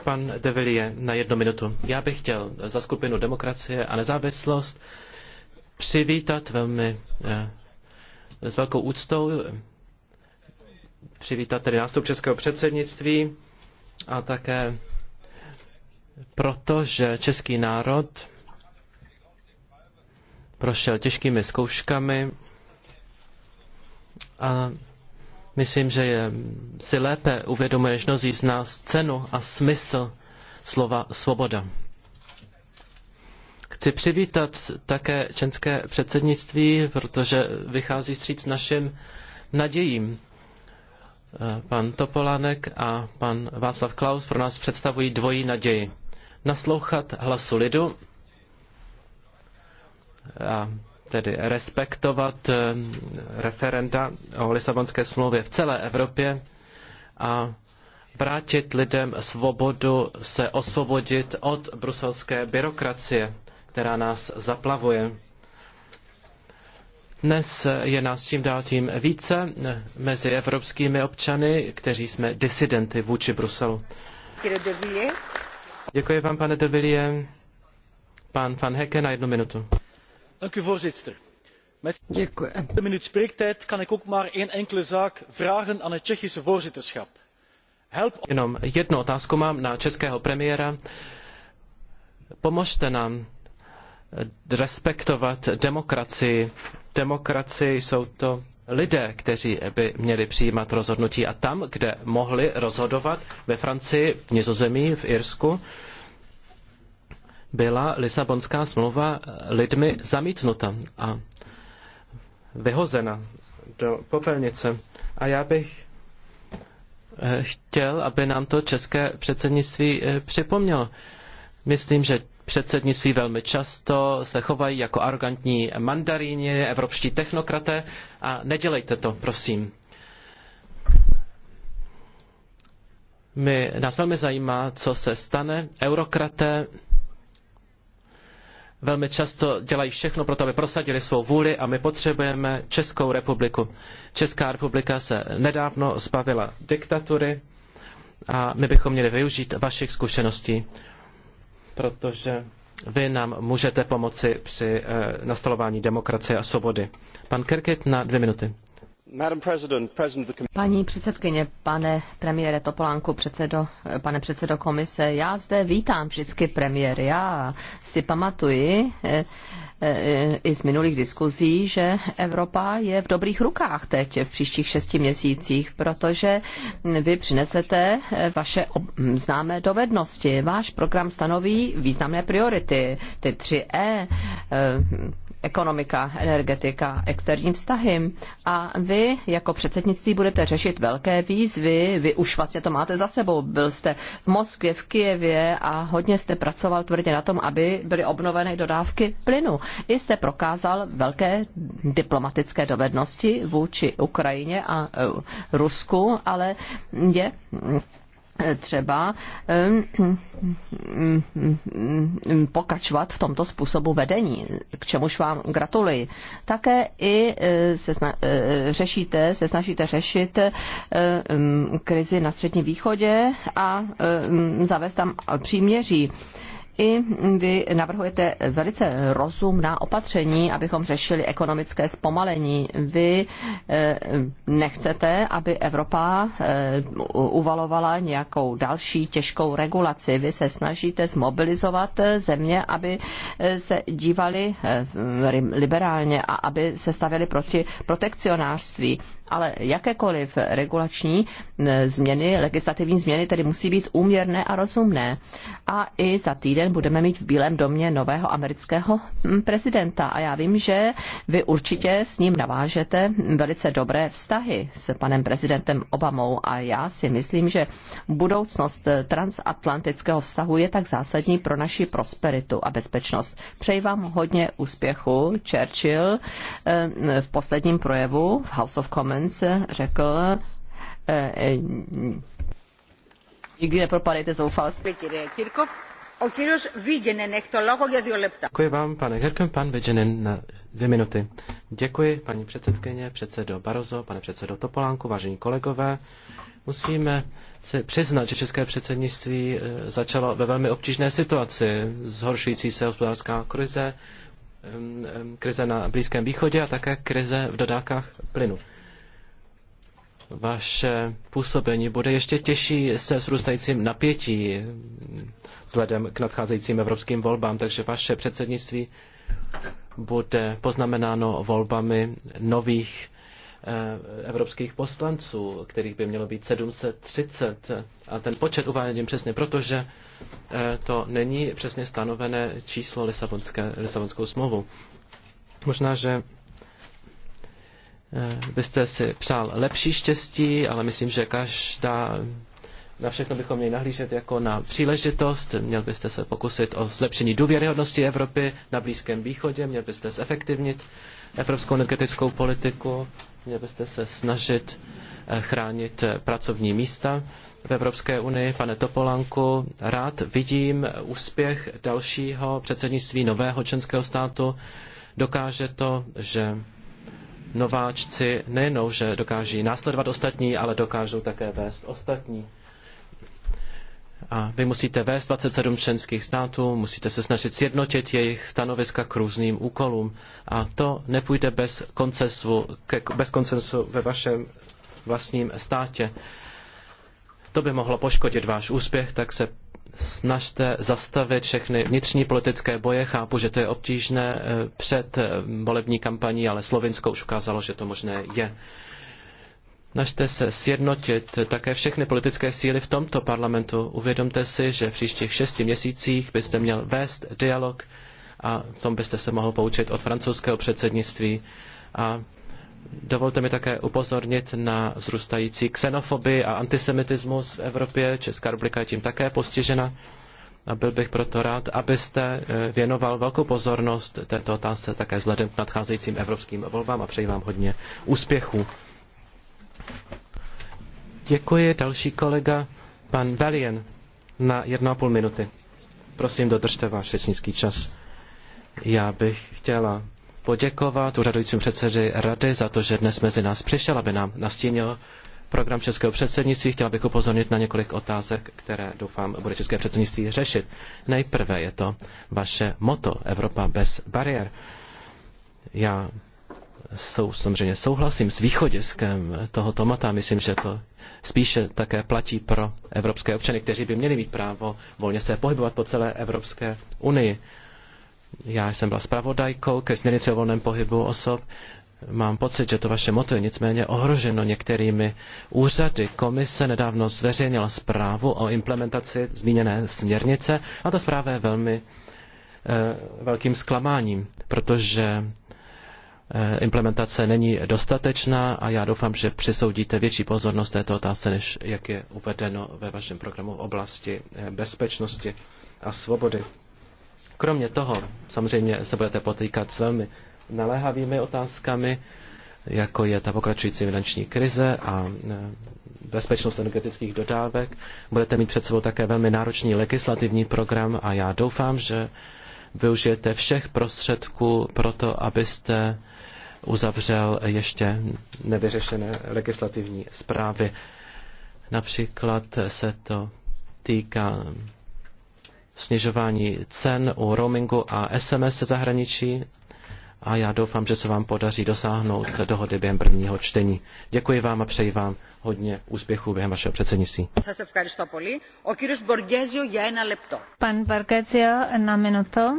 pan de na jednu minutu. Já bych chtěl za skupinu Demokracie a nezávislost přivítat velmi eh, s velkou úctou přivítat tedy nástup českého předsednictví a také proto, že český národ prošel těžkými zkouškami a myslím, že je, si lépe uvědomuje, že mnozí z nás cenu a smysl slova svoboda. Chci přivítat také české předsednictví, protože vychází stříc našim nadějím Eh, pan Topolánek a pan Václav Klaus pro nás představují dvojí naději. Naslouchat hlasu lidu a tedy respektovat eh, referenda o Lisabonské smlouvě v celé Evropě a vrátit lidem svobodu se osvobodit od bruselské byrokracie, která nás zaplavuje. Dnes je nás čím dál tím více mezi evropskými občany, kteří jsme disidenty vůči Bruselu. Děkuji vám, pane de Villiers. Pan Van Hecke na jednu minutu. Děkuji, Jenom jednu otázku mám na českého premiéra. Pomožte nám respektovat demokracii demokracii jsou to lidé, kteří by měli přijímat rozhodnutí. A tam, kde mohli rozhodovat ve Francii, v Nizozemí, v Irsku, byla Lisabonská smlouva lidmi zamítnuta a vyhozena do popelnice. A já bych eh, chtěl, aby nám to české předsednictví eh, připomnělo. Myslím, že předsednictví velmi často se chovají jako arrogantní mandaríni, evropští technokraté a nedělejte to, prosím. My, nás velmi zajímá, co se stane. Eurokraté velmi často dělají všechno pro to, aby prosadili svou vůli a my potřebujeme Českou republiku. Česká republika se nedávno zbavila diktatury a my bychom měli využít vašich zkušeností protože vy nám můžete pomoci při eh, nastolování demokracie a svobody. Pan Kirkit na dvě minuty. Paní předsedkyně, pane premiére Topolánku, předsedo, pane předsedo komise, já zde vítám vždycky premiér. Já si pamatuji eh, eh, i z minulých diskuzí, že Evropa je v dobrých rukách teď v příštích šesti měsících, protože vy přinesete eh, vaše známé dovednosti. Váš program stanoví významné priority, ty tři E, ekonomika, energetika, externí vztahy. A vy jako předsednictví budete řešit velké výzvy. Vy už vlastně to máte za sebou. Byl jste v Moskvě, v Kijevě a hodně jste pracoval tvrdě na tom, aby byly obnoveny dodávky plynu. I jste prokázal velké diplomatické dovednosti vůči Ukrajině a e, Rusku, ale je třeba eh, pokračovat v tomto způsobu vedení, k čemuž vám gratuluji. Také i eh, se sna- eh, řešíte, se snažíte řešit mm, krizi na Středním východě a mm, zavést tam příměří i vy navrhujete velice rozumná opatření, abychom řešili ekonomické zpomalení. Vy eh, nechcete, aby Evropa eh, uvalovala nějakou další těžkou regulaci. Vy se snažíte zmobilizovat eh, země, aby se dívali liberálně a aby se stavili proti protekcionářství ale jakékoliv regulační eh, změny, legislativní změny tedy musí být úměrné a rozumné. A i za týden budeme mít v Bílém domě nového amerického hm, prezidenta a já vím, že vy určitě s ním navážete velice dobré vztahy s panem prezidentem Obamou a já si myslím, že budoucnost transatlantického vztahu je tak zásadní pro naši prosperitu a bezpečnost. Přeji vám hodně úspěchu, Churchill, eh, v posledním projevu v House of Commons Goerens řekl, eh, eh, nikdy nepropadejte zoufalství. Děkuji vám, pane Herkem, pan Vidženen na dvě minuty. Děkuji, paní předsedkyně, předsedo Barozo, pane předsedo Topolánku, vážení kolegové. Musíme se přiznat, že české předsednictví eh, začalo ve velmi obtížné situaci. Zhoršující se hospodářská krize, krize na Blízkém východě a také krize v dodávkách plynu vaše působení bude ještě těžší se vzrůstajícím napětí vzhledem k nadcházejícím evropským volbám, takže vaše předsednictví bude poznamenáno volbami nových eh, evropských poslanců, kterých by mělo být 730. A ten počet uvádím přesně, protože eh, to není přesně stanovené číslo Lisabonské, Lisabonskou smlouvu. Možná, že Eh, byste si přál lepší štěstí, ale myslím, že každá, na všechno bychom měli nahlížet jako na příležitost. Měl byste se pokusit o zlepšení důvěryhodnosti Evropy na Blízkém východě, měl byste zefektivnit evropskou energetickou politiku, měl byste se snažit eh, chránit eh, pracovní místa v Evropské unii. Pane Topolanku, rád vidím úspěch dalšího předsednictví nového členského státu. Dokáže to, že nováčci nejenom, že dokáží následovat ostatní, ale dokážou také vést ostatní. A vy musíte vést 27 členských států, musíte se snažit sjednotit jejich stanoviska k různým úkolům. A to nepůjde bez koncesu, ke, bez koncensu ve vašem vlastním státě. To by mohlo poškodit váš úspěch, tak se snažte zastavit všechny vnitřní politické boje. Chápu, že to je obtížné eh, před eh, volební kampaní, ale Slovinsko už ukázalo, že to možné je. Snažte se sjednotit také všechny politické síly v tomto parlamentu. Uvědomte si, že v příštích šesti měsících byste měl vést dialog a v tom byste se mohl poučit od francouzského předsednictví a Dovolte mi také upozornit na vzrůstající xenofobii a antisemitismus v Evropě. Česká republika je tím také postižena a byl bych proto rád, abyste eh, věnoval velkou pozornost této otázce také vzhledem k nadcházejícím evropským volbám a přeji vám hodně úspěchů. Děkuji. Další kolega, pan Dalien, na jedno a půl minuty. Prosím, dodržte váš řečnický čas. Já bych chtěla poděkovat úřadujícím předsedy rady za to, že dnes mezi nás přišel, aby nám nastínil program českého předsednictví. Chtěla bych upozornit na několik otázek, které doufám bude české předsednictví řešit. Nejprve je to vaše moto Evropa bez bariér. Já sou, samozřejmě souhlasím s východiskem tohoto mota. Myslím, že to spíše také platí pro evropské občany, kteří by měli mít právo volně se pohybovat po celé Evropské unii. Já jsem byla spravodajkou ke směrnici o volném pohybu osob. Mám pocit, že to vaše moto je nicméně ohroženo některými úřady. Komise nedávno zveřejnila zprávu o implementaci zmíněné směrnice a ta zpráva je velmi eh, velkým zklamáním, protože eh, implementace není dostatečná a já doufám, že přisoudíte větší pozornost této otázce, než jak je uvedeno ve vašem programu v oblasti eh, bezpečnosti a svobody. Kromě toho samozřejmě se budete potýkat s velmi naléhavými otázkami, jako je ta pokračující finanční krize a e, bezpečnost energetických dodávek. Budete mít před sebou také velmi náročný legislativní program a já doufám, že využijete všech prostředků pro to, abyste uzavřel ještě nevyřešené legislativní zprávy. Například se to týká snižování cen u roamingu a SMS se zahraničí a já doufám, že se vám podaří dosáhnout dohody během prvního čtení. Děkuji vám a přeji vám hodně úspěchů během vašeho předsednictví. Pan Borgesio na minuto.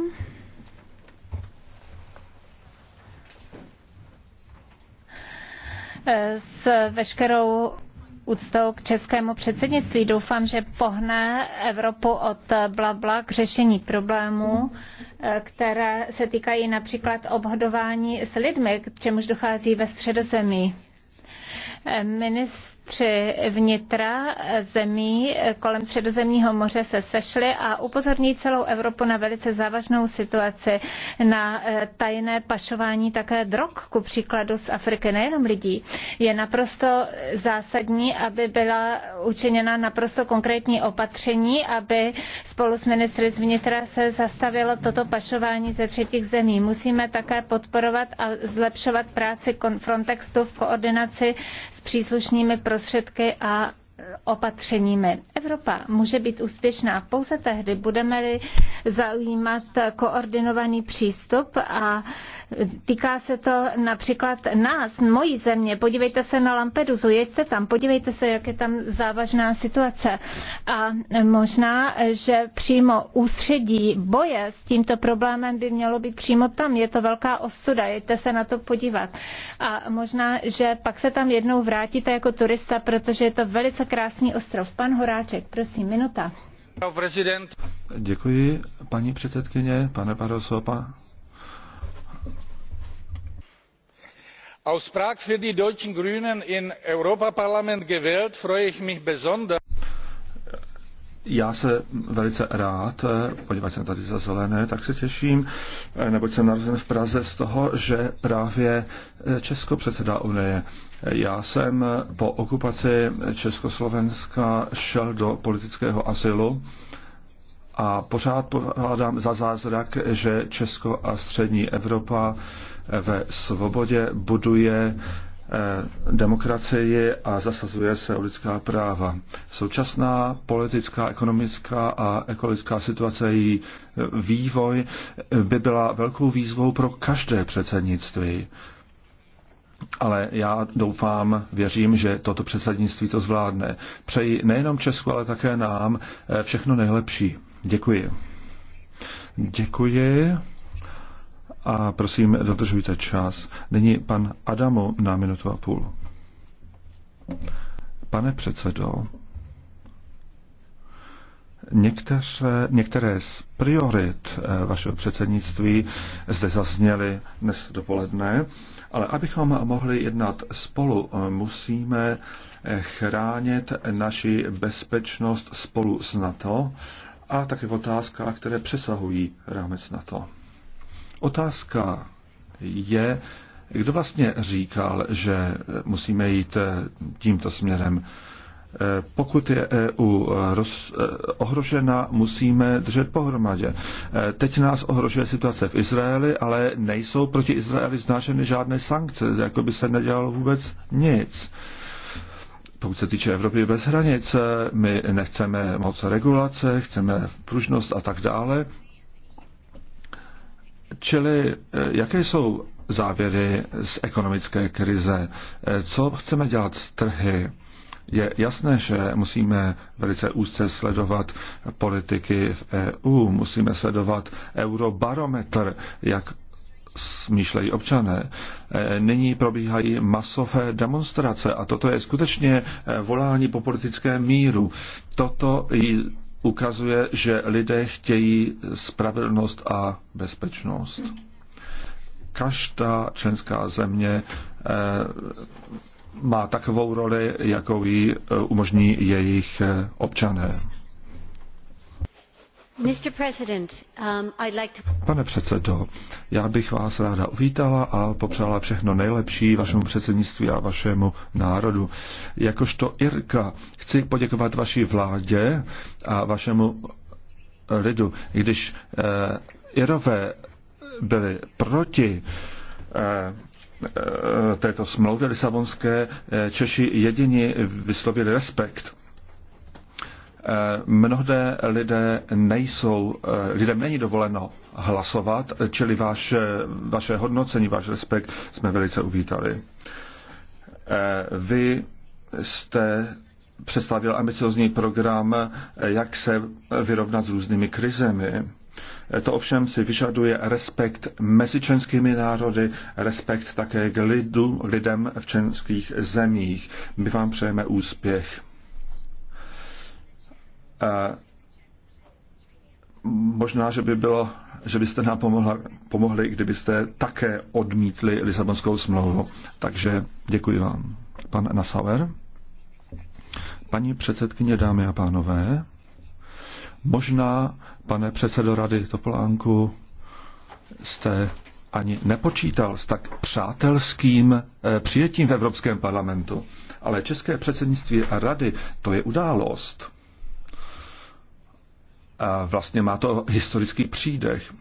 S veškerou úctou k českému předsednictví. Doufám, že pohne Evropu od blabla k řešení problémů, které se týkají například obhodování s lidmi, k čemuž dochází ve středozemí. Ministr ministři vnitra zemí kolem Středozemního moře se sešli a upozorní celou Evropu na velice závažnou situaci, na eh, tajné pašování také drog, ku příkladu z Afriky, nejenom lidí. Je naprosto zásadní, aby byla učiněna naprosto konkrétní opatření, aby spolu s ministry z vnitra se zastavilo toto pašování ze třetích zemí. Musíme také podporovat a zlepšovat práci Frontextu v koordinaci příslušnými prostředky a opatřeními. Evropa může být úspěšná pouze tehdy, budeme-li zaujímat koordinovaný přístup a Týká se to například nás, mojí země. Podívejte se na Lampedusu, jeďte tam, podívejte se, jak je tam závažná situace. A možná, že přímo ústředí boje s tímto problémem by mělo být přímo tam. Je to velká ostuda, jeďte se na to podívat. A možná, že pak se tam jednou vrátíte jako turista, protože je to velice krásný ostrov. Pan Horáček, prosím, minuta. Děkuji, paní předsedkyně, pane Parosopa, aus prag für die deutschen grünen im europäischen parlament gewählt freue ich mich besonders já se velice rád, eh, podívat jsem tady za zelené, tak se těším, eh, neboť jsem narozen v Praze z toho, že právě eh, Česko předsedá Unie. Já jsem po okupaci Československa šel do politického asilu a pořád pokládám za zázrak, že Česko a střední Evropa ve svobodě buduje eh, demokracii a zasazuje se o lidská práva. Současná politická, ekonomická a ekologická situace její eh, vývoj eh, by byla velkou výzvou pro každé předsednictví. Ale já doufám, věřím, že toto předsednictví to zvládne. Přeji nejenom Česku, ale také nám všechno nejlepší. Děkuji. Děkuji a prosím, dodržujte čas. Nyní pan Adamo na minutu a půl. Pane předsedo, Některé, některé z priorit eh, vašeho předsednictví zde zazněly dnes dopoledne, ale abychom mohli jednat spolu, eh, musíme eh, chránit naši bezpečnost spolu s NATO a také v otázkách, které přesahují rámec na to. Otázka je, kdo vlastně říkal, že musíme jít eh, tímto směrem. Eh, pokud je EU eh, roz, ohrožena, musíme držet pohromadě. Teď nás ohrožuje situace v Izraeli, ale nejsou proti Izraeli znášeny žádné sankce, jako by se nedělalo vůbec nic. Pokud se týče Evropy bez hranice, my nechceme moc regulace, chceme pružnost a tak dále. Čili eh, jaké jsou závěry z ekonomické krize? Eh, co chceme dělat s trhy? Je jasné, že musíme velice úzce sledovat politiky v EU, musíme sledovat eurobarometr, jak smýšlejí občané. E, nyní probíhají masové demonstrace a toto je skutečně e, volání po politickém míru. Toto ukazuje, že lidé chtějí spravedlnost a bezpečnost. Každá členská země e, má takovou roli, jakou ji umožní jejich občané. Um, Pane předsedo, já bych vás ráda uvítala a popřála všechno nejlepší vašemu předsednictví a vašemu národu. Jakožto Irka chci poděkovat vaší vládě a vašemu lidu. Když eh, Irové byli proti eh, eh této smlouvě Lisabonské, eh, Češi jedině vyslovili respekt Eh, mnohde lidé nejsou, eh, lidem není dovoleno hlasovat, čili vaše, eh, vaše hodnocení, váš respekt jsme velice uvítali. Vy jste představil ambiciozní program, jak se vyrovnat s různými krizemi. To ovšem si vyžaduje respekt mezi členskými národy, respekt také k lidu, lidem v členských zemích. My vám přejeme úspěch. Eh, možná, že by bylo, že byste nám pomohla, pomohli, kdybyste také odmítli Lisabonskou smlouvu. Takže děkuji vám. Pan Nasauer. Paní předsedkyně, dámy a pánové, možná, pane předsedo rady Topolánku, jste ani nepočítal s tak přátelským eh, přijetím v Evropském parlamentu. Ale české předsednictví a rady, to je událost. A vlastně má to historický přídech.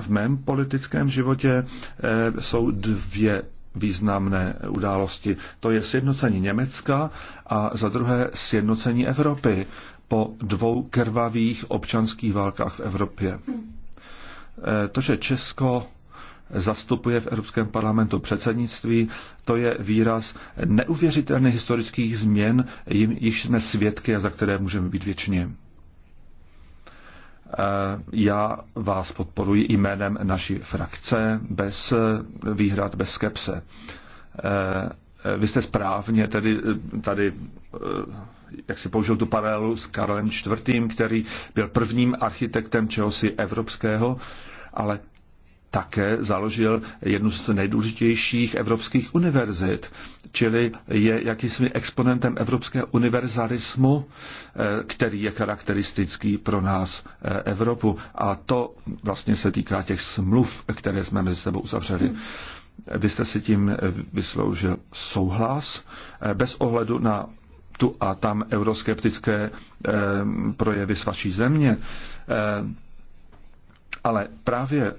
V mém politickém životě eh, jsou dvě významné události. To je sjednocení Německa a za druhé sjednocení Evropy po dvou krvavých občanských válkách v Evropě. Eh, to, že Česko zastupuje v Evropském parlamentu předsednictví, to je výraz neuvěřitelných historických změn, jim, již jsme svědky a za které můžeme být věčně. Eh, já vás podporuji jménem naší frakce bez výhrad, bez skepse. Eh, vy jste správně tedy eh, tady, jak si použil tu paralelu s Karlem IV., který byl prvním architektem čehosi evropského, ale také založil jednu z nejdůležitějších evropských univerzit, čili je jakýsi exponentem evropského univerzalismu, eh, který je charakteristický pro nás eh, Evropu. A to vlastně se týká těch smluv, které jsme mezi sebou uzavřeli. Vy jste si tím vysloužil souhlas eh, bez ohledu na tu a tam euroskeptické projevy z vaší země. Ale právě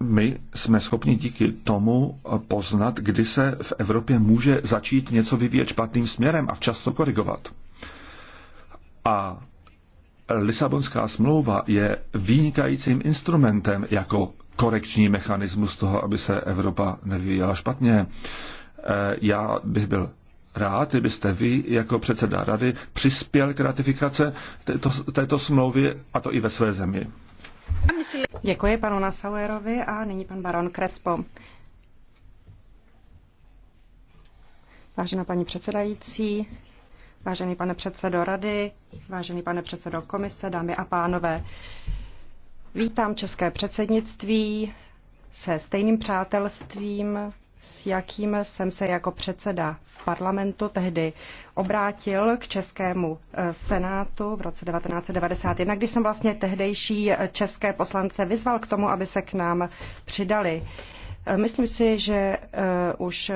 my jsme schopni díky tomu poznat, kdy se v Evropě může začít něco vyvíjet špatným směrem a včas to korigovat. A Lisabonská smlouva je vynikajícím instrumentem jako korekční mechanismus toho, aby se Evropa nevyvíjela špatně. E, já bych byl rád, kdybyste vy jako předseda rady přispěl k ratifikace této, této smlouvy, a to i ve své zemi. Děkuji panu Nasauerovi a nyní pan baron Krespo. Vážená paní předsedající, vážený pane předsedo rady, vážený pane předsedo komise, dámy a pánové. Vítám české předsednictví se stejným přátelstvím, s jakým jsem se jako předseda v parlamentu tehdy obrátil k Českému eh, senátu v roce 1991, když jsem vlastně tehdejší české poslance vyzval k tomu, aby se k nám přidali. Eh, myslím si, že eh, už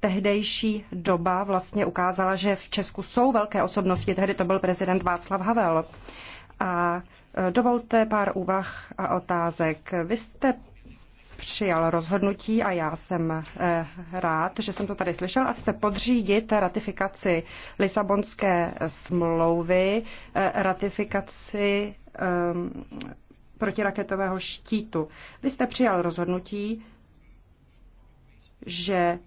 tehdejší doba vlastně ukázala, že v Česku jsou velké osobnosti. Tehdy to byl prezident Václav Havel. A dovolte pár úvah a otázek. Vy jste přijal rozhodnutí a já jsem eh, rád, že jsem to tady slyšel, a sice podřídit ratifikaci Lisabonské smlouvy, eh, ratifikaci ehm, protiraketového štítu. Vy jste přijal rozhodnutí, že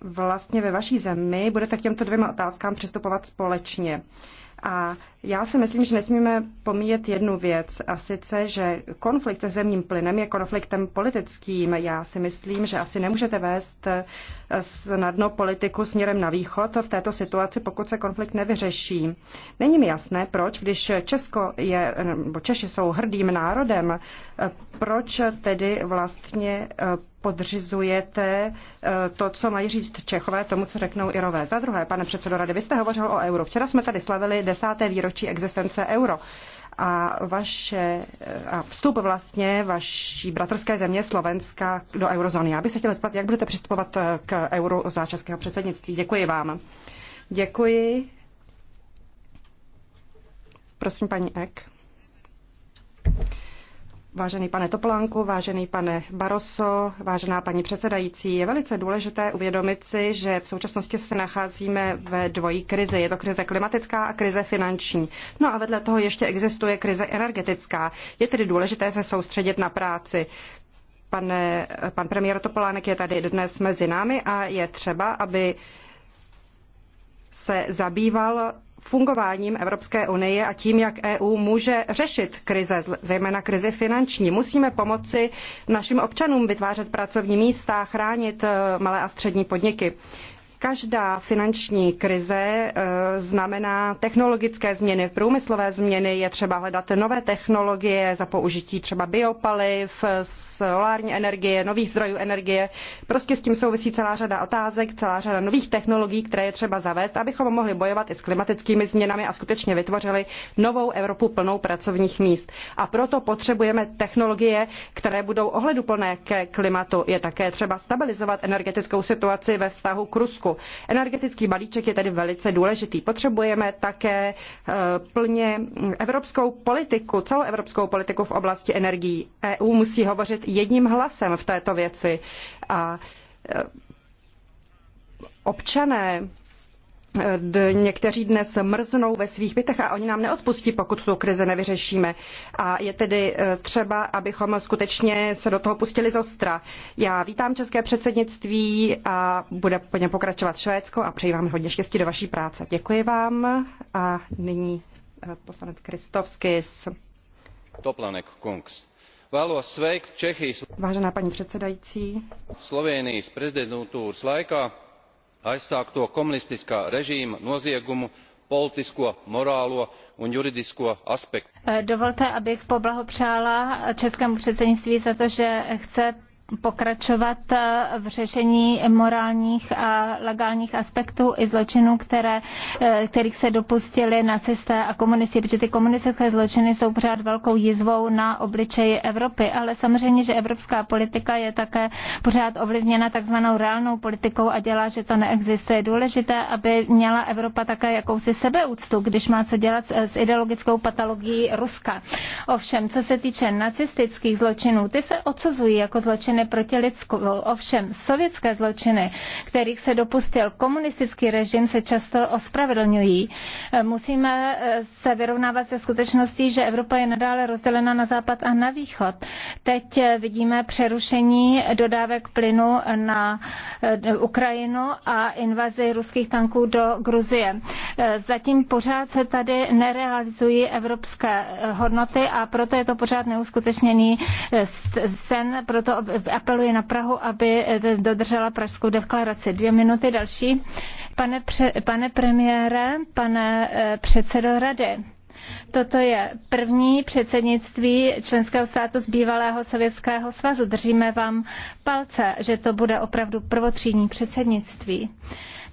vlastně ve vaší zemi budete k těmto dvěma otázkám přistupovat společně. Uh, a já si myslím, že nesmíme pomíjet jednu věc, a sice, že konflikt se zemním plynem je konfliktem politickým. Já si myslím, že asi nemůžete vést eh, snadno politiku směrem na východ v této situaci, pokud se konflikt nevyřeší. Není mi jasné, proč, když Česko je, eh, nebo Češi jsou hrdým národem, eh, proč tedy vlastně podřizujete eh, to, co mají říct Čechové, tomu, co řeknou Irové. Za druhé, pane předsedo rady, vy jste hovořil o euro. Včera jsme tady slavili desáté výročí existence euro a, vaše, eh, a vstup vlastně vaší bratrské země Slovenska do eurozóny. Já bych se chtěla zeptat, jak budete přistupovat eh, k euro za českého předsednictví. Děkuji vám. Děkuji. Prosím, paní Ek. Vážený pane Toplánku, vážený pane Baroso, vážená paní předsedající, je velice důležité uvědomit si, že v současnosti se nacházíme ve dvojí krizi. Je to krize klimatická a krize finanční. No a vedle toho ještě existuje krize energetická. Je tedy důležité se soustředit na práci. Pane, pan premiér Topolánek je tady dnes mezi námi a je třeba, aby se zabýval fungováním Evropské unie a tím, jak EU může řešit krize, zejména krizi finanční. Musíme pomoci našim občanům vytvářet pracovní místa, chránit eh, malé a střední podniky. Každá finanční krize e, znamená technologické změny, průmyslové změny, je třeba hledat nové technologie za použití třeba biopaliv, solární energie, nových zdrojů energie. Prostě s tím souvisí celá řada otázek, celá řada nových technologií, které je třeba zavést, abychom mohli bojovat i s klimatickými změnami a skutečně vytvořili novou Evropu plnou pracovních míst. A proto potřebujeme technologie, které budou ohleduplné ke klimatu. Je také třeba stabilizovat energetickou situaci ve vztahu k Rusku roku. Energetický balíček je tedy velice důležitý. Potřebujeme také eh, plně evropskou politiku, Celou evropskou politiku v oblasti energií. EU musí hovořit jedním hlasem v této věci. A eh, občané někteří dnes mrznou ve svých bytech a oni nám neodpustí, pokud tu krizi nevyřešíme. A je tedy e, třeba, abychom skutečně se do toho pustili z ostra. Já vítám české předsednictví a bude po něm pokračovat Švédsko a přeji vám hodně štěstí do vaší práce. Děkuji vám a nyní e, poslanec Kristovskis. Toplanek Kungs. Vēlos sveikt Čehijas. Vážená paní předsedající. Slovenijas prezidentūras laikā aizsākto komunistiskā režīma noziegumu politisko morālo un juridisko aspektu. Eh, dovolte abych poblahopřála českému předsednictví za to že chce pokračovat eh, v řešení morálních a legálních aspektů i zločinů, které, eh, kterých se dopustili nacisté a komunisti, protože ty komunistické zločiny jsou pořád velkou jizvou na obličeji Evropy. Ale samozřejmě, že evropská politika je také pořád ovlivněna takzvanou reálnou politikou a dělá, že to neexistuje. Je důležité, aby měla Evropa také jakousi sebeúctu, když má co dělat s ideologickou patologií Ruska. Ovšem, co se týče nacistických zločinů, ty se odsuzují jako zločiny zločiny proti lidsku. Ovšem sovětské zločiny, kterých se dopustil komunistický režim, se často ospravedlňují. E, Musíme e, se vyrovnávat se skutečností, že Evropa je nadále rozdělena na západ a na východ. Teď e, vidíme přerušení dodávek plynu na Ukrajinu a invazi ruských tanků do Gruzie. Zatím pořád se tady nerealizují evropské hodnoty a proto je to pořád neuskutečněný sen, proto apeluje na Prahu, aby eh, dodržela Pražskou deklaraci. Dvě minuty další. Pane, pře, pane premiére, pane eh, předsedo rady, Toto je první předsednictví členského státu z bývalého Sovětského svazu. Držíme vám palce, že to bude opravdu prvotřídní předsednictví.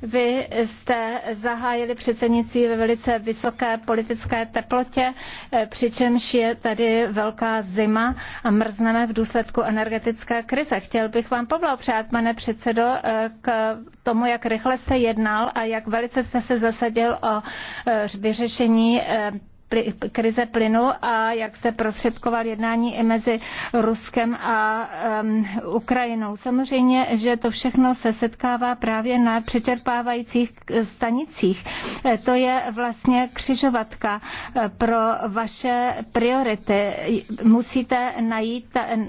Vy jste zahájili předsednictví ve velice vysoké politické teplotě, eh, přičemž je tady velká zima a mrzneme v důsledku energetické krize. Chtěl bych vám poblahopřát, pane předsedo, eh, k tomu, jak rychle jste jednal a jak velice jste se zasadil o eh, vyřešení krize plynu a jak se prostředkoval jednání i mezi Ruskem a um, Ukrajinou. Samozřejmě, že to všechno se setkává právě na přečerpávajících stanicích. E, to je vlastně křižovatka e, pro vaše priority. Musíte najít e,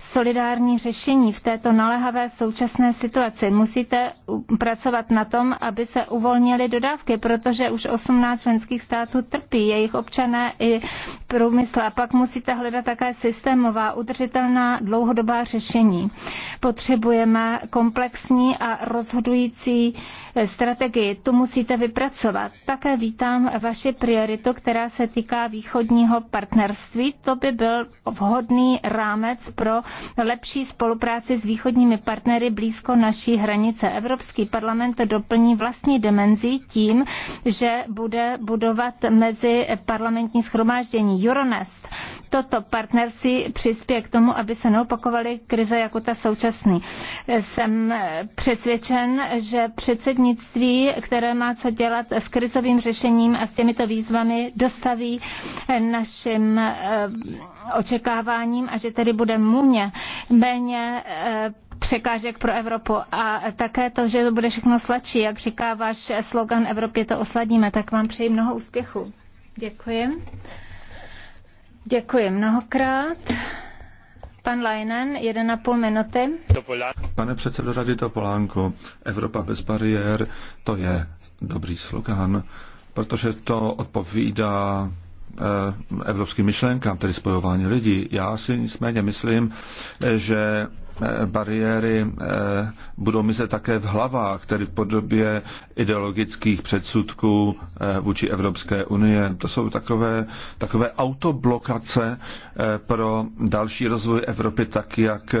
solidární řešení v této naléhavé současné situaci. Musíte pracovat na tom, aby se uvolnily dodávky, protože už 18 členských států trpí jejich občané i průmysl. A pak musíte hledat také systémová, udržitelná dlouhodobá řešení. Potřebujeme komplexní a rozhodující eh, strategii. Tu musíte vypracovat. Také vítám vaši prioritu, která se týká východního partnerství. To by byl vhodný rámec pro lepší spolupráci s východními partnery blízko naší hranice. Evropský parlament doplní vlastní dimenzí tím, že bude budovat mezi parlamentní schromáždění Euronest. Toto partnerství přispěje k tomu, aby se neopakovaly krize jako ta současný. Jsem přesvědčen, že předsednictví, které má co dělat s krizovým řešením a s těmito výzvami, dostaví našim eh, očekáváním a že tedy bude můně méně eh, překážek pro Evropu a také to, že to bude všechno sladší, jak říká váš slogan Evropě to osladíme, tak vám přeji mnoho úspěchu. Děkuji. Děkuji mnohokrát. Pan Leinen, 1,5 minuty. Pane předsedo Rady Topolánku, Evropa bez bariér, to je dobrý slogan, protože to odpovídá eh, evropským myšlenkám, tedy spojování lidí. Já si nicméně myslím, eh, že Eh, bariéry eh, budou mizet také v hlavách, tedy v podobě ideologických předsudků eh, vůči Evropské unie. To jsou takové, takové autoblokace pro další rozvoj Evropy tak, jak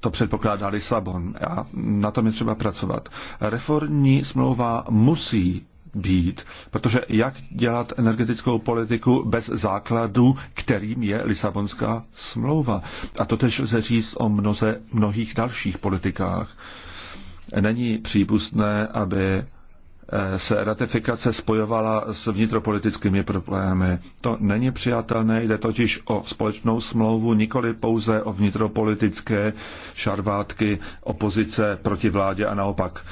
to předpokládá Lisabon a na tom je třeba pracovat. Reformní smlouva musí být. Protože jak dělat energetickou politiku bez základu, kterým je Lisabonská smlouva? A to tež lze říct o mnoze, mnohých dalších politikách. Není přípustné, aby eh, se ratifikace spojovala s vnitropolitickými problémy. To není přijatelné, jde totiž o společnou smlouvu, nikoli pouze o vnitropolitické šarvátky opozice proti vládě a naopak.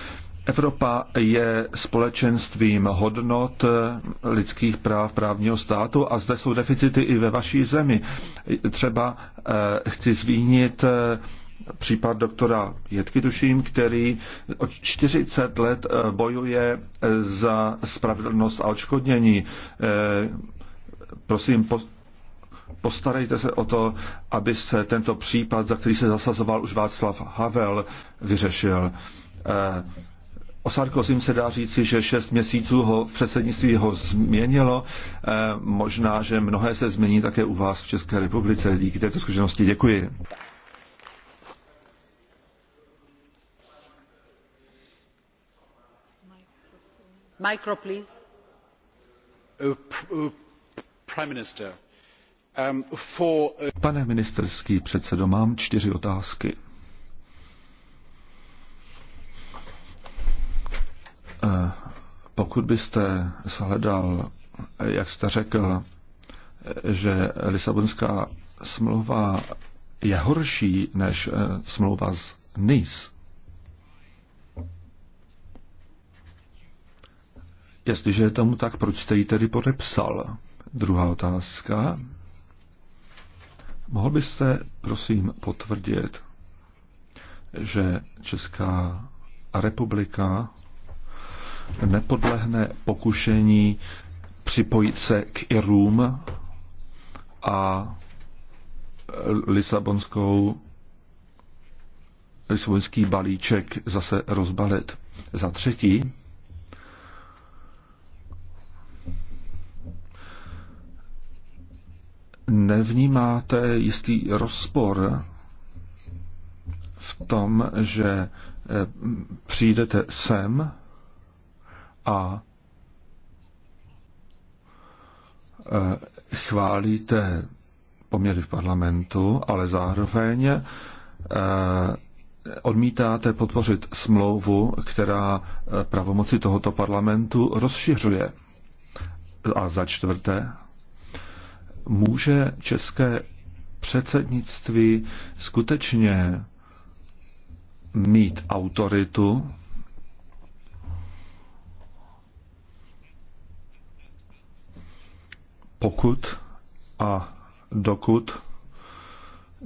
Evropa je společenstvím hodnot lidských práv právního státu a zde jsou deficity i ve vaší zemi. Třeba eh, chci zvínit eh, případ doktora Jedky, tuším, který od 40 let eh, bojuje za spravedlnost a odškodnění. Prosím, postarejte se o to, aby se tento případ, za který se zasazoval už Václav Havel, vyřešil O Sarkozym se dá říci, že šest měsíců ho předsednictví ho změnilo. E, možná, že mnohé se změní také u vás v České republice. Díky této zkušenosti děkuji. Micro, please. Uh, uh, Prime Minister, um, uh, Pane ministerský předsedo, mám čtyři otázky. Eh, pokud byste shledal, eh, jak jste řekl, eh, že Lisabonská smlouva je horší než smlouva z NIS, Jestliže je tomu tak, proč jste ji tedy podepsal? Druhá otázka. Mohl byste, prosím, potvrdit, že Česká republika nepodlehne pokušení připojit se k Irům a Lisabonskou lisabonský balíček zase rozbalit. Za třetí, nevnímáte jistý rozpor v tom, že eh, přijdete sem a e, chválíte poměry v parlamentu, ale zároveň e, odmítáte podpořit smlouvu, která e, pravomoci tohoto parlamentu rozšiřuje. A za čtvrté, může české předsednictví skutečně mít autoritu pokud a dokud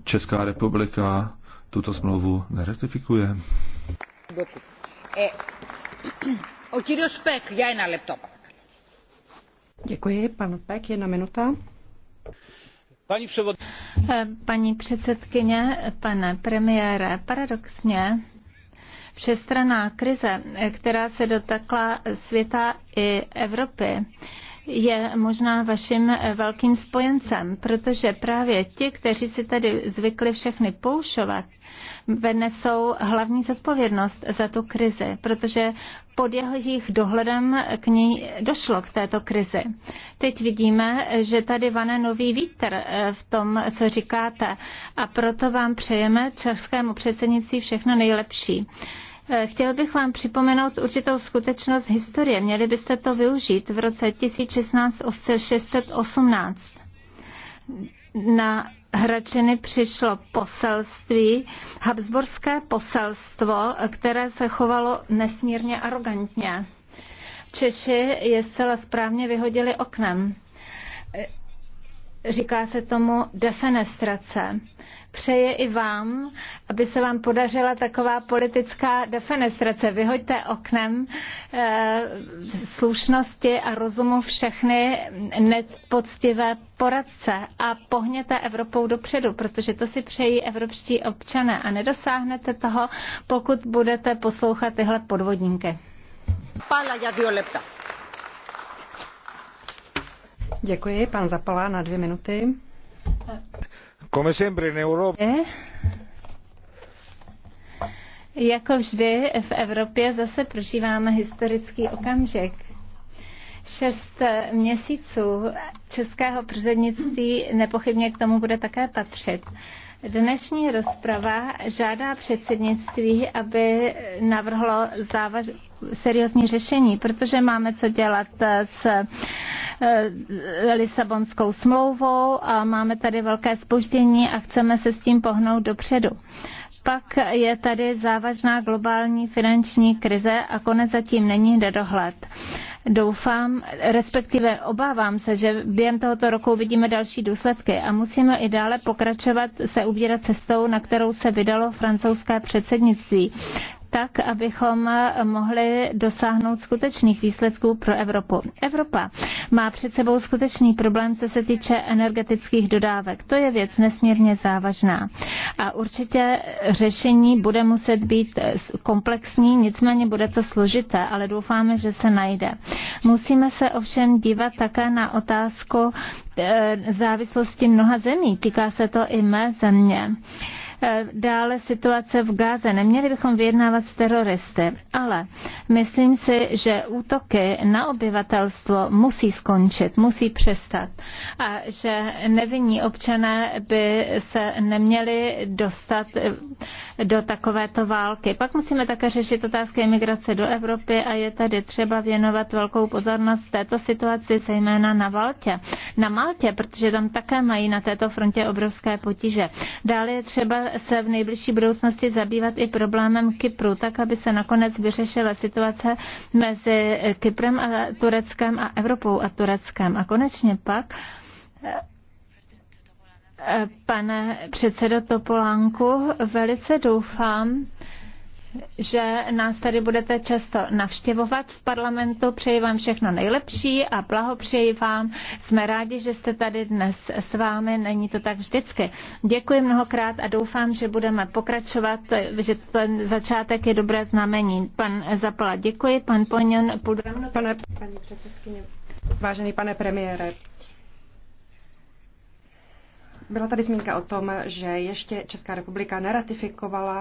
Česká republika tuto smlouvu neratifikuje. E, Děkuji, pan Pek, jedna minuta. Paní e, předsedkyně, pane premiére, paradoxně všestraná krize, e, která se dotakla světa i Evropy, je možná vaším eh, velkým spojencem, protože právě ti, kteří si tady zvykli všechny poušovat, venesou hlavní zodpovědnost za tu krizi, protože pod jeho jejich dohledem k ní došlo k této krizi. Teď vidíme, že tady vane nový vítr eh, v tom, co říkáte a proto vám přejeme českému předsednictví všechno nejlepší. Eh, chtěl bych vám připomenout určitou skutečnost historie. Měli byste to využít v roce 1618. Na Hračiny přišlo poselství, habsburské poselstvo, které se chovalo nesmírně arrogantně. Češi je zcela správně vyhodili oknem. Říká se tomu defenestrace. Přeje i vám, aby se vám podařila taková politická defenestrace. Vyhoďte oknem e, slušnosti a rozumu všechny nepoctivé poradce a pohněte Evropou dopředu, protože to si přejí evropští občané a nedosáhnete toho, pokud budete poslouchat tyhle podvodníky. Pala, já Děkuji, pan Zapala na dvě minuty. Come sempre in Europa. Jako vždy v Evropě zase prožíváme historický okamžik. Šest měsíců českého předsednictví nepochybně k tomu bude také patřit. Dnešní rozprava žádá předsednictví, aby navrhlo závaž, seriózní řešení, protože máme co dělat s eh, Lisabonskou smlouvou a máme tady velké spoždění a chceme se s tím pohnout dopředu. Pak je tady závažná globální finanční krize a konec zatím není nedohled. dohled. Doufám, respektive obávám se, že během tohoto roku vidíme další důsledky a musíme i dále pokračovat se ubírat cestou, na kterou se vydalo francouzské předsednictví tak, abychom mohli dosáhnout skutečných výsledků pro Evropu. Evropa má před sebou skutečný problém, co se týče energetických dodávek. To je věc nesmírně závažná. A určitě řešení bude muset být komplexní, nicméně bude to složité, ale doufáme, že se najde. Musíme se ovšem dívat také na otázku eh, závislosti mnoha zemí. Týká se to i mé země Eh, dále situace v Gáze. Neměli bychom vyjednávat s teroristy, ale myslím si, že útoky na obyvatelstvo musí skončit, musí přestat a že nevinní občané by se neměli dostat eh, do takovéto války. Pak musíme také řešit otázky imigrace do Evropy a je tady třeba věnovat velkou pozornost této situaci, zejména na Valtě. Na Maltě, protože tam také mají na této frontě obrovské potíže. Dále je třeba se v nejbližší budoucnosti zabývat i problémem Kypru, tak aby se nakonec vyřešila situace mezi Kyprem a Tureckem a Evropou a Tureckem. A konečně pak eh, Pane předsedo Topolánku, velice doufám, že nás tady budete často navštěvovat v parlamentu. Přeji vám všechno nejlepší a blahopřeji vám. Jsme rádi, že jste tady dnes s vámi. Není to tak vždycky. Děkuji mnohokrát a doufám, že budeme pokračovat, že ten začátek je dobré znamení. Pan Zapala, děkuji. Pan Ponion, půl Pane, paní předsedkyně. Vážený pane premiére, byla tady zmínka o tom, že ještě Česká republika neratifikovala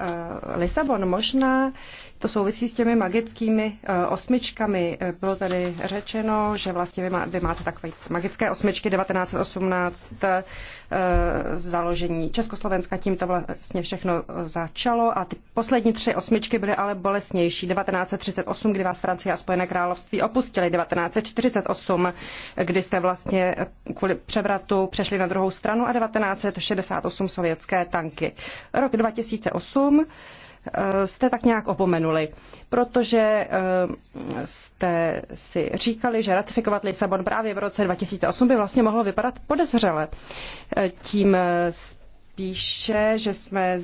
uh, Lisabon. Možná to souvisí s těmi magickými uh, osmičkami. Eh, bylo tady řečeno, že vlastně vy, má, vy máte takové magické osmičky 1918 uh, založení Československa. Tím to vlastně všechno začalo a ty poslední tři osmičky byly ale bolesnější. 1938, kdy vás Francie a Spojené království opustili. 1948, kdy jste vlastně kvůli převratu přešli na druhou stranu stranu a 1968 sovětské tanky. Rok 2008 eh, jste tak nějak opomenuli, protože eh, jste si říkali, že ratifikovat Lisabon právě v roce 2008 by vlastně mohlo vypadat podezřele. Eh, tím spíše, že jsme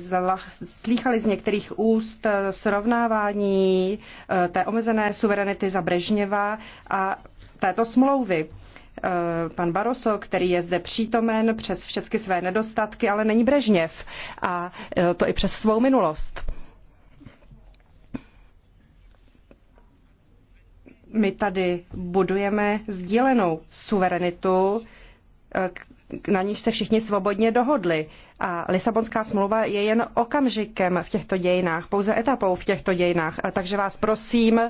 slýchali z některých úst srovnávání té omezené suverenity za Brežněva a této smlouvy. Eh, pan Barroso, který je zde přítomen přes všechny své nedostatky, ale není Brežněv a eh, to i přes svou minulost. My tady budujeme sdílenou suverenitu, eh, na níž se všichni svobodně dohodli. A Lisabonská smlouva je jen okamžikem v těchto dějinách, pouze etapou v těchto dějinách. Takže vás prosím,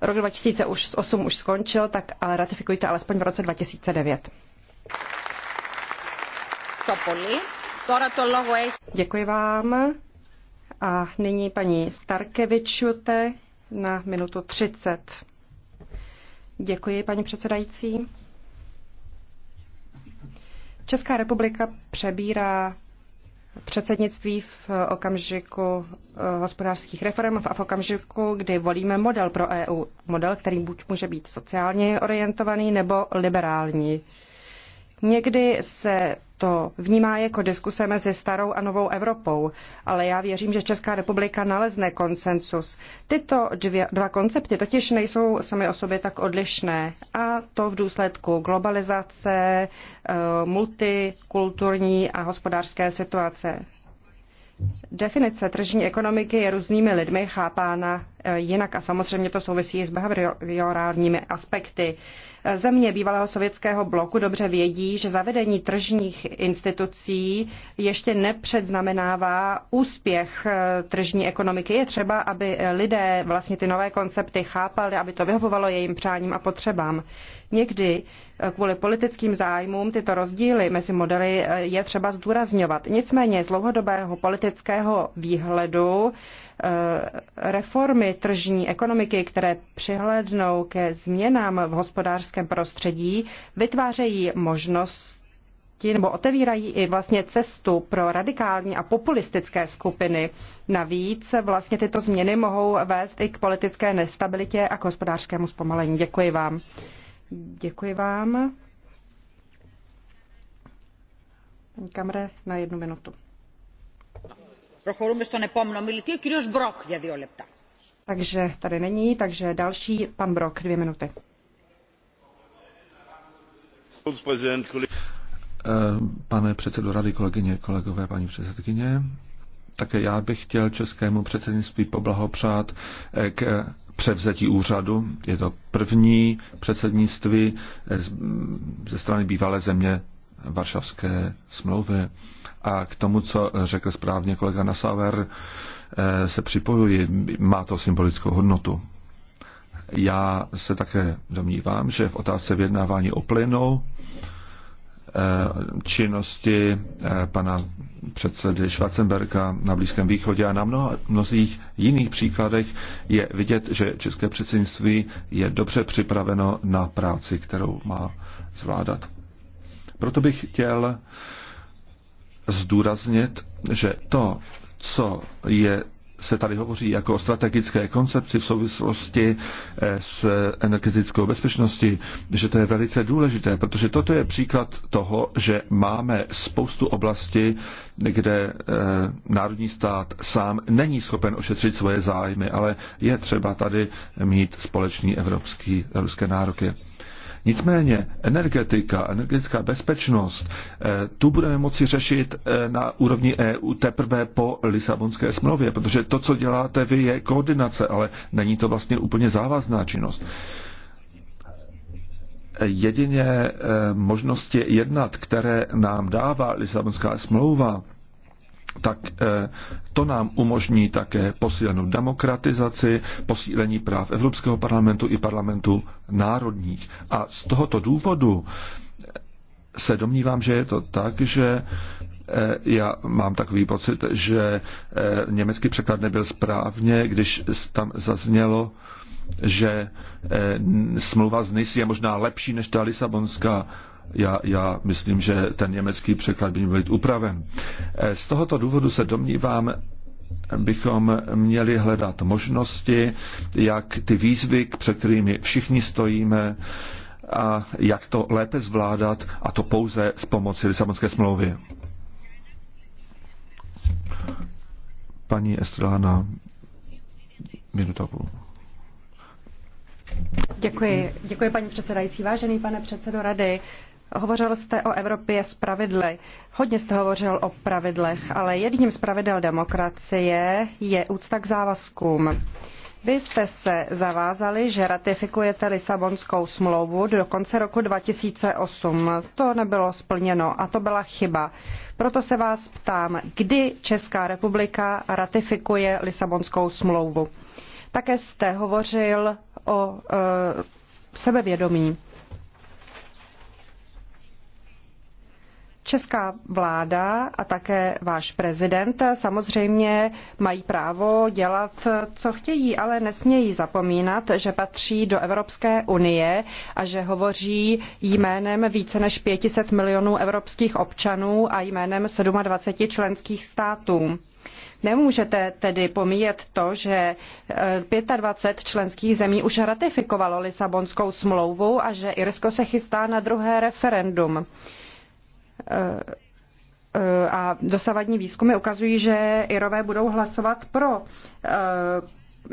rok 2008 už skončil, tak ale ratifikujte alespoň v roce 2009. Děkuji vám. A nyní paní Starkevičute na minutu 30. Děkuji, paní předsedající. Česká republika přebírá předsednictví v okamžiku eh, hospodářských reform a v okamžiku, kdy volíme model pro EU. Model, který buď může být sociálně orientovaný nebo liberální. Někdy se to vnímá jako diskuse mezi starou a novou Evropou, ale já věřím, že Česká republika nalezne konsensus. Tyto dvě, dva koncepty totiž nejsou sami o sobě tak odlišné a to v důsledku globalizace, eh, multikulturní a hospodářské situace. Definice tržní ekonomiky je různými lidmi chápána Eh, jinak a samozřejmě to souvisí s behaviorálními aspekty. Země bývalého sovětského bloku dobře vědí, že zavedení tržních institucí ještě nepředznamenává úspěch eh, tržní ekonomiky. Je třeba, aby eh, lidé vlastně ty nové koncepty chápali, aby to vyhovovalo jejím přáním a potřebám. Někdy kvůli politickým zájmům tyto rozdíly mezi modely je třeba zdůrazňovat. Nicméně z dlouhodobého politického výhledu Eh, reformy tržní ekonomiky, které přihlednou ke změnám v hospodářském prostředí, vytvářejí možnost nebo otevírají i vlastně cestu pro radikální a populistické skupiny. Navíc vlastně tyto změny mohou vést i k politické nestabilitě a k hospodářskému zpomalení. Děkuji vám. Děkuji vám. Paní kamere na jednu minutu. Takže tady není, takže další pan Brok, dvě minuty. Eh, pane předsedo rady, kolegyně, kolegové, paní předsedkyně, také já bych chtěl českému předsednictví poblahopřát eh, k převzetí úřadu. Je to první předsednictví eh, ze strany bývalé země Varšavské smlouvy. A k tomu, co řekl správně kolega Nasaver, eh, se připojuji, má to symbolickou hodnotu. Já se také domnívám, že v otázce vyjednávání o plynu eh, činnosti eh, pana předsedy Schwarzenberga na Blízkém východě a na mnoha, mnozích jiných příkladech je vidět, že české předsednictví je dobře připraveno na práci, kterou má zvládat. Proto bych chtěl zdůraznit, že to, co je se tady hovoří jako o strategické koncepci v souvislosti eh, s energetickou bezpečností, že to je velice důležité, protože toto je příklad toho, že máme spoustu oblasti, kde eh, národní stát sám není schopen ošetřit svoje zájmy, ale je třeba tady mít společný evropský, evropské nároky. Nicméně energetika, energetická bezpečnost, eh, tu budeme moci řešit eh, na úrovni EU teprve po Lisabonské smlouvě, protože to, co děláte vy, je koordinace, ale není to vlastně úplně závazná činnost jedině eh, možnosti jednat, které nám dává Lisabonská smlouva, tak eh, to nám umožní také posílenou demokratizaci, posílení práv Evropského parlamentu i parlamentu národních. A z tohoto důvodu eh, se domnívám, že je to tak, že eh, já mám takový pocit, že německý překlad nebyl správně, když tam zaznělo, že smlouva z NIS je možná lepší než ta Lisabonská já, já myslím, že ten německý překlad by měl být upraven. E, z tohoto důvodu se domnívám, bychom měli hledat možnosti, jak ty výzvy, před kterými všichni stojíme, a jak to lépe zvládat, a to pouze s pomocí Lisabonské smlouvy. Paní Estrana, minuta půl. Děkuji, děkuji paní předsedající. Vážený pane předsedo rady, Hovořil jste o Evropě s pravidly. Hodně jste hovořil o pravidlech, ale jedním z pravidel demokracie je úcta k závazkům. Vy jste se zavázali, že ratifikujete Lisabonskou smlouvu do konce roku 2008. To nebylo splněno a to byla chyba. Proto se vás ptám, kdy Česká republika ratifikuje Lisabonskou smlouvu. Také jste hovořil o e, sebevědomí. Česká vláda a také váš prezident samozřejmě mají právo dělat, co chtějí, ale nesmějí zapomínat, že patří do Evropské unie a že hovoří jménem více než 500 milionů evropských občanů a jménem 27 členských států. Nemůžete tedy pomíjet to, že 25 eh, členských zemí už ratifikovalo Lisabonskou smlouvu a že Irsko se chystá na druhé referendum a dosavadní výzkumy ukazují, že Irové budou hlasovat pro. Eh,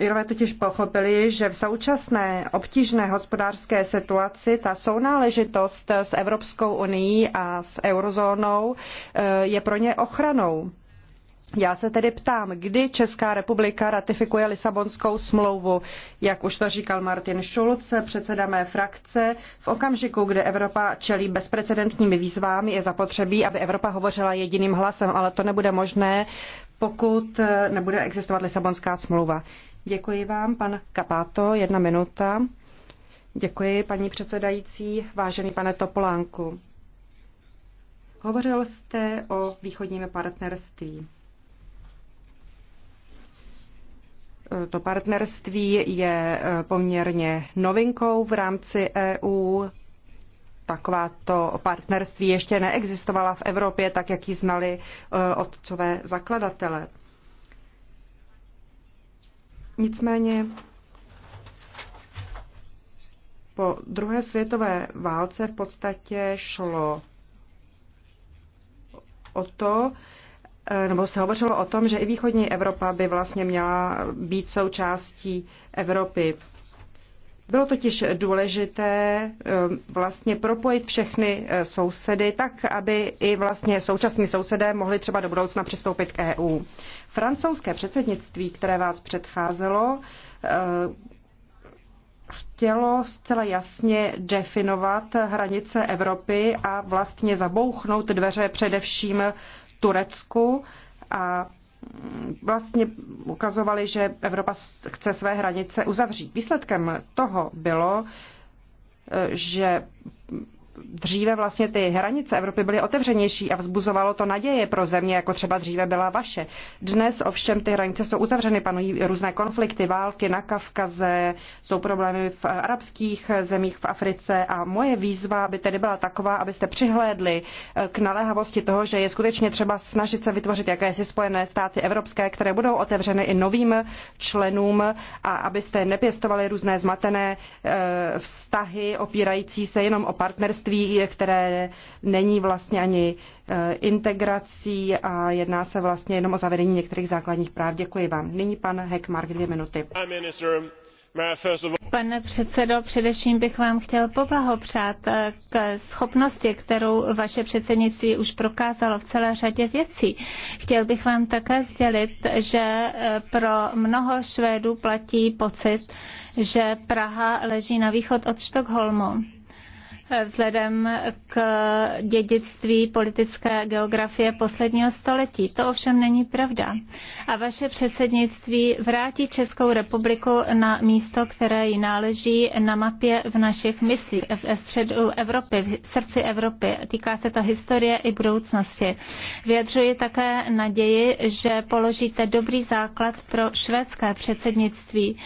Irové totiž pochopili, že v současné obtížné hospodářské situaci ta sounáležitost s Evropskou unii a s eurozónou eh, je pro ně ochranou. Já se tedy ptám, kdy Česká republika ratifikuje Lisabonskou smlouvu, jak už to říkal Martin Schulz, předseda mé frakce, v okamžiku, kdy Evropa čelí bezprecedentními výzvám, je zapotřebí, aby Evropa hovořila jediným hlasem, ale to nebude možné, pokud eh, nebude existovat Lisabonská smlouva. Děkuji vám, pan Kapáto, jedna minuta. Děkuji, paní předsedající, vážený pane Topolánku. Hovořil jste o východním partnerství. to partnerství je eh, poměrně novinkou v rámci EU. Takováto partnerství ještě neexistovala v Evropě, tak jak ji znali eh, otcové zakladatele. Nicméně po druhé světové válce v podstatě šlo o to, Eh, nebo se hovořilo o tom, že i východní Evropa by vlastně měla být součástí Evropy. Bylo totiž důležité eh, vlastně propojit všechny eh, sousedy tak, aby i vlastně současní sousedé mohli třeba do budoucna přistoupit k EU. Francouzské předsednictví, které vás předcházelo, chtělo zcela jasně definovat hranice Evropy a vlastně zabouchnout dveře především Turecku a vlastně ukazovali, že Evropa chce své hranice uzavřít. Výsledkem toho bylo, že dříve vlastně ty hranice Evropy byly otevřenější a vzbuzovalo to naděje pro země, jako třeba dříve byla vaše. Dnes ovšem ty hranice jsou uzavřeny, panují různé konflikty, války na Kavkaze, jsou problémy v arabských zemích v Africe a moje výzva by tedy byla taková, abyste přihlédli eh, k naléhavosti toho, že je skutečně třeba snažit se vytvořit jakési spojené státy evropské, které budou otevřeny i novým členům a abyste nepěstovali různé zmatené eh, vztahy opírající se jenom o partnerství partnerství, které není vlastně ani eh, integrací a jedná se vlastně jenom o zavedení některých základních práv. Děkuji vám. Nyní pan Heckmark, dvě minuty. Pane předsedo, především bych vám chtěl poblahopřát eh, k schopnosti, kterou vaše předsednictví už prokázalo v celé řadě věcí. Chtěl bych vám také sdělit, že eh, pro mnoho Švédů platí pocit, že Praha leží na východ od Štokholmu vzhledem k dědictví politické geografie posledního století. To ovšem není pravda. A vaše předsednictví vrátí Českou republiku na místo, které jí náleží na mapě v našich myslích, v středu Evropy, v srdci Evropy. Týká se to historie i budoucnosti. Vyjadřuji také naději, že položíte dobrý základ pro švédské předsednictví,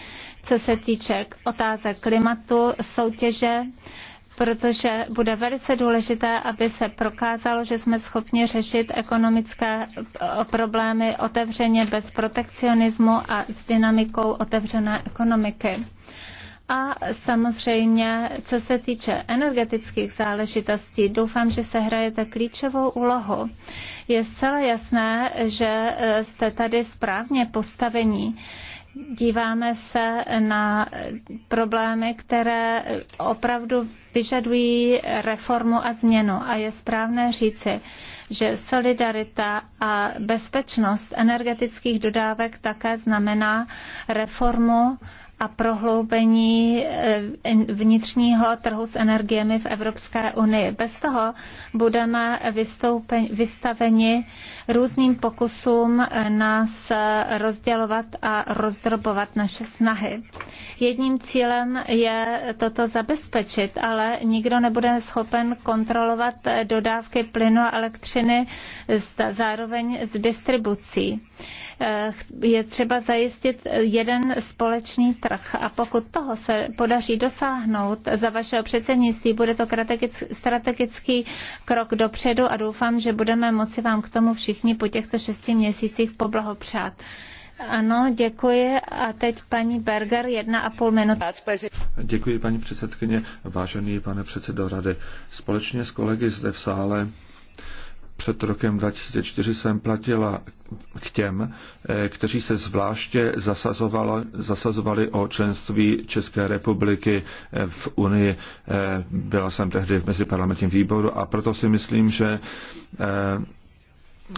co se týče otázek klimatu, soutěže, protože bude velice důležité, aby se prokázalo, že jsme schopni řešit ekonomické eh, problémy otevřeně bez protekcionismu a s dynamikou otevřené ekonomiky. A samozřejmě, co se týče energetických záležitostí, doufám, že se hrajete klíčovou úlohu. Je zcela jasné, že eh, jste tady správně postavení díváme se na problémy, které opravdu vyžadují reformu a změnu. A je správné říci, že solidarita a bezpečnost energetických dodávek také znamená reformu a prohloubení eh, vnitřního trhu s energiemi v Evropské unii. Bez toho budeme vystaveni různým pokusům nás eh, rozdělovat a rozdrobovat naše snahy. Jedním cílem je toto zabezpečit, ale nikdo nebude schopen kontrolovat eh, dodávky plynu a elektřiny zároveň s distribucí. Je třeba zajistit jeden společný trh návrh a pokud toho se podaří dosáhnout za vašeho předsednictví, bude to strategický krok dopředu a doufám, že budeme moci vám k tomu všichni po těchto šesti měsících poblahopřát. Ano, děkuji. A teď paní Berger, jedna a půl minut. Děkuji, paní předsedkyně. Vážený pane předsedo rady, společně s kolegy zde v sále před rokem 2004 jsem platila k těm, eh, kteří se zvláště zasazovali, zasazovali o členství České republiky eh, v Unii. Eh, byla jsem tehdy v meziparlamentním výboru a proto si myslím, že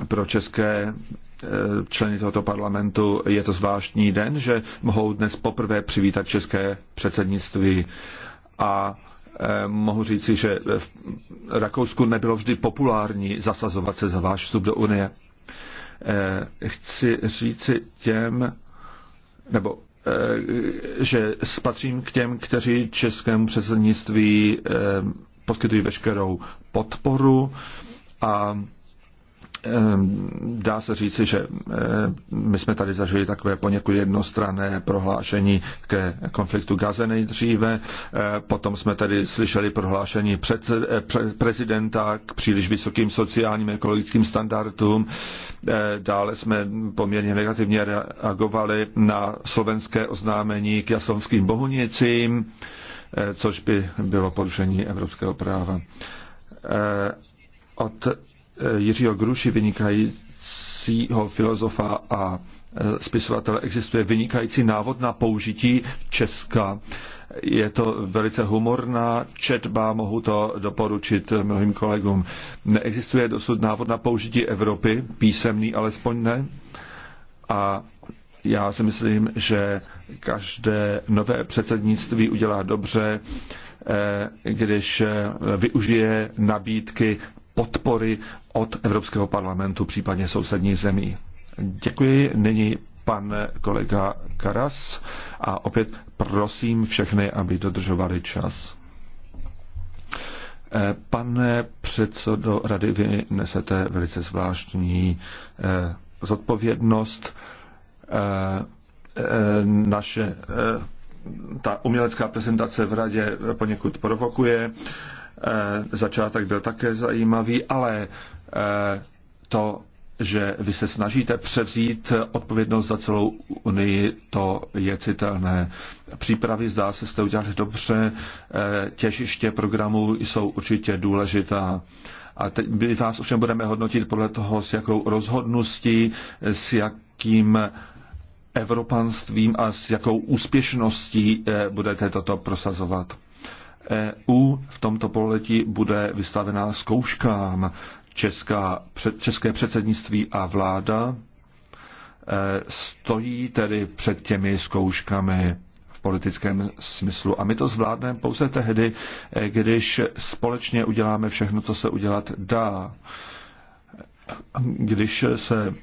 pro české členy tohoto parlamentu je to zvláštní den, že mohou dnes poprvé přivítat české předsednictví a Eh, mohu říci, že eh, v Rakousku nebylo vždy populární zasazovat se za váš vstup do Unie. Eh, chci říci těm, nebo že spatřím k těm, kteří českému předsednictví poskytují veškerou podporu a Ehm, dá se říci, že eh, my jsme tady zažili takové poněkud jednostranné prohlášení ke konfliktu Gaze nejdříve, eh, potom jsme tady slyšeli prohlášení před, eh, prezidenta k příliš vysokým sociálním ekologickým standardům, dále jsme poměrně negativně reagovali na slovenské oznámení k jaslovským bohunicím, což by bylo porušení evropského práva. Od Eh, Jiřího Gruši, vynikajícího filozofa a eh, spisovatele, existuje vynikající návod na použití Česka. Je to velice humorná četba, mohu to doporučit mnohým kolegům. Neexistuje dosud návod na použití Evropy, písemný alespoň ne. A já si myslím, že každé nové předsednictví udělá dobře, eh, když využije nabídky podpory od Evropského parlamentu, případně sousedních zemí. Děkuji. Nyní pan kolega Karas a opět prosím všechny, aby dodržovali čas. Eh, pane předsedo rady, vy nesete velice zvláštní eh, zodpovědnost. Eh, naše ta umělecká prezentace v radě poněkud provokuje. Eh, začátek byl také zajímavý, ale eh, to, že vy se snažíte převzít odpovědnost za celou Unii, to je citelné. Přípravy, zdá se, jste udělali dobře, eh, těžiště programů jsou určitě důležitá. A teď my vás ovšem budeme hodnotit podle toho, s jakou rozhodností, s jakým evropanstvím a s jakou úspěšností budete toto prosazovat. EU v tomto pololetí bude vystavená zkouškám. Česká, české předsednictví a vláda e, stojí tedy před těmi zkouškami v politickém smyslu. A my to zvládneme pouze tehdy, e, když společně uděláme všechno, co se udělat dá. E, když se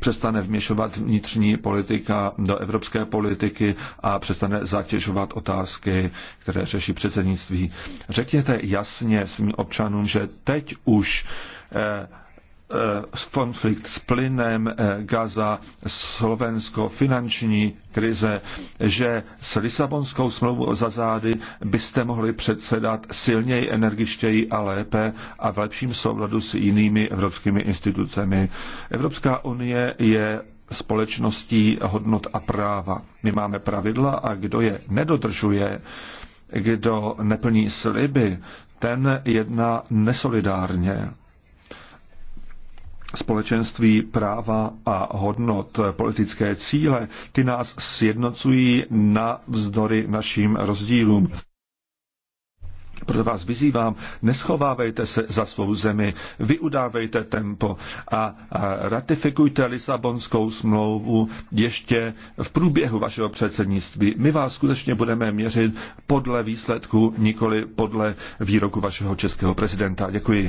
přestane vměšovat vnitřní politika do evropské politiky a přestane zatěžovat otázky, které řeší předsednictví. Řekněte jasně svým občanům, že teď už eh, Eh, konflikt s plynem, eh, Gaza, Slovensko, finanční krize, že s Lisabonskou smlouvou za zády byste mohli předsedat silněji, energičtěji a lépe a v lepším souladu s jinými evropskými institucemi. Evropská unie je společností hodnot a práva. My máme pravidla a kdo je nedodržuje, kdo neplní sliby, ten jedná nesolidárně společenství práva a hodnot, politické cíle, ty nás sjednocují na vzdory našim rozdílům. Proto vás vyzývám, neschovávejte se za svou zemi, vyudávejte tempo a ratifikujte Lisabonskou smlouvu ještě v průběhu vašeho předsednictví. My vás skutečně budeme měřit podle výsledku, nikoli podle výroku vašeho českého prezidenta. Děkuji.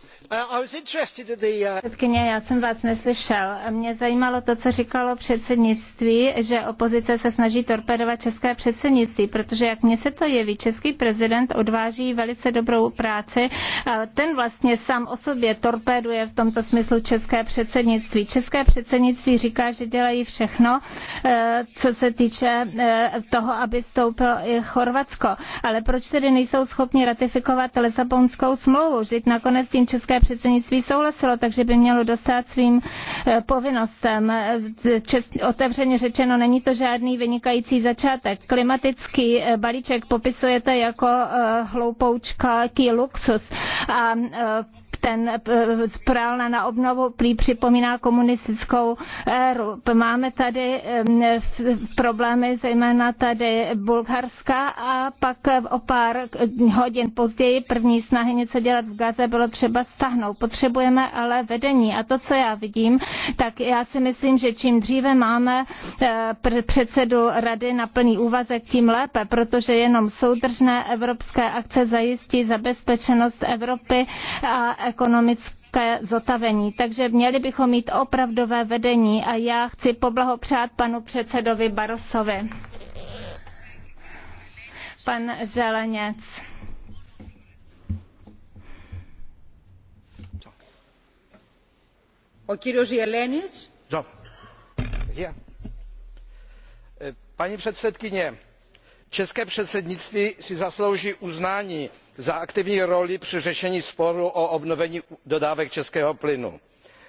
Uh, uh, Předkyně, já jsem vás neslyšel. Mě zajímalo to, co říkalo předsednictví, že opozice se snaží torpedovat české předsednictví, protože jak mně se to jeví, český prezident odváží velice dobrou práci. Ten vlastně sám o sobě torpéduje v tomto smyslu české předsednictví. České předsednictví říká, že dělají všechno, eh, co se týče eh, toho, aby vstoupilo i Chorvatsko. Ale proč tedy nejsou schopni ratifikovat Lisabonskou smlouvu? Vždyť nakonec tím české české předsednictví souhlasilo, takže by mělo dostat svým eh, povinnostem. Eh, otevřeně řečeno, není to žádný vynikající začátek. Klimatický eh, balíček popisujete jako hloupoučka, luxus a ten eh, prálna na obnovu prý připomíná komunistickou éru. Máme tady problémy zejména tady Bulharska a pak o pár hodin později první snahy něco dělat v Gaze bylo třeba stahnout. Potřebujeme ale vedení a to, co já vidím, tak já si myslím, že čím dříve máme eh, předsedu rady na plný úvazek, tím lépe, protože jenom soudržné evropské akce zajistí zabezpečenost Evropy a ekonomické zotavení. Takže měli bychom mít opravdové vedení a já chci poblahopřát panu předsedovi Barosovi. Pan Želeněc. paní předsedkyně české předsednictví si zaslouží uznání za aktivní roli při řešení sporu o obnovení dodávek českého plynu.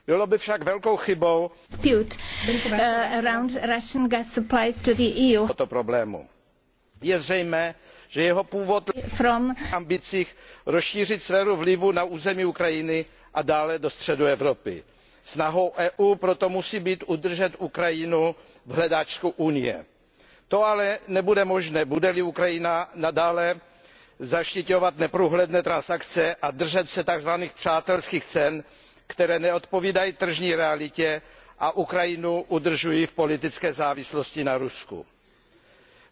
bylo by však velkou chybou eh, tohoto e problému. je zřejmé že jeho původ leží v ambicích rozšířit sféru vlivu na území ukrajiny a dále do středu evropy. snahou eu proto musí být udržet ukrajinu v hledáčku unie to ale nebude možné bude li ukrajina nadále zaštiťovat neprůhledné transakce a držet se tzv. přátelských cen které neodpovídají tržní realitě a ukrajinu udržují v politické závislosti na rusku.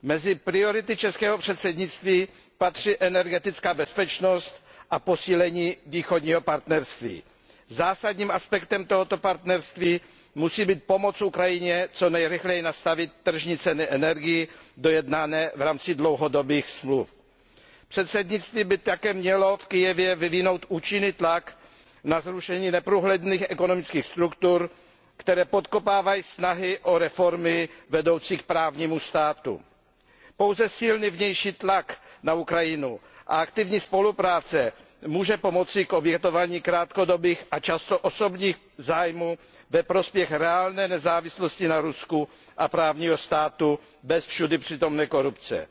mezi priority českého předsednictví patří energetická bezpečnost a posílení východního partnerství. zásadním aspektem tohoto partnerství musí být pomoc ukrajině co nejrychleji nastavit tržní ceny energií dojednané v rámci dlouhodobých smluv. předsednictví by také mělo v kyjevě vyvinout účinný tlak na zrušení neprůhledných ekonomických struktur které podkopávají snahy o reformy vedoucí k právnímu státu. pouze silný vnější tlak na ukrajinu a aktivní spolupráce může pomoci k obětování krátkodobých a často osobních zájmů ve prospěch reálné nezávislosti na rusku a právního státu bez všudy přítomné korupce.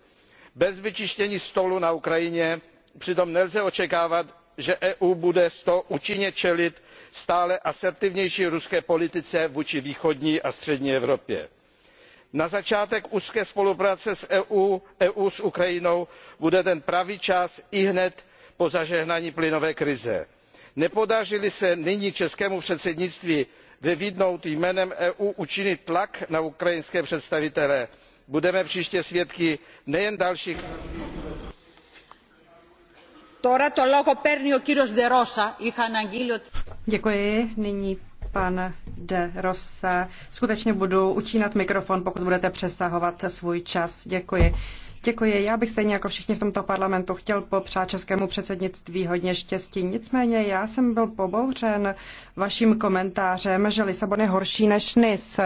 bez vyčištění stolu na ukrajině přitom nelze očekávat že eu bude s to účinně čelit stále asertivnější ruské politice vůči východní a střední evropě. na začátek úzké spolupráce eu e s ukrajinou bude ten pravý čas ihned po zažehnání plynové krize. nepodaří li se nyní českému předsednictví vyvinout jménem eu učinit tlak na ukrajinské představitele. budeme příště svědky nejen dalších Děkuji. Nyní De Rosa. Skutečně budu mikrofon, pokud budete svůj čas. Děkuji. Já bych stejně jako všichni v tomto parlamentu chtěl popřát českému předsednictví hodně štěstí. Nicméně já jsem byl pobouřen vaším komentářem, že Lisabon je horší než NIS.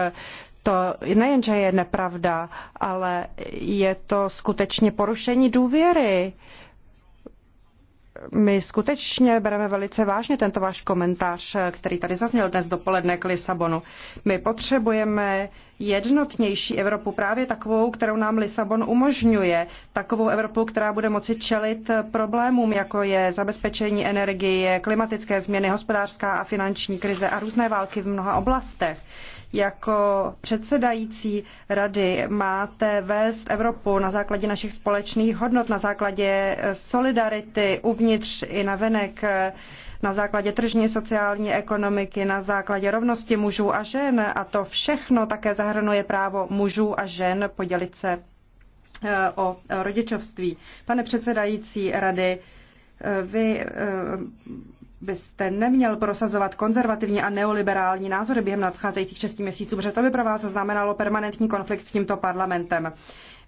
To nejenže je nepravda, ale je to skutečně porušení důvěry. Uh, my skutečně bereme velice vážně tento váš komentář, který tady zazněl dnes dopoledne k Lisabonu. My potřebujeme jednotnější Evropu, právě takovou, kterou nám Lisabon umožňuje. Takovou Evropu, která bude moci čelit problémům, jako je zabezpečení energie, klimatické změny, hospodářská a finanční krize a různé války v mnoha oblastech jako předsedající rady máte vést Evropu na základě našich společných hodnot, na základě solidarity uvnitř i na venek, na základě tržní sociální ekonomiky, na základě rovnosti mužů a žen. A to všechno také zahrnuje právo mužů a žen podělit se eh, o rodičovství. Pane předsedající rady, eh, vy eh, byste neměl prosazovat konzervativní a neoliberální názory během nadcházejících 6 měsíců, protože to by pro vás znamenalo permanentní konflikt s tímto parlamentem.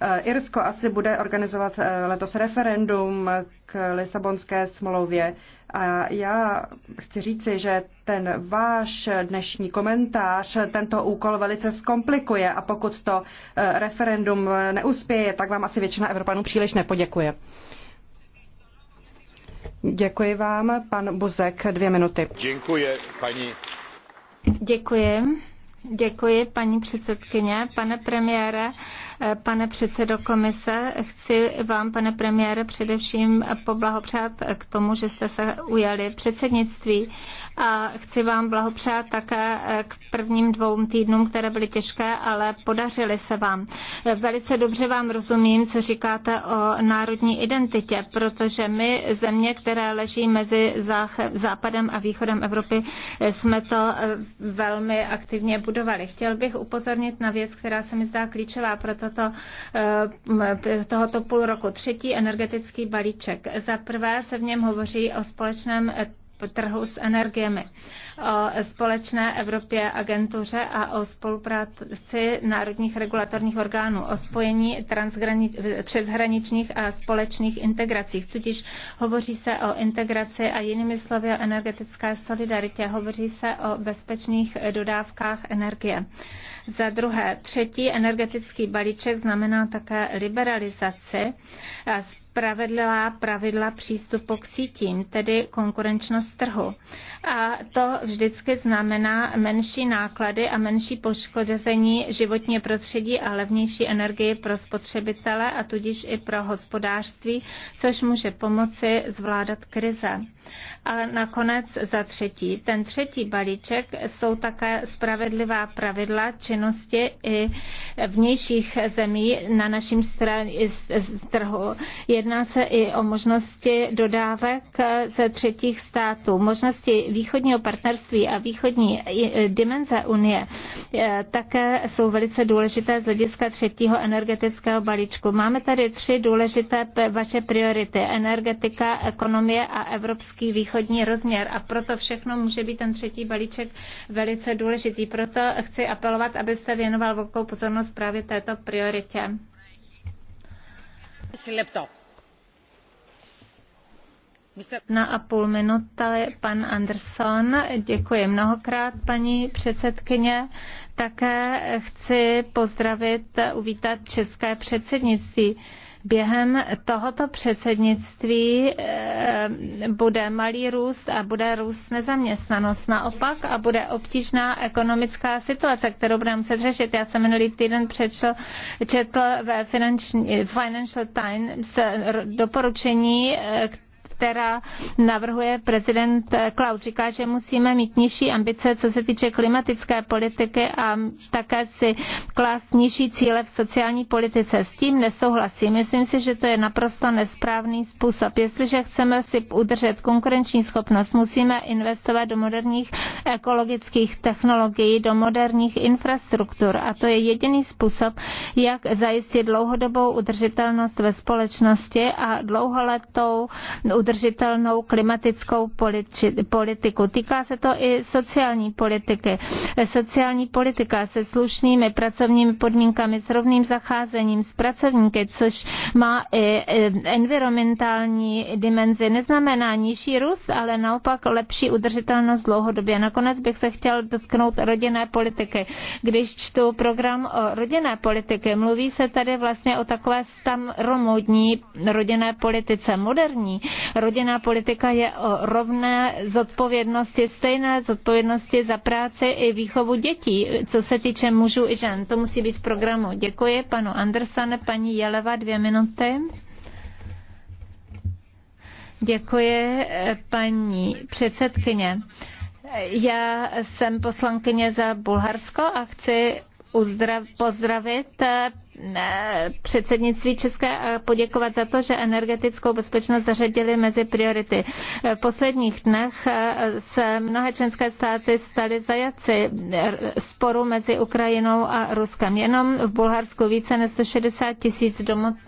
Eh, Irsko asi bude organizovat eh, letos referendum k Lisabonské smlouvě. A já chci říci, že ten váš dnešní komentář tento úkol velice zkomplikuje a pokud to eh, referendum neuspěje, tak vám asi většina Evropanů příliš nepoděkuje. Děkuji vám, pan Buzek, dvě minuty. Děkuji, paní. Děkuji. Děkuji, paní předsedkyně. Pane premiére, pane předsedo komise, chci vám, pane premiére, především poblahopřát k tomu, že jste se ujali předsednictví a chci vám blahopřát také eh, k prvním dvou týdnům, které byly těžké, ale podařily se vám. Velice dobře vám rozumím, co říkáte o národní identitě, protože my, země, které leží mezi západem a východem Evropy, eh, jsme to eh, velmi aktivně budovali. Chtěl bych upozornit na věc, která se mi zdá klíčová pro toto, tohoto půl roku. Třetí energetický balíček. Za prvé se v něm hovoří o společném trhu s energiemi, o společné Evropě agentuře a o spolupráci národních regulatorních orgánů, o spojení přeshraničních a společných integracích. Tudíž hovoří se o integraci a jinými slovy o energetické solidaritě, hovoří se o bezpečných dodávkách energie. Za druhé, třetí energetický balíček znamená také liberalizaci spravedlivá pravidla přístupu k sítím, tedy konkurenčnost trhu. A to vždycky znamená menší náklady a menší poškození životního prostředí a levnější energie pro spotřebitele a tudíž i pro hospodářství, což může pomoci zvládat krize. A nakonec za třetí. Ten třetí balíček jsou také spravedlivá pravidla činnosti i vnějších zemí na našem trhu. Jedná se i o možnosti dodávek ze třetích států. Možnosti východního partnerství a východní dimenze Unie eh, také jsou velice důležité z hlediska třetího energetického balíčku. Máme tady tři důležité vaše priority. Energetika, ekonomie a evropské evropský východní rozměr a proto všechno může být ten třetí balíček velice důležitý. Proto chci apelovat, abyste věnoval velkou pozornost právě této prioritě. Na a půl minuta pan Anderson. Děkuji mnohokrát, paní předsedkyně. Také chci pozdravit, uvítat české předsednictví Během tohoto předsednictví eh, bude malý růst a bude růst nezaměstnanost. Naopak a bude obtížná ekonomická situace, kterou budeme muset řešit. Já jsem minulý týden přečetl, četl ve Financial Times doporučení, eh, která navrhuje prezident Klaus. Říká, že musíme mít nižší ambice, co se týče klimatické politiky a také si klást nižší cíle v sociální politice. S tím nesouhlasím. Myslím si, že to je naprosto nesprávný způsob. Jestliže chceme si udržet konkurenční schopnost, musíme investovat do moderních ekologických technologií, do moderních infrastruktur. A to je jediný způsob, jak zajistit dlouhodobou udržitelnost ve společnosti a dlouholetou udržitelnost udržitelnou klimatickou politiku. Týká se to i sociální politiky. Sociální politika se slušnými pracovními podmínkami, s rovným zacházením s pracovníky, což má i environmentální dimenzi, neznamená nižší růst, ale naopak lepší udržitelnost dlouhodobě. Nakonec bych se chtěl dotknout rodinné politiky. Když čtu program o rodinné politiky, mluví se tady vlastně o takové tam romodní rodinné politice, moderní Rodinná politika je o rovné zodpovědnosti, stejné zodpovědnosti za práci i výchovu dětí, co se týče mužů i žen. To musí být v programu. Děkuji panu Andersane, paní Jeleva, dvě minuty. Děkuji, paní předsedkyně. Já jsem poslankyně za Bulharsko a chci pozdrav, pozdravit předsednictví České a eh, poděkovat za to, že energetickou bezpečnost zařadili mezi priority. Eh, v posledních dnech eh, se mnohé členské státy staly zajaci sporu mezi Ukrajinou a Ruskem. Jenom v Bulharsku více než 160 tisíc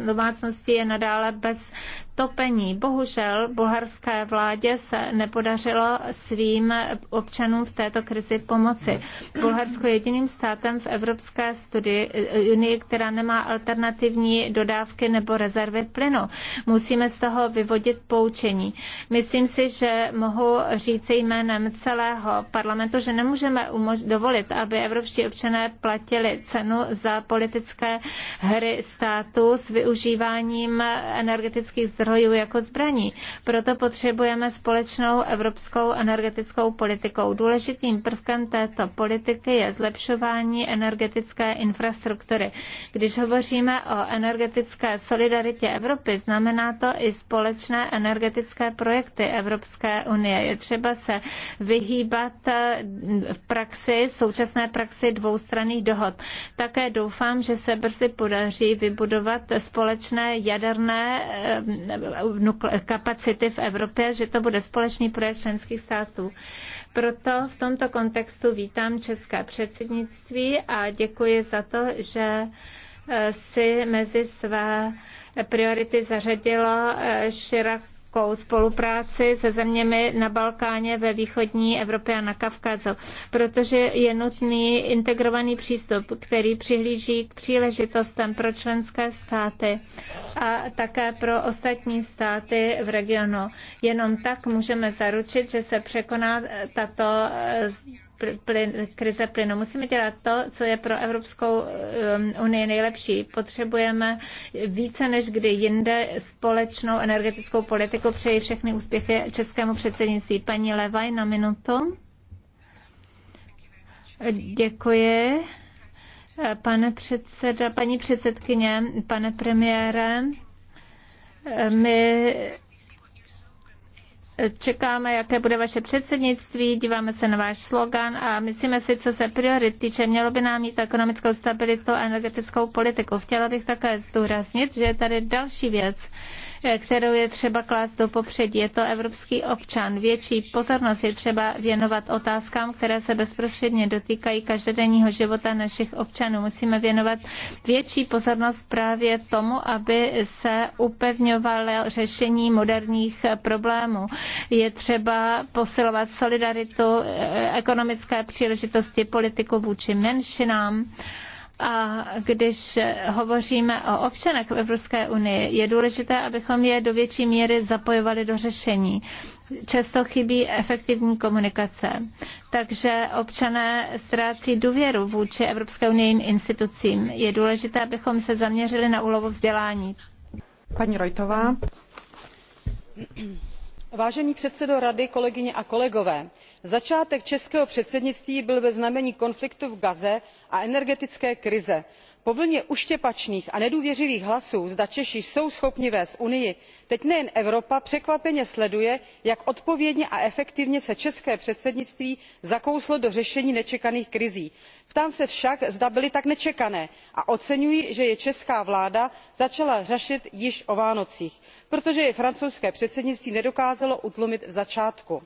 domácností je nadále bez topení. Bohužel bulharské vládě se nepodařilo svým občanům v této krizi pomoci. Bulharsko je jediným státem v Evropské studii, Unii, která nemá alternativní dodávky nebo rezervy plynu. Musíme z toho vyvodit poučení. Myslím si, že mohu říci jménem celého parlamentu, že nemůžeme dovolit, aby evropští občané platili cenu za politické hry státu s využíváním energetických zdrojů jako zbraní. Proto potřebujeme společnou evropskou energetickou politikou. Důležitým prvkem této politiky je zlepšování energetické infrastruktury. Když když hovoříme o energetické solidaritě Evropy, znamená to i společné energetické projekty Evropské unie. Je třeba se vyhýbat eh, v praxi, současné praxi dvoustranných dohod. Také doufám, že se brzy podaří vybudovat společné jaderné eh, kapacity v Evropě, že to bude společný projekt členských států. Proto v tomto kontextu vítám české předsednictví a děkuji za to, že si mezi své priority zařadilo eh, širokou spolupráci se zeměmi na Balkáně, ve východní Evropě a na Kavkazu, protože je nutný integrovaný přístup, který přihlíží k příležitostem pro členské státy a také pro ostatní státy v regionu. Jenom tak můžeme zaručit, že se překoná eh, tato eh, plyn, krize plynu. Musíme dělat to, co je pro Evropskou um, unii nejlepší. Potřebujeme více než kdy jinde společnou energetickou politiku. Přeji všechny úspěchy českému předsednictví. Paní Levaj na minutu. Děkuji. Pane předseda, paní předsedkyně, pane premiére, my čekáme, jaké bude vaše předsednictví, díváme se na váš slogan a myslíme si, co se priorit týče. Mělo by nám mít ekonomickou stabilitu a energetickou politiku. Chtěla bych také zdůraznit, že je tady další věc kterou je třeba klást do popředí. Je to evropský občan. Větší pozornost je třeba věnovat otázkám, které se bezprostředně dotýkají každodenního života našich občanů. Musíme věnovat větší pozornost právě tomu, aby se upevňovalo řešení moderních problémů. Je třeba posilovat solidaritu, ekonomické příležitosti, politiku vůči menšinám. A když hovoříme o občanech Evropské unie, je důležité, abychom je do větší míry zapojovali do řešení. Často chybí efektivní komunikace. Takže občané ztrácí důvěru vůči Evropské unijním institucím. Je důležité, abychom se zaměřili na úlohu vzdělání. Paní Rojtová vážený předsedo rady kolegyně a kolegové začátek českého předsednictví byl ve znamení konfliktu v gaze a energetické krize po vlně uštěpačných a nedůvěřivých hlasů zda češi jsou schopni vést unii teď nejen evropa překvapeně sleduje jak odpovědně a efektivně se české předsednictví zakouslo do řešení nečekaných krizí. ptám se však zda byly tak nečekané a oceňuji že je česká vláda začala řešit již o vánocích protože je francouzské předsednictví nedokázalo utlumit v začátku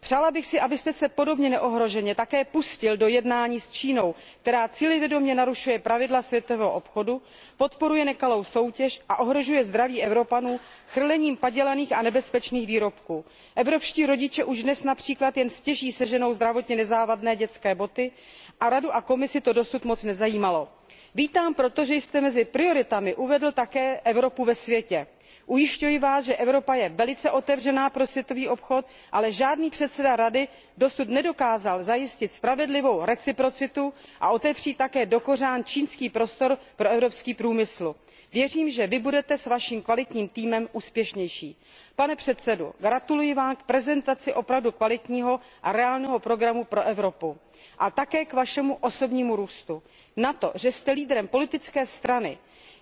přála bych si abyste se podobně neohroženě také pustil do jednání s čínou která cílevědomě narušuje pravidla světového obchodu podporuje nekalou soutěž a ohrožuje zdraví evropanů chrlením padělaných a nebezpečných výrobků. evropští rodiče už dnes například jen stěží seženou zdravotně nezávadné dětské boty a radu a komisi to dosud moc nezajímalo. vítám proto že jste mezi prioritami uvedl také evropu ve světě ujišťuji vás že evropa je velice otevřená pro světový obchod ale žádný předseda rady dosud nedokázal zajistit spravedlivou reciprocitu a otevřít také do kořán čínský prostor pro evropský průmysl. věřím že vy budete s vaším kvalitním týmem úspěšnější. pane předsedo gratuluji vám k prezentaci opravdu kvalitního a reálného programu pro evropu a také k vašemu osobnímu růstu. na to že jste lídrem politické strany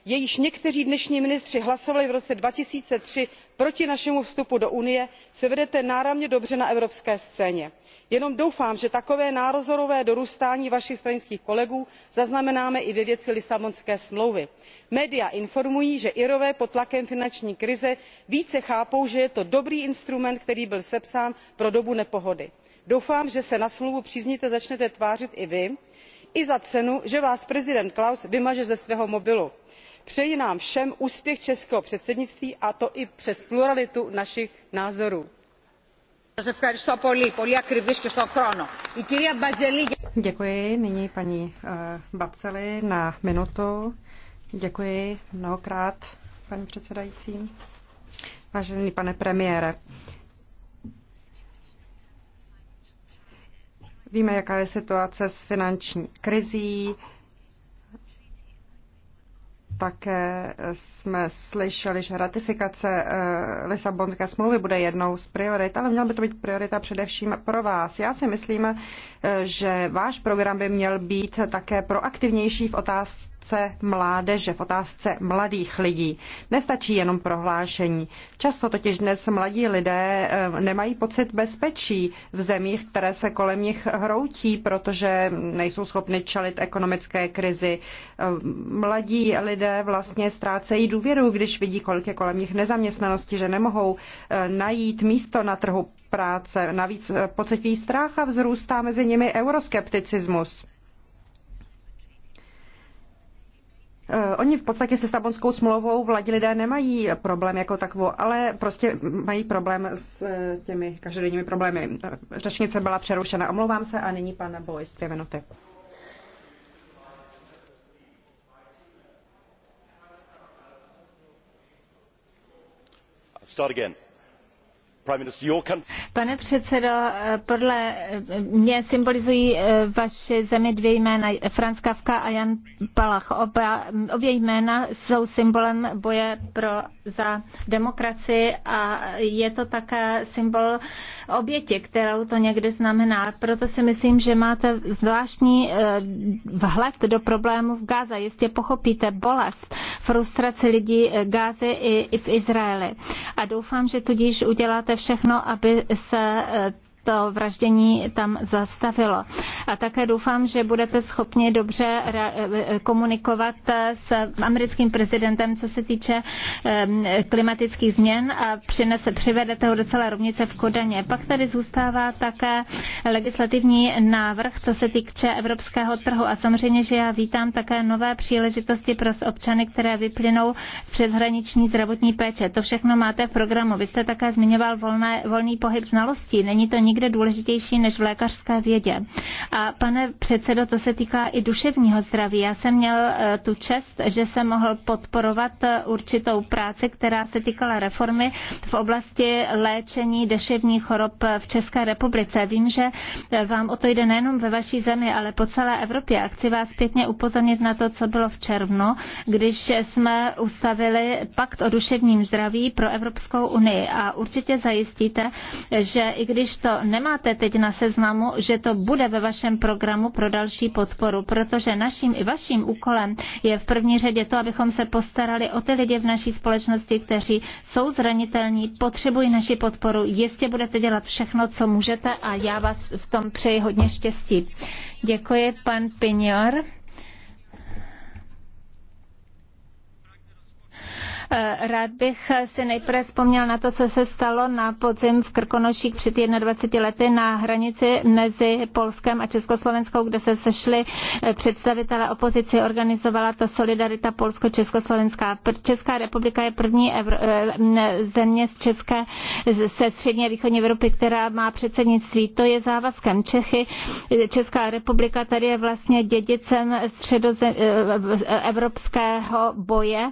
jejíž někteří dnešní ministři hlasovali v roce two thousand and three proti našemu vstupu do unie se vedete náramně dobře na evropské scéně. jenom doufám že takové názorové dorůstání vašich stranických kolegů zaznamenáme i ve věci lisabonské smlouvy. média informují že irové pod tlakem finanční krize více chápou že je to dobrý instrument který byl sepsán pro dobu nepohody. doufám že se na smlouvu příznivě začnete tvářit i vy i za cenu že vás prezident klaus vymaže ze svého mobilu přeji nám všem úspěch českého předsednictví a to i přes pluralitu našich názorů. Děkuji nyní paní eh, Baceli na minutu. Děkuji mnohokrát, paní předsedající. Vážený pane premiére, víme, jaká je situace s finanční krizí. Také jsme slyšeli, že ratifikace eh, Lisabonské smlouvy bude jednou z priorit, ale měla by to být priorita především pro vás. Já si myslím, eh, že váš program by měl být také proaktivnější v otázce otázce mládeže, v otázce mladých lidí. Nestačí jenom prohlášení. Často totiž dnes mladí lidé eh, nemají pocit bezpečí v zemích, které se kolem nich hroutí, protože nejsou schopni čelit ekonomické krizi. Eh, mladí lidé vlastně ztrácejí důvěru, když vidí, kolik je kolem nich nezaměstnanosti, že nemohou eh, najít místo na trhu práce. Navíc pocití strach a vzrůstá mezi nimi euroskepticismus. Eh, oni v podstatě se Sabonskou smlouvou vladí lidé nemají problém jako takovou, ale prostě mají problém s eh, těmi každodenními problémy. Eh, řečnice byla přerušena, omlouvám se, a nyní pan Boys, dvě minuty. Start again Pane předsedo, podle mě symbolizují eh, vaše zemi dvě jména, Franz Kafka a Jan Palach. obě jména jsou symbolem boje pro, za demokracii a je to také symbol oběti, kterou to někdy znamená. Proto si myslím, že máte zvláštní eh, vhled do problémů v Gaze. Jistě pochopíte bolest, frustraci lidí eh, Gázy i v Izraeli. A doufám, že tudíž uděláte všechno, aby se eh, to vraždění tam zastavilo. A také doufám, že budete schopni dobře komunikovat s americkým prezidentem, co se týče klimatických změn a přinese, přivedete ho do celé rovnice v Kodaně. Pak tady zůstává také legislativní návrh, co se týče evropského trhu a samozřejmě, že já vítám také nové příležitosti pro občany, které vyplynou z přeshraniční zdravotní péče. To všechno máte v programu. Vy jste také zmiňoval volné, volný pohyb znalostí. Není to nikdy nikde důležitější než v lékařské vědě. A pane předsedo, to se týká i duševního zdraví. Já jsem měl eh, tu čest, že jsem mohl podporovat eh, určitou práci, která se týkala reformy v oblasti léčení duševních chorob eh, v České republice. Vím, že vám o to jde nejenom ve vaší zemi, ale po celé Evropě. A chci vás pěkně upozornit na to, co bylo v červnu, když jsme ustavili pakt o duševním zdraví pro Evropskou unii. A určitě zajistíte, že i když to nemáte teď na seznamu, že to bude ve vašem programu pro další podporu, protože naším i vaším úkolem je v první řadě to, abychom se postarali o ty lidi v naší společnosti, kteří jsou zranitelní, potřebují naši podporu. Jistě budete dělat všechno, co můžete a já vás v tom přeji hodně štěstí. Děkuji, pan Pinior. Eh, rád bych si nejprve vzpomněl na to, co se stalo na podzim v Krkonoších před 21 lety na hranici mezi Polskem a Československou, kde se sešli eh, představitelé opozici, organizovala to Solidarita Polsko-Československá. Česká republika je první Evro- eh, země z České, se střední a východní Evropy, která má předsednictví. To je závazkem Čechy. Česká republika tady je vlastně dědicem středoze- evropského boje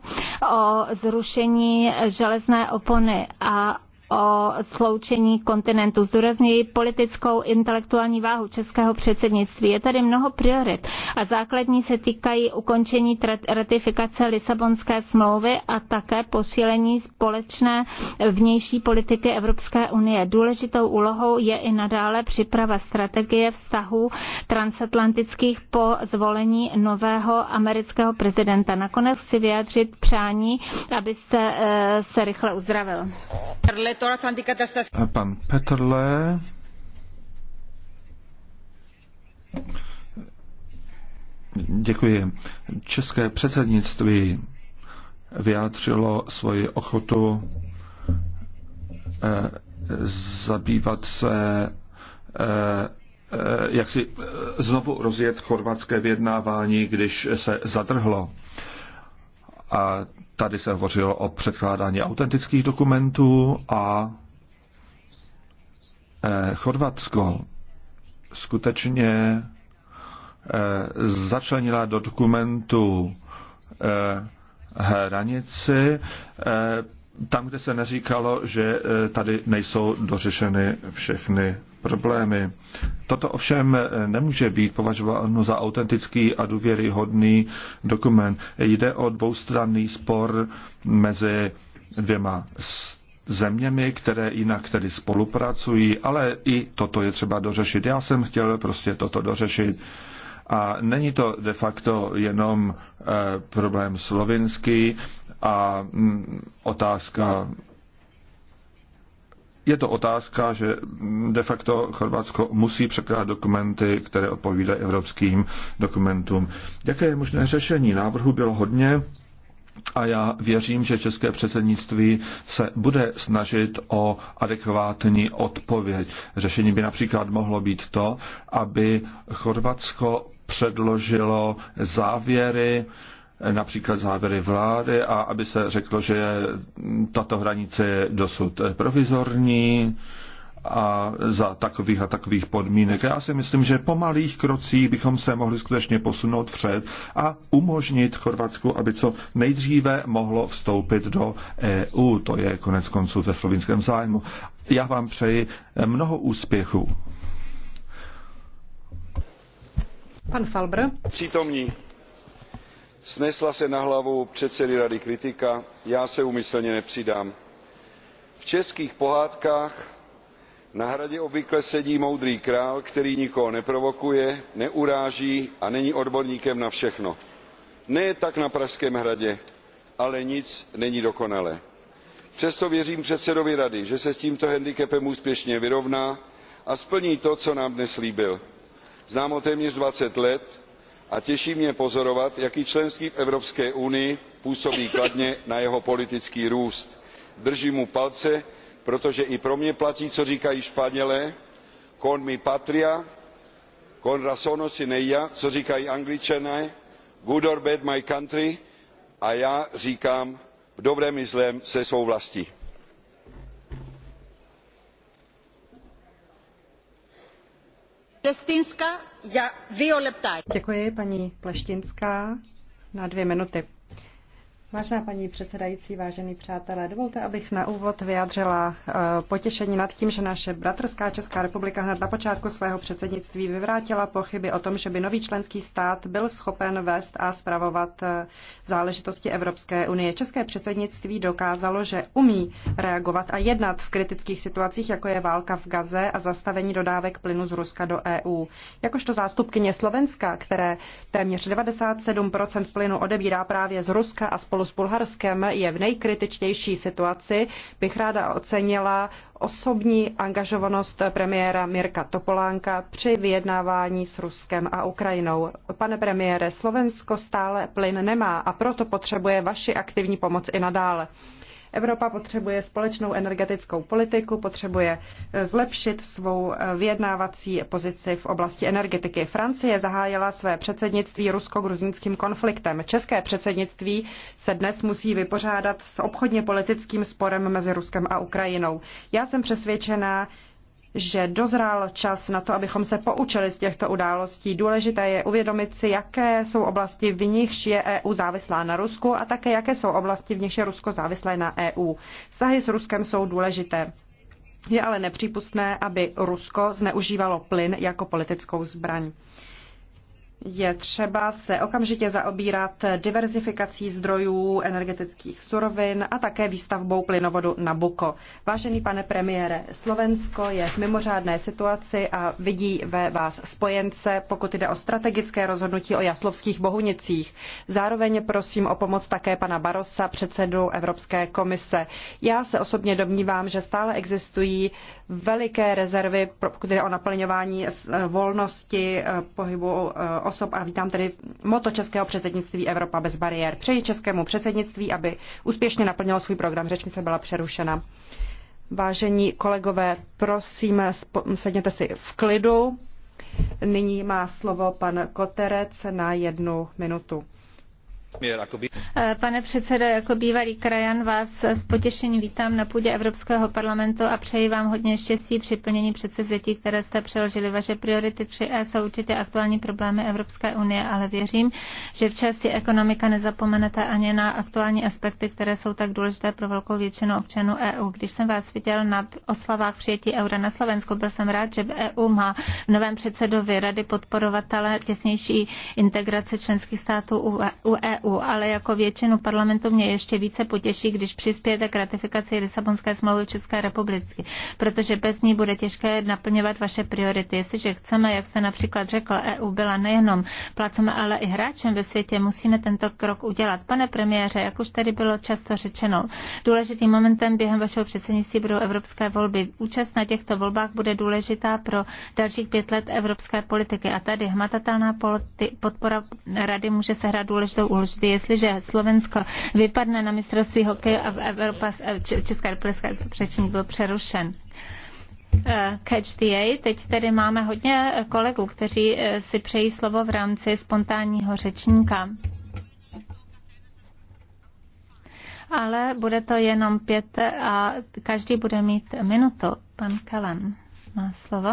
o zrušení železné opony a o sloučení kontinentu. Zdůrazňuji politickou intelektuální váhu českého předsednictví. Je tady mnoho priorit a základní se týkají ukončení ratifikace Lisabonské smlouvy a také posílení společné vnější politiky Evropské unie. Důležitou úlohou je i nadále připrava strategie vztahů transatlantických po zvolení nového amerického prezidenta. Nakonec chci vyjádřit přání, abyste eh, se rychle uzdravil. Pan Petrle. Děkuji. České předsednictví vyjádřilo svoji ochotu eh, zabývat se eh, eh, jak si znovu rozjet chorvatské vyjednávání, když se zadrhlo. A tady se hovořilo o předkládání autentických dokumentů a eh, Chorvatsko skutečně eh, začlenila do dokumentu eh, hranici, tam, kde se neříkalo, že tady nejsou dořešeny všechny problémy. Toto ovšem eh, nemůže být považováno za autentický a důvěryhodný dokument. Jde o dvoustranný spor mezi dvěma zeměmi, které jinak tedy spolupracují, ale i toto je třeba dořešit. Já jsem chtěl prostě toto dořešit. A není to de facto jenom eh, problém slovinský a mm, otázka je to otázka, že de facto Chorvatsko musí překládat dokumenty, které odpovídají evropským dokumentům. Jaké je možné řešení? Návrhu bylo hodně a já věřím, že české předsednictví se bude snažit o adekvátní odpověď. Řešení by například mohlo být to, aby Chorvatsko předložilo závěry například závěry vlády a aby se řeklo, že tato hranice je dosud provizorní a za takových a takových podmínek. Já si myslím, že po malých krocích bychom se mohli skutečně posunout vpřed a umožnit Chorvatsku, aby co nejdříve mohlo vstoupit do EU. To je konec konců ve slovinském zájmu. Já vám přeji mnoho úspěchů. Pan Falbr. Přítomní snesla se na hlavu předsedy rady kritika já se úmyslně nepřidám. v českých pohádkách na hradě obvykle sedí moudrý král který nikoho neprovokuje neuráží a není odborníkem na všechno. ne tak na pražském hradě ale nic není dokonalé. přesto věřím předsedovi rady že se s tímto handicapem úspěšně vyrovná a splní to co nám dnes slíbil. znám ho téměř twenty let a těší mě pozorovat jak členství v evropské unii působí kladně na jeho politický růst. držím mu palce protože i pro mě platí co říkají španělé con mi patria con razón o sin ella co říkají angličané good or bad my country a já říkám v dobrém i zlém se svou vlastí. Děkuji, paní Pleštinská, na dvě minuty. Vážená paní předsedající, vážení přátelé, dovolte, abych na úvod vyjádřila eh, potěšení nad tím, že naše bratrská Česká republika hned na počátku svého předsednictví vyvrátila pochyby o tom, že by nový členský stát byl schopen vést a spravovat eh, záležitosti Evropské unie. České předsednictví dokázalo, že umí reagovat a jednat v kritických situacích, jako je válka v Gaze a zastavení dodávek plynu z Ruska do EU. Jakožto zástupkyně Slovenska, které téměř 97 plynu odebírá právě z Ruska a spolu s Bulharskem je v nejkritičtější situaci, bych ráda ocenila osobní angažovanost premiéra Mirka Topolánka při vyjednávání s Ruskem a Ukrajinou. Pane premiére, Slovensko stále plyn nemá a proto potřebuje vaši aktivní pomoc i nadále. Evropa potřebuje společnou energetickou politiku, potřebuje eh, zlepšit svou eh, vyjednávací pozici v oblasti energetiky. Francie zahájila své předsednictví rusko-gruzínským konfliktem. České předsednictví se dnes musí vypořádat s obchodně politickým sporem mezi Ruskem a Ukrajinou. Já jsem přesvědčená, že dozrál čas na to, abychom se poučili z těchto událostí. Důležité je uvědomit si, jaké jsou oblasti, v nichž je EU závislá na Rusku a také jaké jsou oblasti, v nichž je Rusko závislé na EU. Vztahy s Ruskem jsou důležité. Je ale nepřípustné, aby Rusko zneužívalo plyn jako politickou zbraň je třeba se okamžitě zaobírat diverzifikací zdrojů energetických surovin a také výstavbou plynovodu Nabuko. Vážený pane premiére, Slovensko je v mimořádné situaci a vidí ve vás spojence, pokud jde o strategické rozhodnutí o jaslovských bohunicích. Zároveň prosím o pomoc také pana Barosa, předsedu Evropské komise. Já se osobně domnívám, že stále existují veliké rezervy, pokud jde o naplňování volnosti eh, pohybu eh, osob a vítám tedy moto českého předsednictví Evropa bez bariér. Přeji českému předsednictví, aby úspěšně naplnilo svůj program. Řečnice byla přerušena. Vážení kolegové, prosím, sedněte si v klidu. Nyní má slovo pan Koterec na jednu minutu. Jako eh, pane předsedo, jako bývalý krajan vás s potěšením vítám na půdě Evropského parlamentu a přeji vám hodně štěstí při plnění předsevzetí, které jste přeložili. Vaše priority 3E jsou určitě aktuální problémy Evropské unie, ale věřím, že v části ekonomika nezapomenete ani na aktuální aspekty, které jsou tak důležité pro velkou většinu občanů EU. Když jsem vás viděl na oslavách přijetí eura na Slovensku, byl jsem rád, že EU má v novém předsedovi rady podporovatele těsnější integrace členských států u EU EU, ale jako většinu parlamentu mě ještě více potěší, když přispějete k ratifikaci Lisabonské smlouvy v České republiky, protože bez ní bude těžké naplňovat vaše priority. Jestliže chceme, jak se například řekl, EU byla nejenom placem, ale i hráčem ve světě, musíme tento krok udělat. Pane premiére, jak už tady bylo často řečeno, důležitým momentem během vašeho předsednictví budou evropské volby. Účast na těchto volbách bude důležitá pro dalších pět let evropské politiky a tady hmatatelná podpora rady může sehrát důležitou úlohu důležité. Jestliže Slovensko vypadne na mistrovství hokeje a Evropa, Česká republika řečník byl přerušen. Eh, catch the A. Teď tady máme hodně kolegů, kteří eh, si přejí slovo v rámci spontánního řečníka. Ale bude to jenom pět eh, a každý bude mít minutu. Pan Kalan má slovo.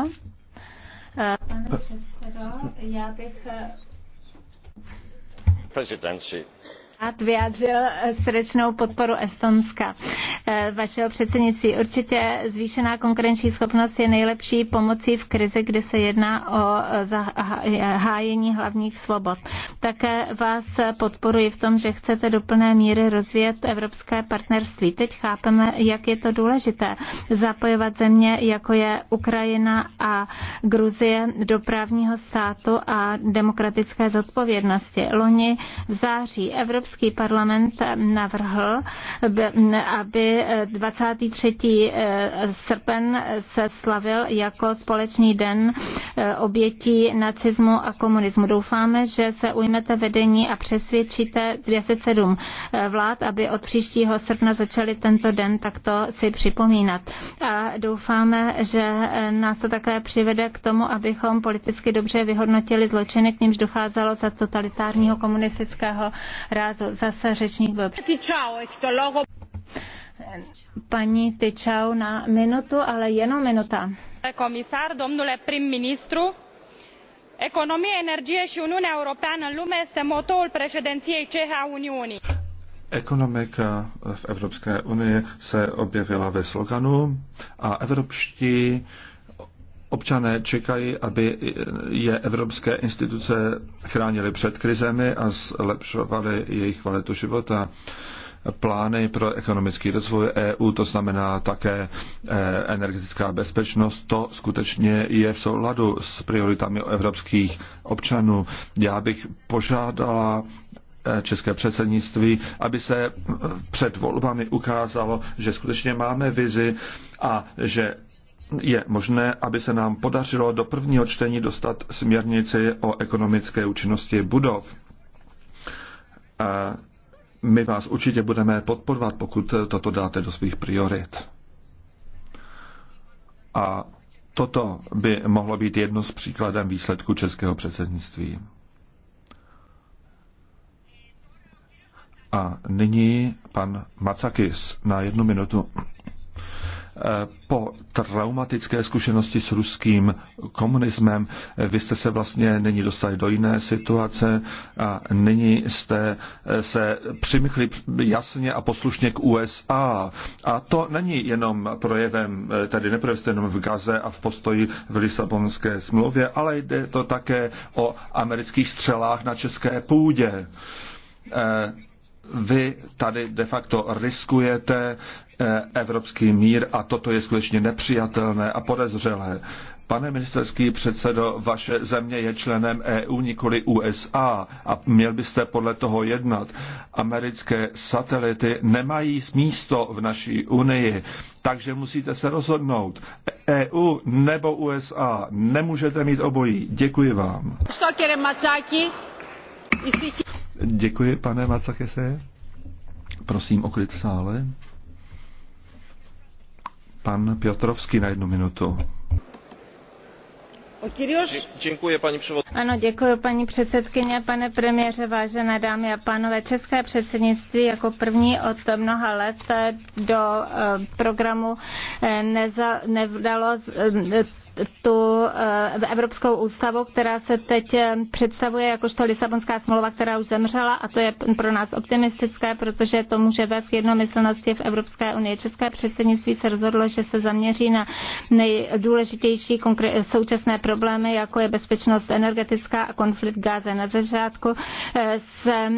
Pane předsedo, já bych presidency rád vyjádřil srdečnou podporu Estonska eh, vašeho předsednictví. Určitě zvýšená konkurenční schopnost je nejlepší pomocí v krizi, kdy se jedná o eh, hájení hlavních svobod. Také vás podporuji v tom, že chcete do plné míry rozvíjet evropské partnerství. Teď chápeme, jak je to důležité zapojovat země, jako je Ukrajina a Gruzie do právního státu a demokratické zodpovědnosti. Loni v září Evropská Evropský parlament navrhl, aby 23. Eh, srpen se slavil jako společný den eh, obětí nacismu a komunismu. Doufáme, že se ujmete vedení a přesvědčíte 207 eh, vlád, aby od příštího srpna začali tento den takto si připomínat. A doufáme, že nás to také přivede k tomu, abychom politicky dobře vyhodnotili zločiny, k nímž docházelo za totalitárního komunistického rázu zase řečník byl paní Tyčau na minutu, ale jenom minuta. Komisar, domnule prim-ministru, economie, energie și Uniunea Europeană în lume este motorul președinției cehe a Uniunii. Ekonomika v Evropské unii se objevila ve sloganu a evropští Občané čekají, aby je evropské instituce chránily před krizemi a zlepšovaly jejich kvalitu života. Plány pro ekonomický rozvoj EU, to znamená také eh, energetická bezpečnost, to skutečně je v souladu s prioritami evropských občanů. Já bych požádala eh, české předsednictví, aby se před volbami ukázalo, že skutečně máme vizi a že je možné, aby se nám podařilo do prvního čtení dostat směrnici o ekonomické účinnosti budov. My vás určitě budeme podporovat, pokud toto dáte do svých priorit. A toto by mohlo být jedno z příkladem výsledku českého předsednictví. A nyní pan Macakis na jednu minutu. Eh, po traumatické zkušenosti s ruským komunismem. Eh, vy jste se vlastně nyní dostali do jiné situace a nyní jste eh, se přimykli jasně a poslušně k USA. A to není jenom projevem, tedy neprojevste jenom v Gaze a v postoji v Lisabonské smlouvě, ale jde to také o amerických střelách na české půdě vy tady de facto riskujete E, evropský mír a toto je skutečně nepřijatelné a podezřelé. Pane ministerský předsedo, vaše země je členem EU, nikoli USA a měl byste podle toho jednat. Americké satelity nemají místo v naší unii, takže musíte se rozhodnout. EU nebo USA. Nemůžete mít obojí. Děkuji vám. Děkuji, pane Macakese. Prosím o klid v sále. Pan Piotrovský na jednu minutu. Děkuji, paní ano, děkuji paní předsedkyně, pane premiére, vážené dámy a pánové. České předsednictví jako první od mnoha let do eh, programu eh, neza, nevdalo eh, tu eh, Evropskou ústavu, která se teď eh, představuje jakožto Lisabonská smlouva, která už zemřela a to je pro nás optimistické, protože to může vést k jednomyslnosti v Evropské unii. České předsednictví se rozhodlo, že se zaměří na nejdůležitější současné problémy, jako je bezpečnost energetická a konflikt Gáze. Na začátku eh, se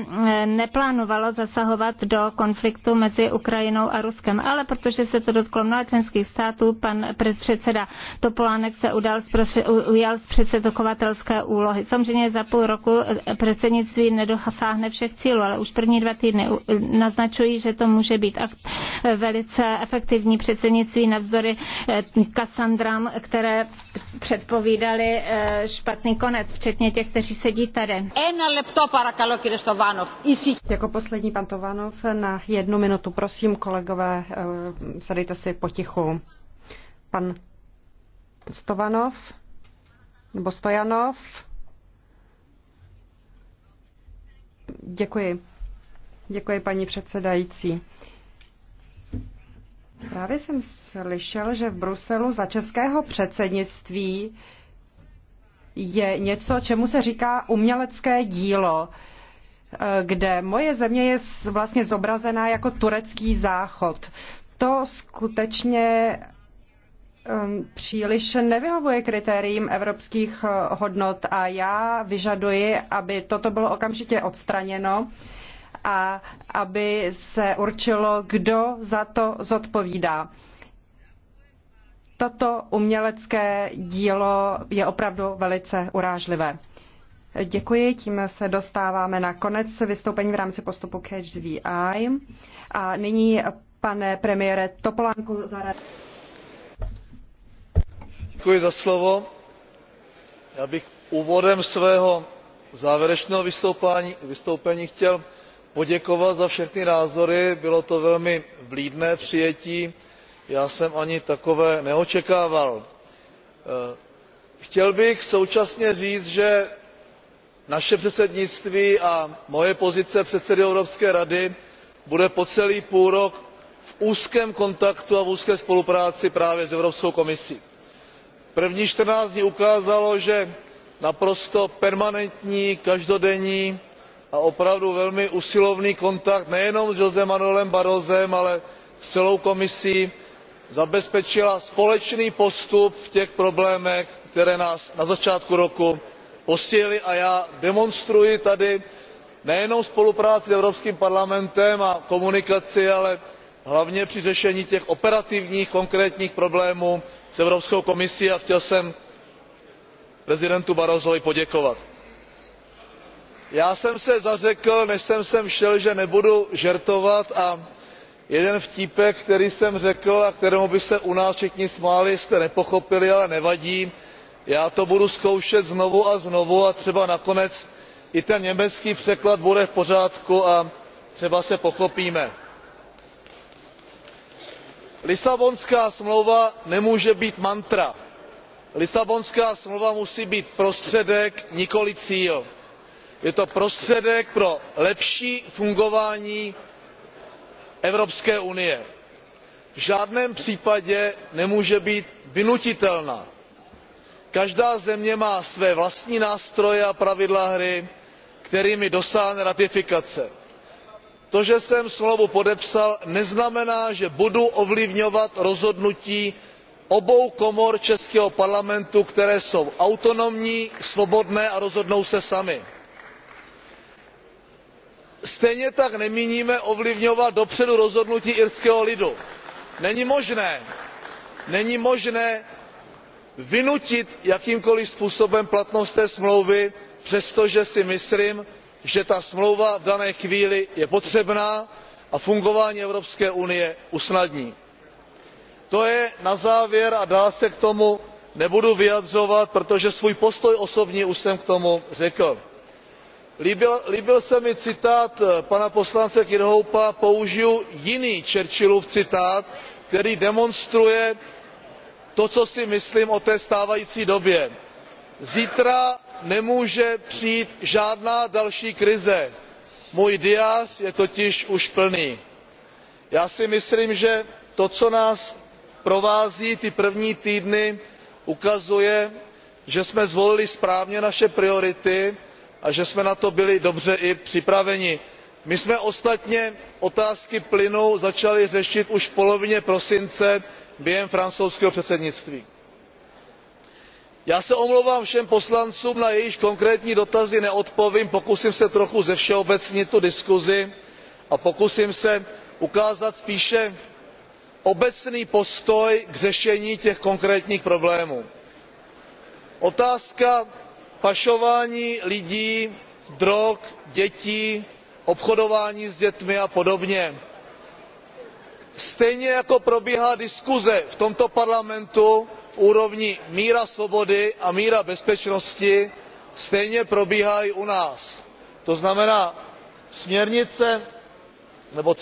neplánovalo zasahovat do konfliktu mezi Ukrajinou a Ruskem, ale protože se to dotklo mnoha členských států, pan předseda Topolán Sudánek se udal zprostřed, ujal z předsedokovatelské úlohy. Samozřejmě za půl roku eh, předsednictví nedosáhne všech cílů, ale už první dva týdny naznačují, že to může být velice efektivní předsednictví navzdory eh, Kassandram, které předpovídali eh, špatný konec, včetně těch, kteří sedí tady. Jako poslední pan Tovanov na jednu minutu, prosím, kolegové, sedejte si potichu. Pan Stovanov nebo Stojanov. Děkuji. Děkuji, paní předsedající. Právě jsem slyšel, že v Bruselu za českého předsednictví je něco, čemu se říká umělecké dílo, kde moje země je vlastně zobrazená jako turecký záchod. To skutečně Um, příliš nevyhovuje kritériím evropských uh, hodnot a já vyžaduji, aby toto bylo okamžitě odstraněno a aby se určilo, kdo za to zodpovídá. Toto umělecké dílo je opravdu velice urážlivé. Děkuji, tím se dostáváme na konec vystoupení v rámci postupu Catch the Eye. A nyní, pane premiére Topolánku, zaraz já bych úvodem svého závěrečného vystoupení chtěl poděkovat za všechny názory bylo to velmi vlídné přijetí já jsem ani takové neočekával. Eh, chtěl bych současně říct že naše předsednictví a moje pozice předsedy evropské rady bude po celý půlrok v úzkém kontaktu a v úzké spolupráci právě s evropskou komisí prvních čtrnáct dní ukázalo že naprosto permanentní každodenní a opravdu velmi usilovný kontakt nejenom s josem manuelem barrosem ale s celou komisí zabezpečil společný postup v těch problémech které nás na začátku roku postihly a já demonstruji tady nejenom spolupráci s evropským parlamentem a komunikaci ale hlavně při řešení těch operativních konkrétních problémů s evropskou komisí a chtěl jsem prezidentu barrosovi poděkovat. já jsem se zařekl než jsem sem šel že nebudu žertovat a jeden vtípek který jsem řekl a kterému by se u nás všichni smáli jste nepochopili ale nevadí já to budu zkoušet znovu a znovu a třeba nakonec i ten německý překlad bude v pořádku a třeba se pochopíme lisabonská smlouva nemůže být mantra lisabonská smlouva musí být prostředek nikoli cíl. je to prostředek pro lepší fungování evropské unie. v žádném případě nemůže být vynutitelná. každá země má své vlastní nástroje a pravidla hry kterými dosáhne ratifikace to že jsem smlouvu podepsal neznamená že budu ovlivňovat rozhodnutí obou komor českého parlamentu které jsou autonomní svobodné a rozhodnou se samy. stejně tak nemíníme ovlivňovat dopředu rozhodnutí irského lidu. není možné není možné vynutit jakýmkoliv způsobem platnost té smlouvy přestože si myslím že ta smlouva v dané chvíli je potřebná a fungování evropské unie usnadní. to je na závěr a dál se k tomu nebudu vyjadřovat protože svůj postoj už jsem k tomu řekl. líbil se mi citát eh, pana poslance kirchhoffa použiju jiný churchillův citát který demonstruje to co si myslím o té stávající době zítra nemůže přijít žádná další krize můj diář je totiž už plný. já si myslím že to co nás provází ty první týdny ukazuje že jsme zvolili správně naše priority a že jsme na to byli dobře i připraveni. my jsme ostatně otázky plynu začali řešit už v polovině prosince během francouzského předsednictví já se omlouvám všem poslancům na jejichž konkrétní dotazy neodpovím pokusím se trochu zevšeobecnit diskusi a pokusím se ukázat spíše obecný postoj k řešení těch konkrétních problémů. otázka pašování lidí drog dětí obchodování s dětmi a podobně. stejně jako probíhá diskuse v tomto parlamentu úrovni míra svobody a míra bezpečnosti stejně probíhá i u nás. to znamená směrnice nebo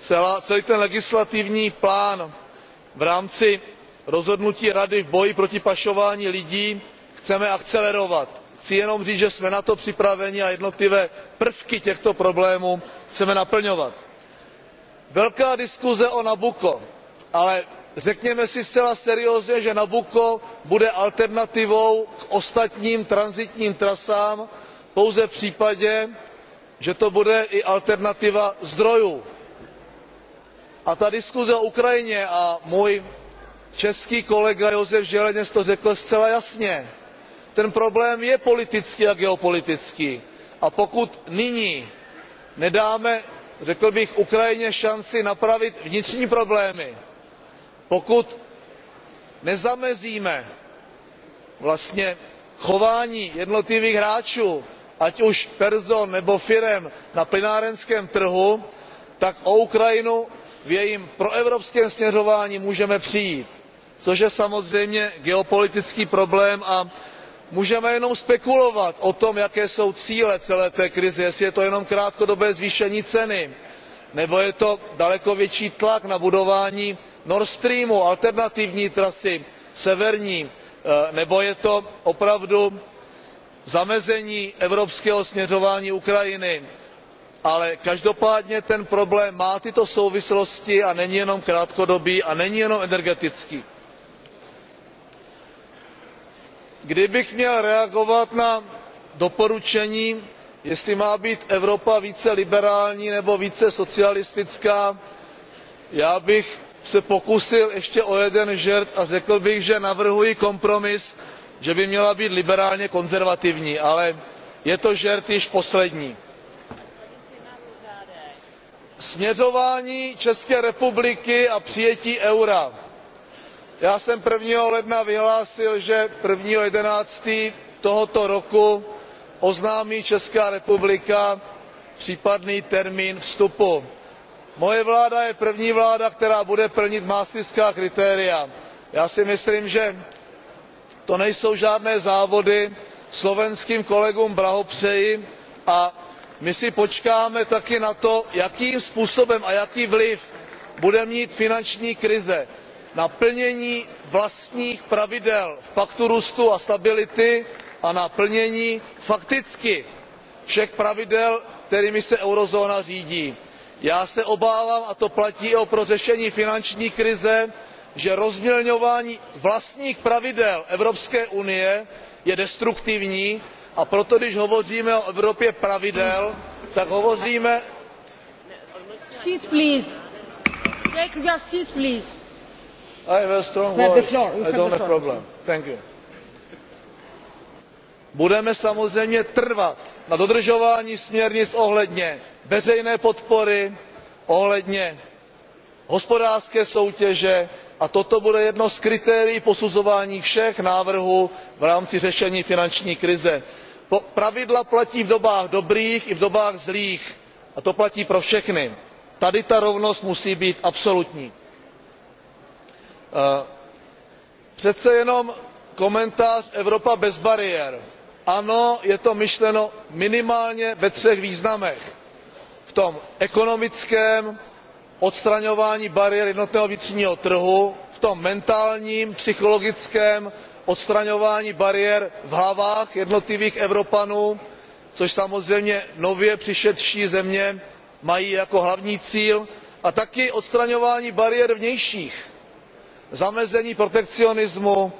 celý ten legislativní plán v rámci rozhodnutí rady v boji proti pašování lidí chceme akcelerovat. chci jenom říct že jsme na to připraveni a jednotlivé prvky těchto problémů chceme naplňovat. velká diskuze o nabuccu ale řekněme si zcela seriózně že nabucco bude alternativou k ostatním tranzitním trasám pouze v případě že to bude i alternativa zdrojů. a ta diskuse o ukrajině a můj český kolega josef zieleněk to řekl zcela jasně ten problém je politický a geopolitický a pokud nyní nedáme řekl bych ukrajině šanci napravit vnitřní problémy pokud nezamezíme vlastně chování jednotlivých hráčů ať už person nebo firem na plynárenském trhu tak o ukrajinu v jejím proevropském směřování můžeme přijít což je samozřejmě geopolitický problém a můžeme jenom spekulovat o tom jaké jsou cíle celé té krize jestli je to jenom krátkodobé zvýšení ceny nebo je to daleko větší tlak na budování nord streamu alternativní trasy severní eh, nebo je to opravdu zamezení evropského směřování ukrajiny ale každopádně ten problém má tyto souvislosti a není jenom krátkodobý a není jenom energetický. kdybych měl reagovat na doporučení jestli má být evropa více liberální nebo více socialistická já bych se pokusil ještě o jeden žert a řekl bych že navrhuji kompromis že by měla být liberálně konzervativní ale je to žert již poslední. směřování české republiky a přijetí eura já jsem. one ledna vyhlásil že. one. eleven tohoto roku oznámí česká republika případný termín vstupu moje vláda je první vláda která bude plnit maastrichtská kritéria. já si myslím že to nejsou žádné závody slovenským kolegům blahopřeji a my si počkáme také na to jakým způsobem a jaký vliv bude mít finanční krize na plnění vlastních pravidel v paktu růstu a stability a na plnění fakticky všech pravidel kterými se eurozóna řídí já se obávám a to platí i pro řešení finanční krize že rozmělňování vlastních pravidel evropské unie je destruktivní a proto když hovoříme o evropě pravidel tak hovoříme budeme samozřejmě trvat na dodržování směrnic ohledně veřejné podpory ohledně hospodářské soutěže a toto bude jedno z kritérií posuzování všech návrhů v rámci řešení finanční krize. pravidla platí v dobách dobrých i v dobách zlých a to platí pro všechny. tady ta rovnost musí být absolutní. Eh, přece jenom komentář evropa bez bariér ano je to myšleno minimálně ve třech významech v tom ekonomickém odstraňování bariér jednotného vnitřního trhu v tom mentálním psychologickém odstraňování bariér v hlavách jednotlivých evropanů což samozřejmě nově přišedší země mají jako hlavní cíl a taky odstraňování bariér vnějších zamezení protekcionismu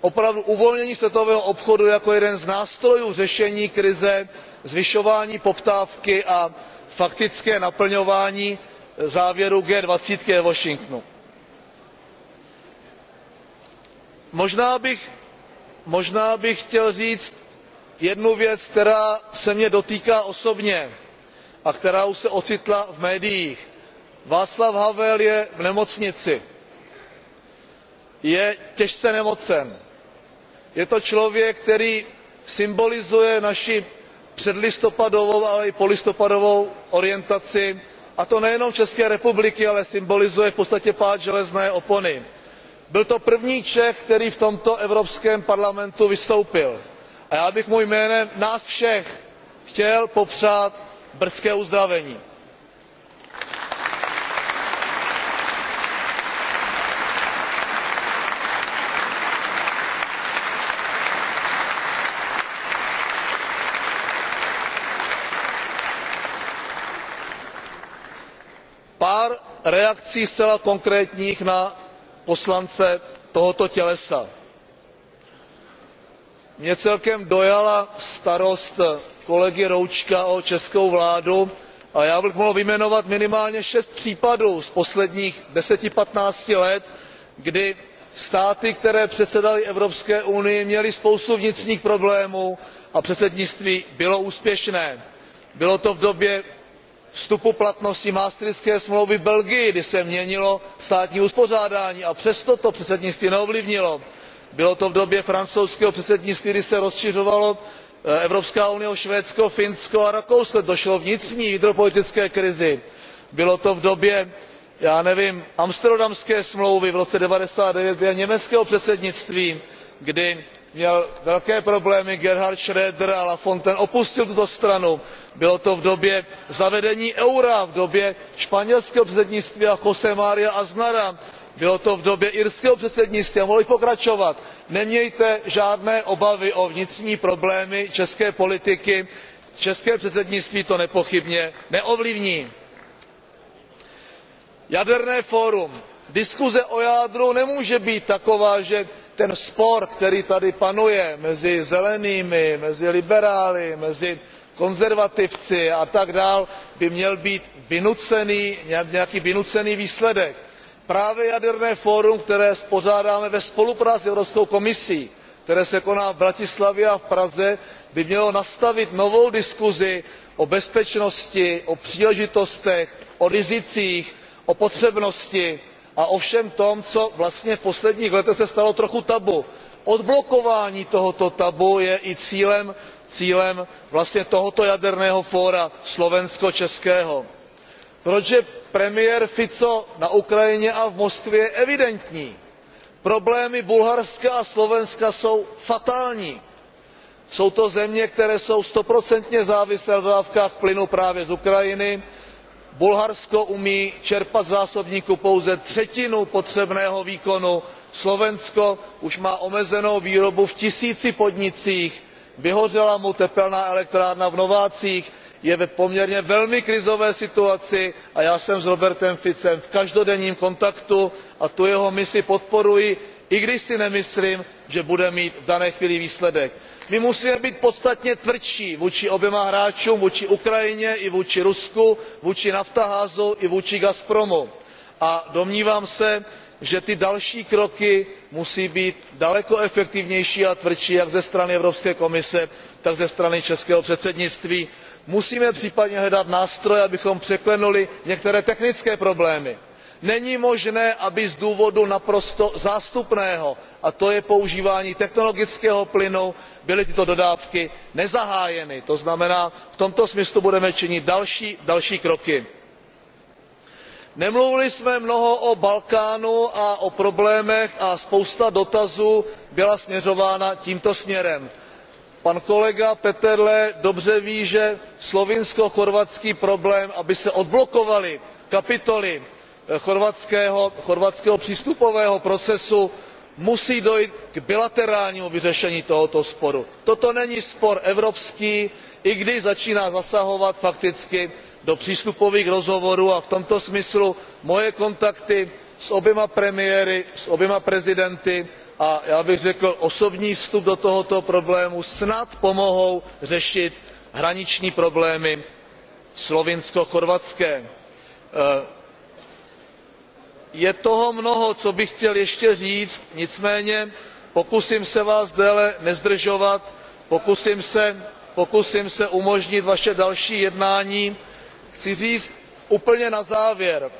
opravdu uvolnění světového obchodu jako jeden z nástrojů řešení krize zvyšování poptávky a faktické naplňování eh, závěrů g twenty ve washingtonu. možná bych chtěl říct jednu věc která se mě dotýká osobně a která už se ocitla v médiích. václav havel je v nemocnici. je těžce nemocen. je to člověk který symbolizuje naši předlistopadovou ale i polistopadovou orientaci a to nejenom české republiky ale symbolizuje v podstatě pád železné opony. byl to první čech který v tomto evropském parlamentu vystoupil a já bych mu jménem nás všech chtěl popřát brzké uzdravení. reakcí zcela konkrétních na poslance tohoto tělesa. mě celkem dojala starost kolegy roučka o českou vládu a já bych mohl vyjmenovat minimálně šest případů z posledních deseti patnácti let kdy státy které předsedaly evropské unii měly spoustu vnitřních problémů a předsednictví bylo úspěšné. bylo to v době vstupu v platnost maastrichtské smlouvy belgii kdy se měnilo státní uspořádání a přesto to předsednictví neovlivnilo. bylo to v době francouzského předsednictví kdy se rozšiřovala eh, evropská unie o švédsko finsko a rakousko došlo k vnitřní vnitropolitické krizi. bylo to v době já nevím amsterdamské smlouvy v roce one thousand nine hundred and ninety nine během německého předsednictví kdy měl velké problémy gerhard schröder a Lafontaine. opustil tuto stranu bylo to v době zavedení eura v době španělského předsednictví a jose maria aznara bylo to v době irského předsednictví a mohl bych pokračovat. nemějte žádné obavy o vnitřní problémy české politiky české předsednictví to nepochybně neovlivní. jaderné fórum diskuse o jádru nemůže být taková že ten spor který tady panuje mezi zelenými mezi liberály mezi konzervativci dál by měl mít nějaký vynucený výsledek. právě jaderné fórum které pořádáme ve spolupráci s evropskou komisí které se koná v bratislavě a v praze by mělo nastavit novou diskusi o bezpečnosti o příležitostech o rizicích o potřebnosti a o všem tom co vlastně v posledních letech se stalo trochu tabu. odblokování tohoto tabu je i cílem vlastně tohoto jaderného fóra slovensko českého protože premiér fico na ukrajině a v moskvě je evidentní problémy bulharska a slovenska jsou fatální. jsou to země které jsou stoprocentně závislé na dodávkách plynu právě z ukrajiny bulharsko umí čerpat z zásobníku pouze třetinu potřebného výkonu slovensko už má omezenou výrobu v tisíci podnicích vyhořela mu tepelná elektrárna v novácích je v poměrně velmi krizové situaci a já jsem s robertem ficem v každodenním kontaktu a tu jeho misi podporuji i když si nemyslím že bude mít v dané chvíli výsledek my musíme být podstatně tvrdší vůči oběma hráčům vůči ukrajině i vůči rusku vůči naftagázu i vůči gazpromu a domnívám se že ty další kroky musí být daleko efektivnější a tvrdší jak ze strany evropské komise tak ze strany českého předsednictví. musíme případně hledat nástroje abychom překlenuli některé technické problémy není možné aby z důvodu naprosto zástupného a to je používání technologického plynu byly tyto dodávky nezahájeny. to znamená v tomto smyslu budeme činit další kroky. nemluvili jsme mnoho o balkánu a o problémech a spousta dotazů byla směřována tímto směrem. pan kolega peterle dobře ví že slovinsko chorvatský problém aby se odblokovaly kapitoly chorvatského přístupového procesu musí dojít k bilaterálnímu vyřešení tohoto sporu. toto není spor evropský i když začíná zasahovat fakticky do přístupových rozhovorů a v tomto smyslu moje kontakty s oběma premiéry s oběma prezidenty a já bych řekl osobní vstup do tohoto problému snad pomohou řešit hraniční problémy slovinsko chorvatské. Eh, je toho mnoho co bych chtěl ještě říct nicméně pokusím se vás déle nezdržovat pokusím se umožnit vaše další jednání. chci říct úplně na závěr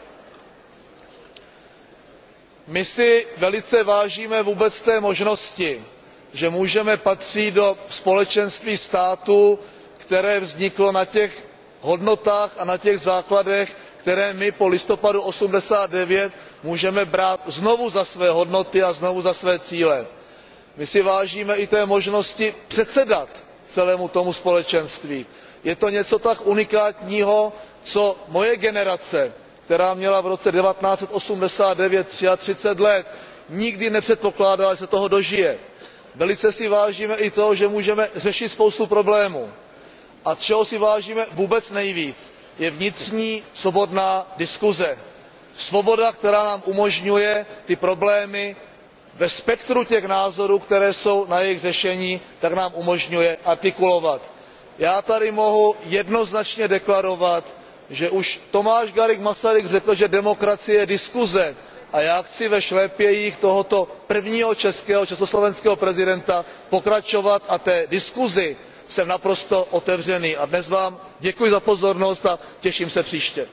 my si velice vážíme vůbec té možnosti že můžeme patřit do společenství států které vzniklo na těch hodnotách a na těch základech které my po listopadu eighty nine můžeme brát znovu za své hodnoty a znovu za své cíle. my si vážíme i té možnosti předsedat celému tomu společenství. je to něco tak unikátního co moje generace která měla v roce one thousand nine hundred and eighty nine třiatřicet let nikdy nepředpokládala že se toho dožije. velice si vážíme i toho že můžeme řešit spoustu problémů. a čeho si vážíme vůbec nejvíc je vnitřní svobodná diskuse svoboda která nám umožňuje ty problémy ve spektru těch názorů které jsou na jejich řešení tak nám umožňuje artikulovat. já tady mohu jednoznačně deklarovat že už tomáš garrigue masaryk řekl že demokracie je diskuse a já chci ve šlépějích tohoto prvního českého československého prezidenta pokračovat a té diskusi jsem naprosto otevřený. a dnes vám děkuji za pozornost a těším se příště.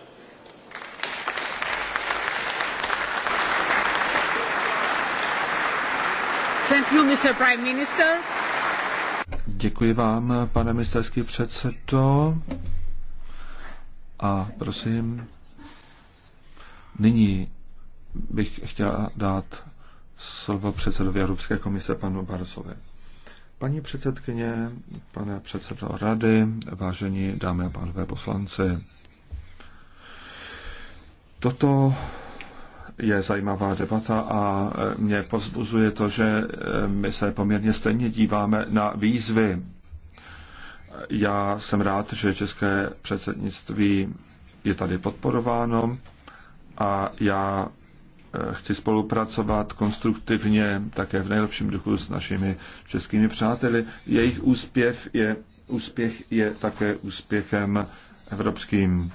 Thank you, Mr. Prime Minister. Děkuji vám, pane ministerský předsedo. A prosím, nyní bych chtěla dát slovo předsedovi Evropské komise panu Barsovi. Paní předsedkyně, pane předsedo rady, vážení dámy a pánové poslanci, toto je zajímavá debata a mě pozbuzuje to, že eh, my se poměrně stejně díváme na výzvy. Já jsem rád, že české předsednictví je tady podporováno a já eh, chci spolupracovat konstruktivně také v nejlepším duchu s našimi českými přáteli. Jejich úspěch je, úspěch je také úspěchem evropským.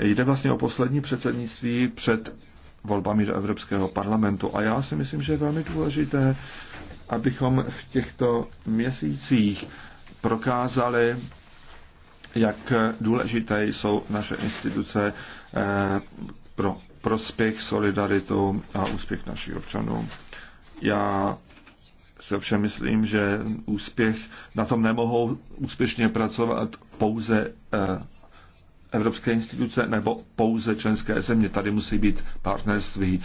Jde vlastně o poslední předsednictví před volbami do Evropského parlamentu. A já si myslím, že je velmi důležité, abychom v těchto měsících prokázali, jak důležité jsou naše instituce eh, pro prospěch, solidaritu a úspěch našich občanů. Já se všem myslím, že úspěch na tom nemohou úspěšně pracovat pouze eh, evropské instituce nebo pouze členské země. Tady musí být partnerství.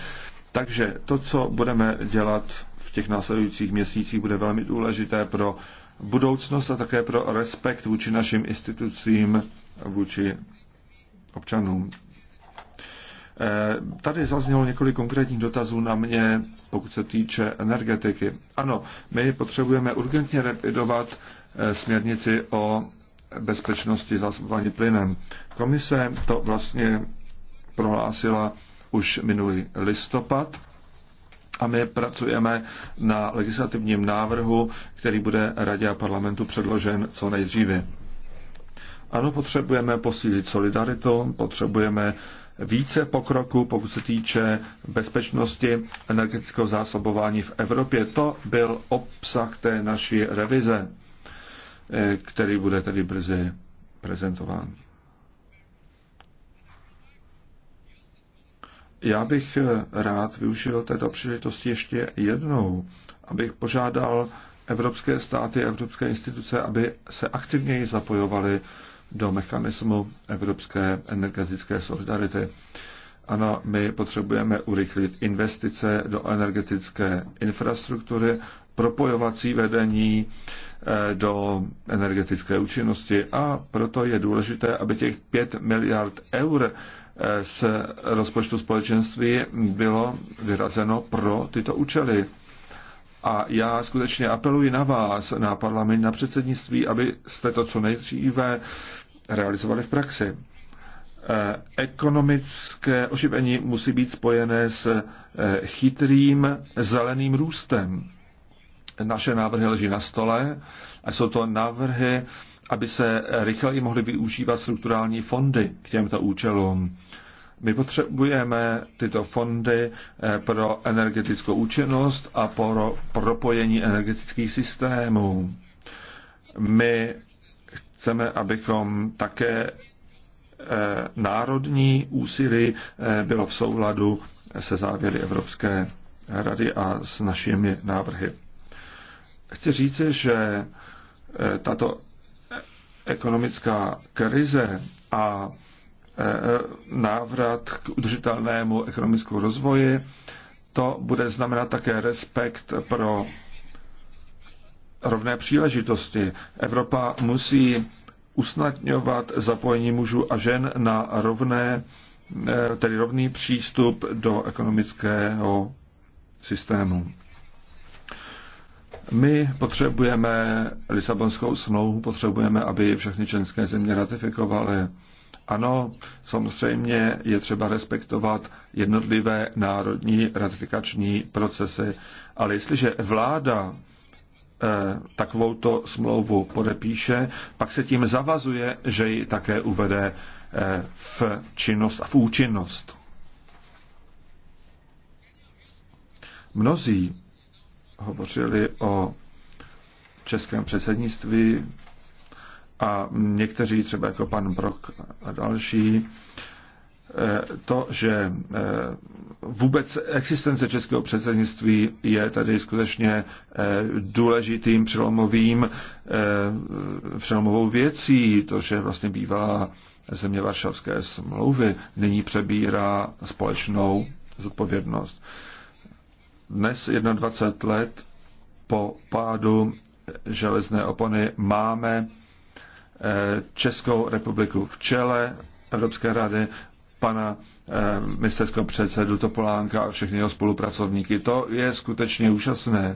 Takže to, co budeme dělat v těch následujících měsících, bude velmi důležité pro budoucnost a také pro respekt vůči našim institucím, vůči občanům. Eh, tady zaznělo několik konkrétních dotazů na mě, pokud se týče energetiky. Ano, my potřebujeme urgentně revidovat eh, směrnici o bezpečnosti zásobování plynem. Komise to vlastně prohlásila už minulý listopad a my pracujeme na legislativním návrhu, který bude Radě a parlamentu předložen co nejdříve. Ano, potřebujeme posílit solidaritu, potřebujeme více pokroku, pokud se týče bezpečnosti energetického zásobování v Evropě. To byl obsah té naší revize. Eh, který bude tedy brzy prezentován. Já bych eh, rád využil této příležitosti ještě jednou, abych požádal evropské státy a evropské instituce, aby se aktivněji zapojovaly do mechanismu evropské energetické solidarity. Ano, my potřebujeme urychlit investice do energetické infrastruktury propojovací vedení eh, do energetické účinnosti a proto je důležité, aby těch 5 miliard eur eh, z rozpočtu společenství bylo vyrazeno pro tyto účely. A já skutečně apeluji na vás, na parlament, na předsednictví, abyste to co nejdříve realizovali v praxi. Eh, ekonomické oživení musí být spojené s chytrým zeleným růstem. Naše návrhy leží na stole a jsou to návrhy, aby se rychleji mohly využívat strukturální fondy k těmto účelům. My potřebujeme tyto fondy eh, pro energetickou účinnost a pro propojení energetických systémů. My chceme, abychom také eh, národní úsilí eh, bylo v souladu se závěry Evropské rady a s našimi návrhy. Chci říct, že eh, tato ekonomická krize a eh, návrat k udržitelnému ekonomickému rozvoji, to bude znamenat také respekt pro rovné příležitosti. Evropa musí usnadňovat zapojení mužů a žen na rovné, eh, tedy rovný přístup do ekonomického systému. My potřebujeme Lisabonskou smlouvu, potřebujeme, aby všechny členské země ratifikovaly. Ano, samozřejmě je třeba respektovat jednotlivé národní ratifikační procesy, ale jestliže vláda eh, takovouto smlouvu podepíše, pak se tím zavazuje, že ji také uvede eh, v činnost a v účinnost. Mnozí hovořili o českém předsednictví a někteří, třeba jako pan Brok a další, eh, to, že eh, vůbec existence českého předsednictví je tady skutečně eh, důležitým přelomovým, přelomovou věcí, to, že vlastně bývalá země Varšavské smlouvy nyní přebírá společnou zodpovědnost. Dnes, 21 let po pádu železné opony, máme eh, Českou republiku v čele Evropské rady, pana eh, ministerského předsedu Topolánka a všechny jeho spolupracovníky. To je skutečně úžasné.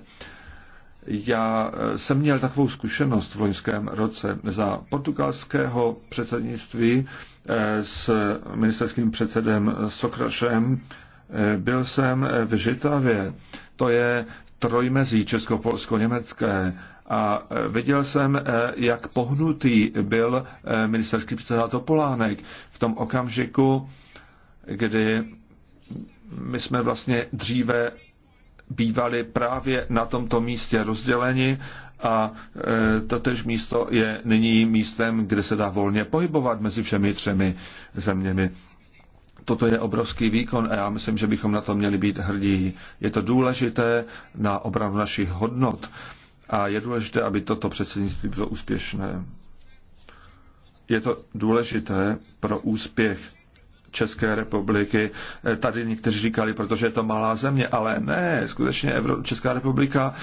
Já eh, jsem měl takovou zkušenost v loňském roce za portugalského předsednictví s ministerským předsedem Sokrašem Eh, byl jsem eh, v Žitavě, to je trojmezí česko-polsko-německé, a eh, viděl jsem, jak pohnutý byl ministerský předseda Topolánek v tom okamžiku, kdy my jsme vlastně dříve bývali právě na tomto místě rozděleni a totež místo je nyní místem, kde se dá volně pohybovat mezi všemi třemi zeměmi. Toto je obrovský výkon a já myslím, že bychom na to měli být hrdí. Je to důležité na obranu našich hodnot a je důležité, aby toto předsednictví bylo úspěšné. Je to důležité pro úspěch České republiky. Tady někteří říkali, protože je to malá země, ale ne, skutečně Evro- Česká republika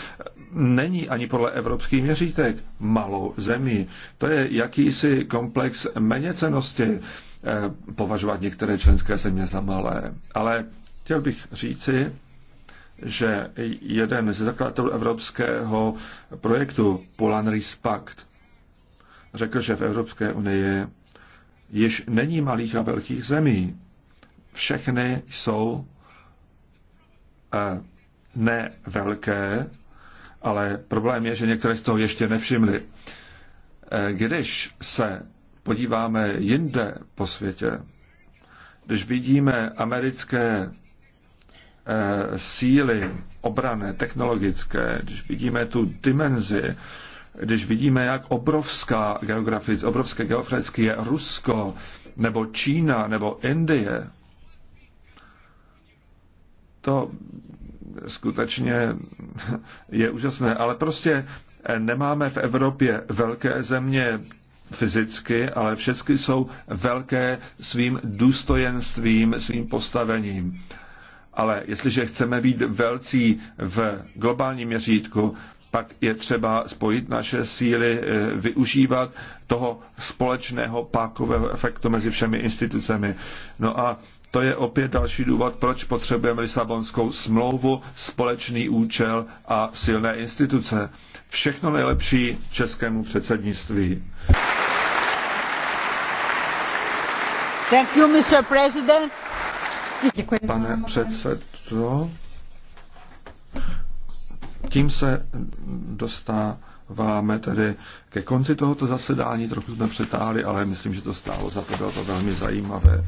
není ani podle evropských měřítek malou zemí. To je jakýsi komplex méněcenosti. Eh, považovat některé členské země za malé. Ale chtěl bych říci, že jeden ze zakladatelů evropského projektu Polan Pact řekl, že v Evropské unii již není malých a velkých zemí. Všechny jsou eh, ne velké, ale problém je, že některé z toho ještě nevšimly. Eh, když se podíváme jinde po světě, když vidíme americké eh, síly obrané, technologické, když vidíme tu dimenzi, když vidíme, jak obrovská geografic, obrovské geografické je Rusko, nebo Čína, nebo Indie, to skutečně je úžasné. Ale prostě eh, nemáme v Evropě velké země, fyzicky, ale všechny jsou velké svým důstojenstvím, svým postavením. Ale jestliže chceme být velcí v globálním měřítku, pak je třeba spojit naše síly, eh, využívat toho společného pákového efektu mezi všemi institucemi. No a to je opět další důvod, proč potřebujeme Lisabonskou smlouvu, společný účel a silné instituce. Všechno nejlepší českému předsednictví. Thank you, Mr. President. Pane předsedo, tím se dostáváme tedy ke konci tohoto zasedání. Trochu jsme přetáhli, ale myslím, že to stálo za to. Bylo to velmi zajímavé.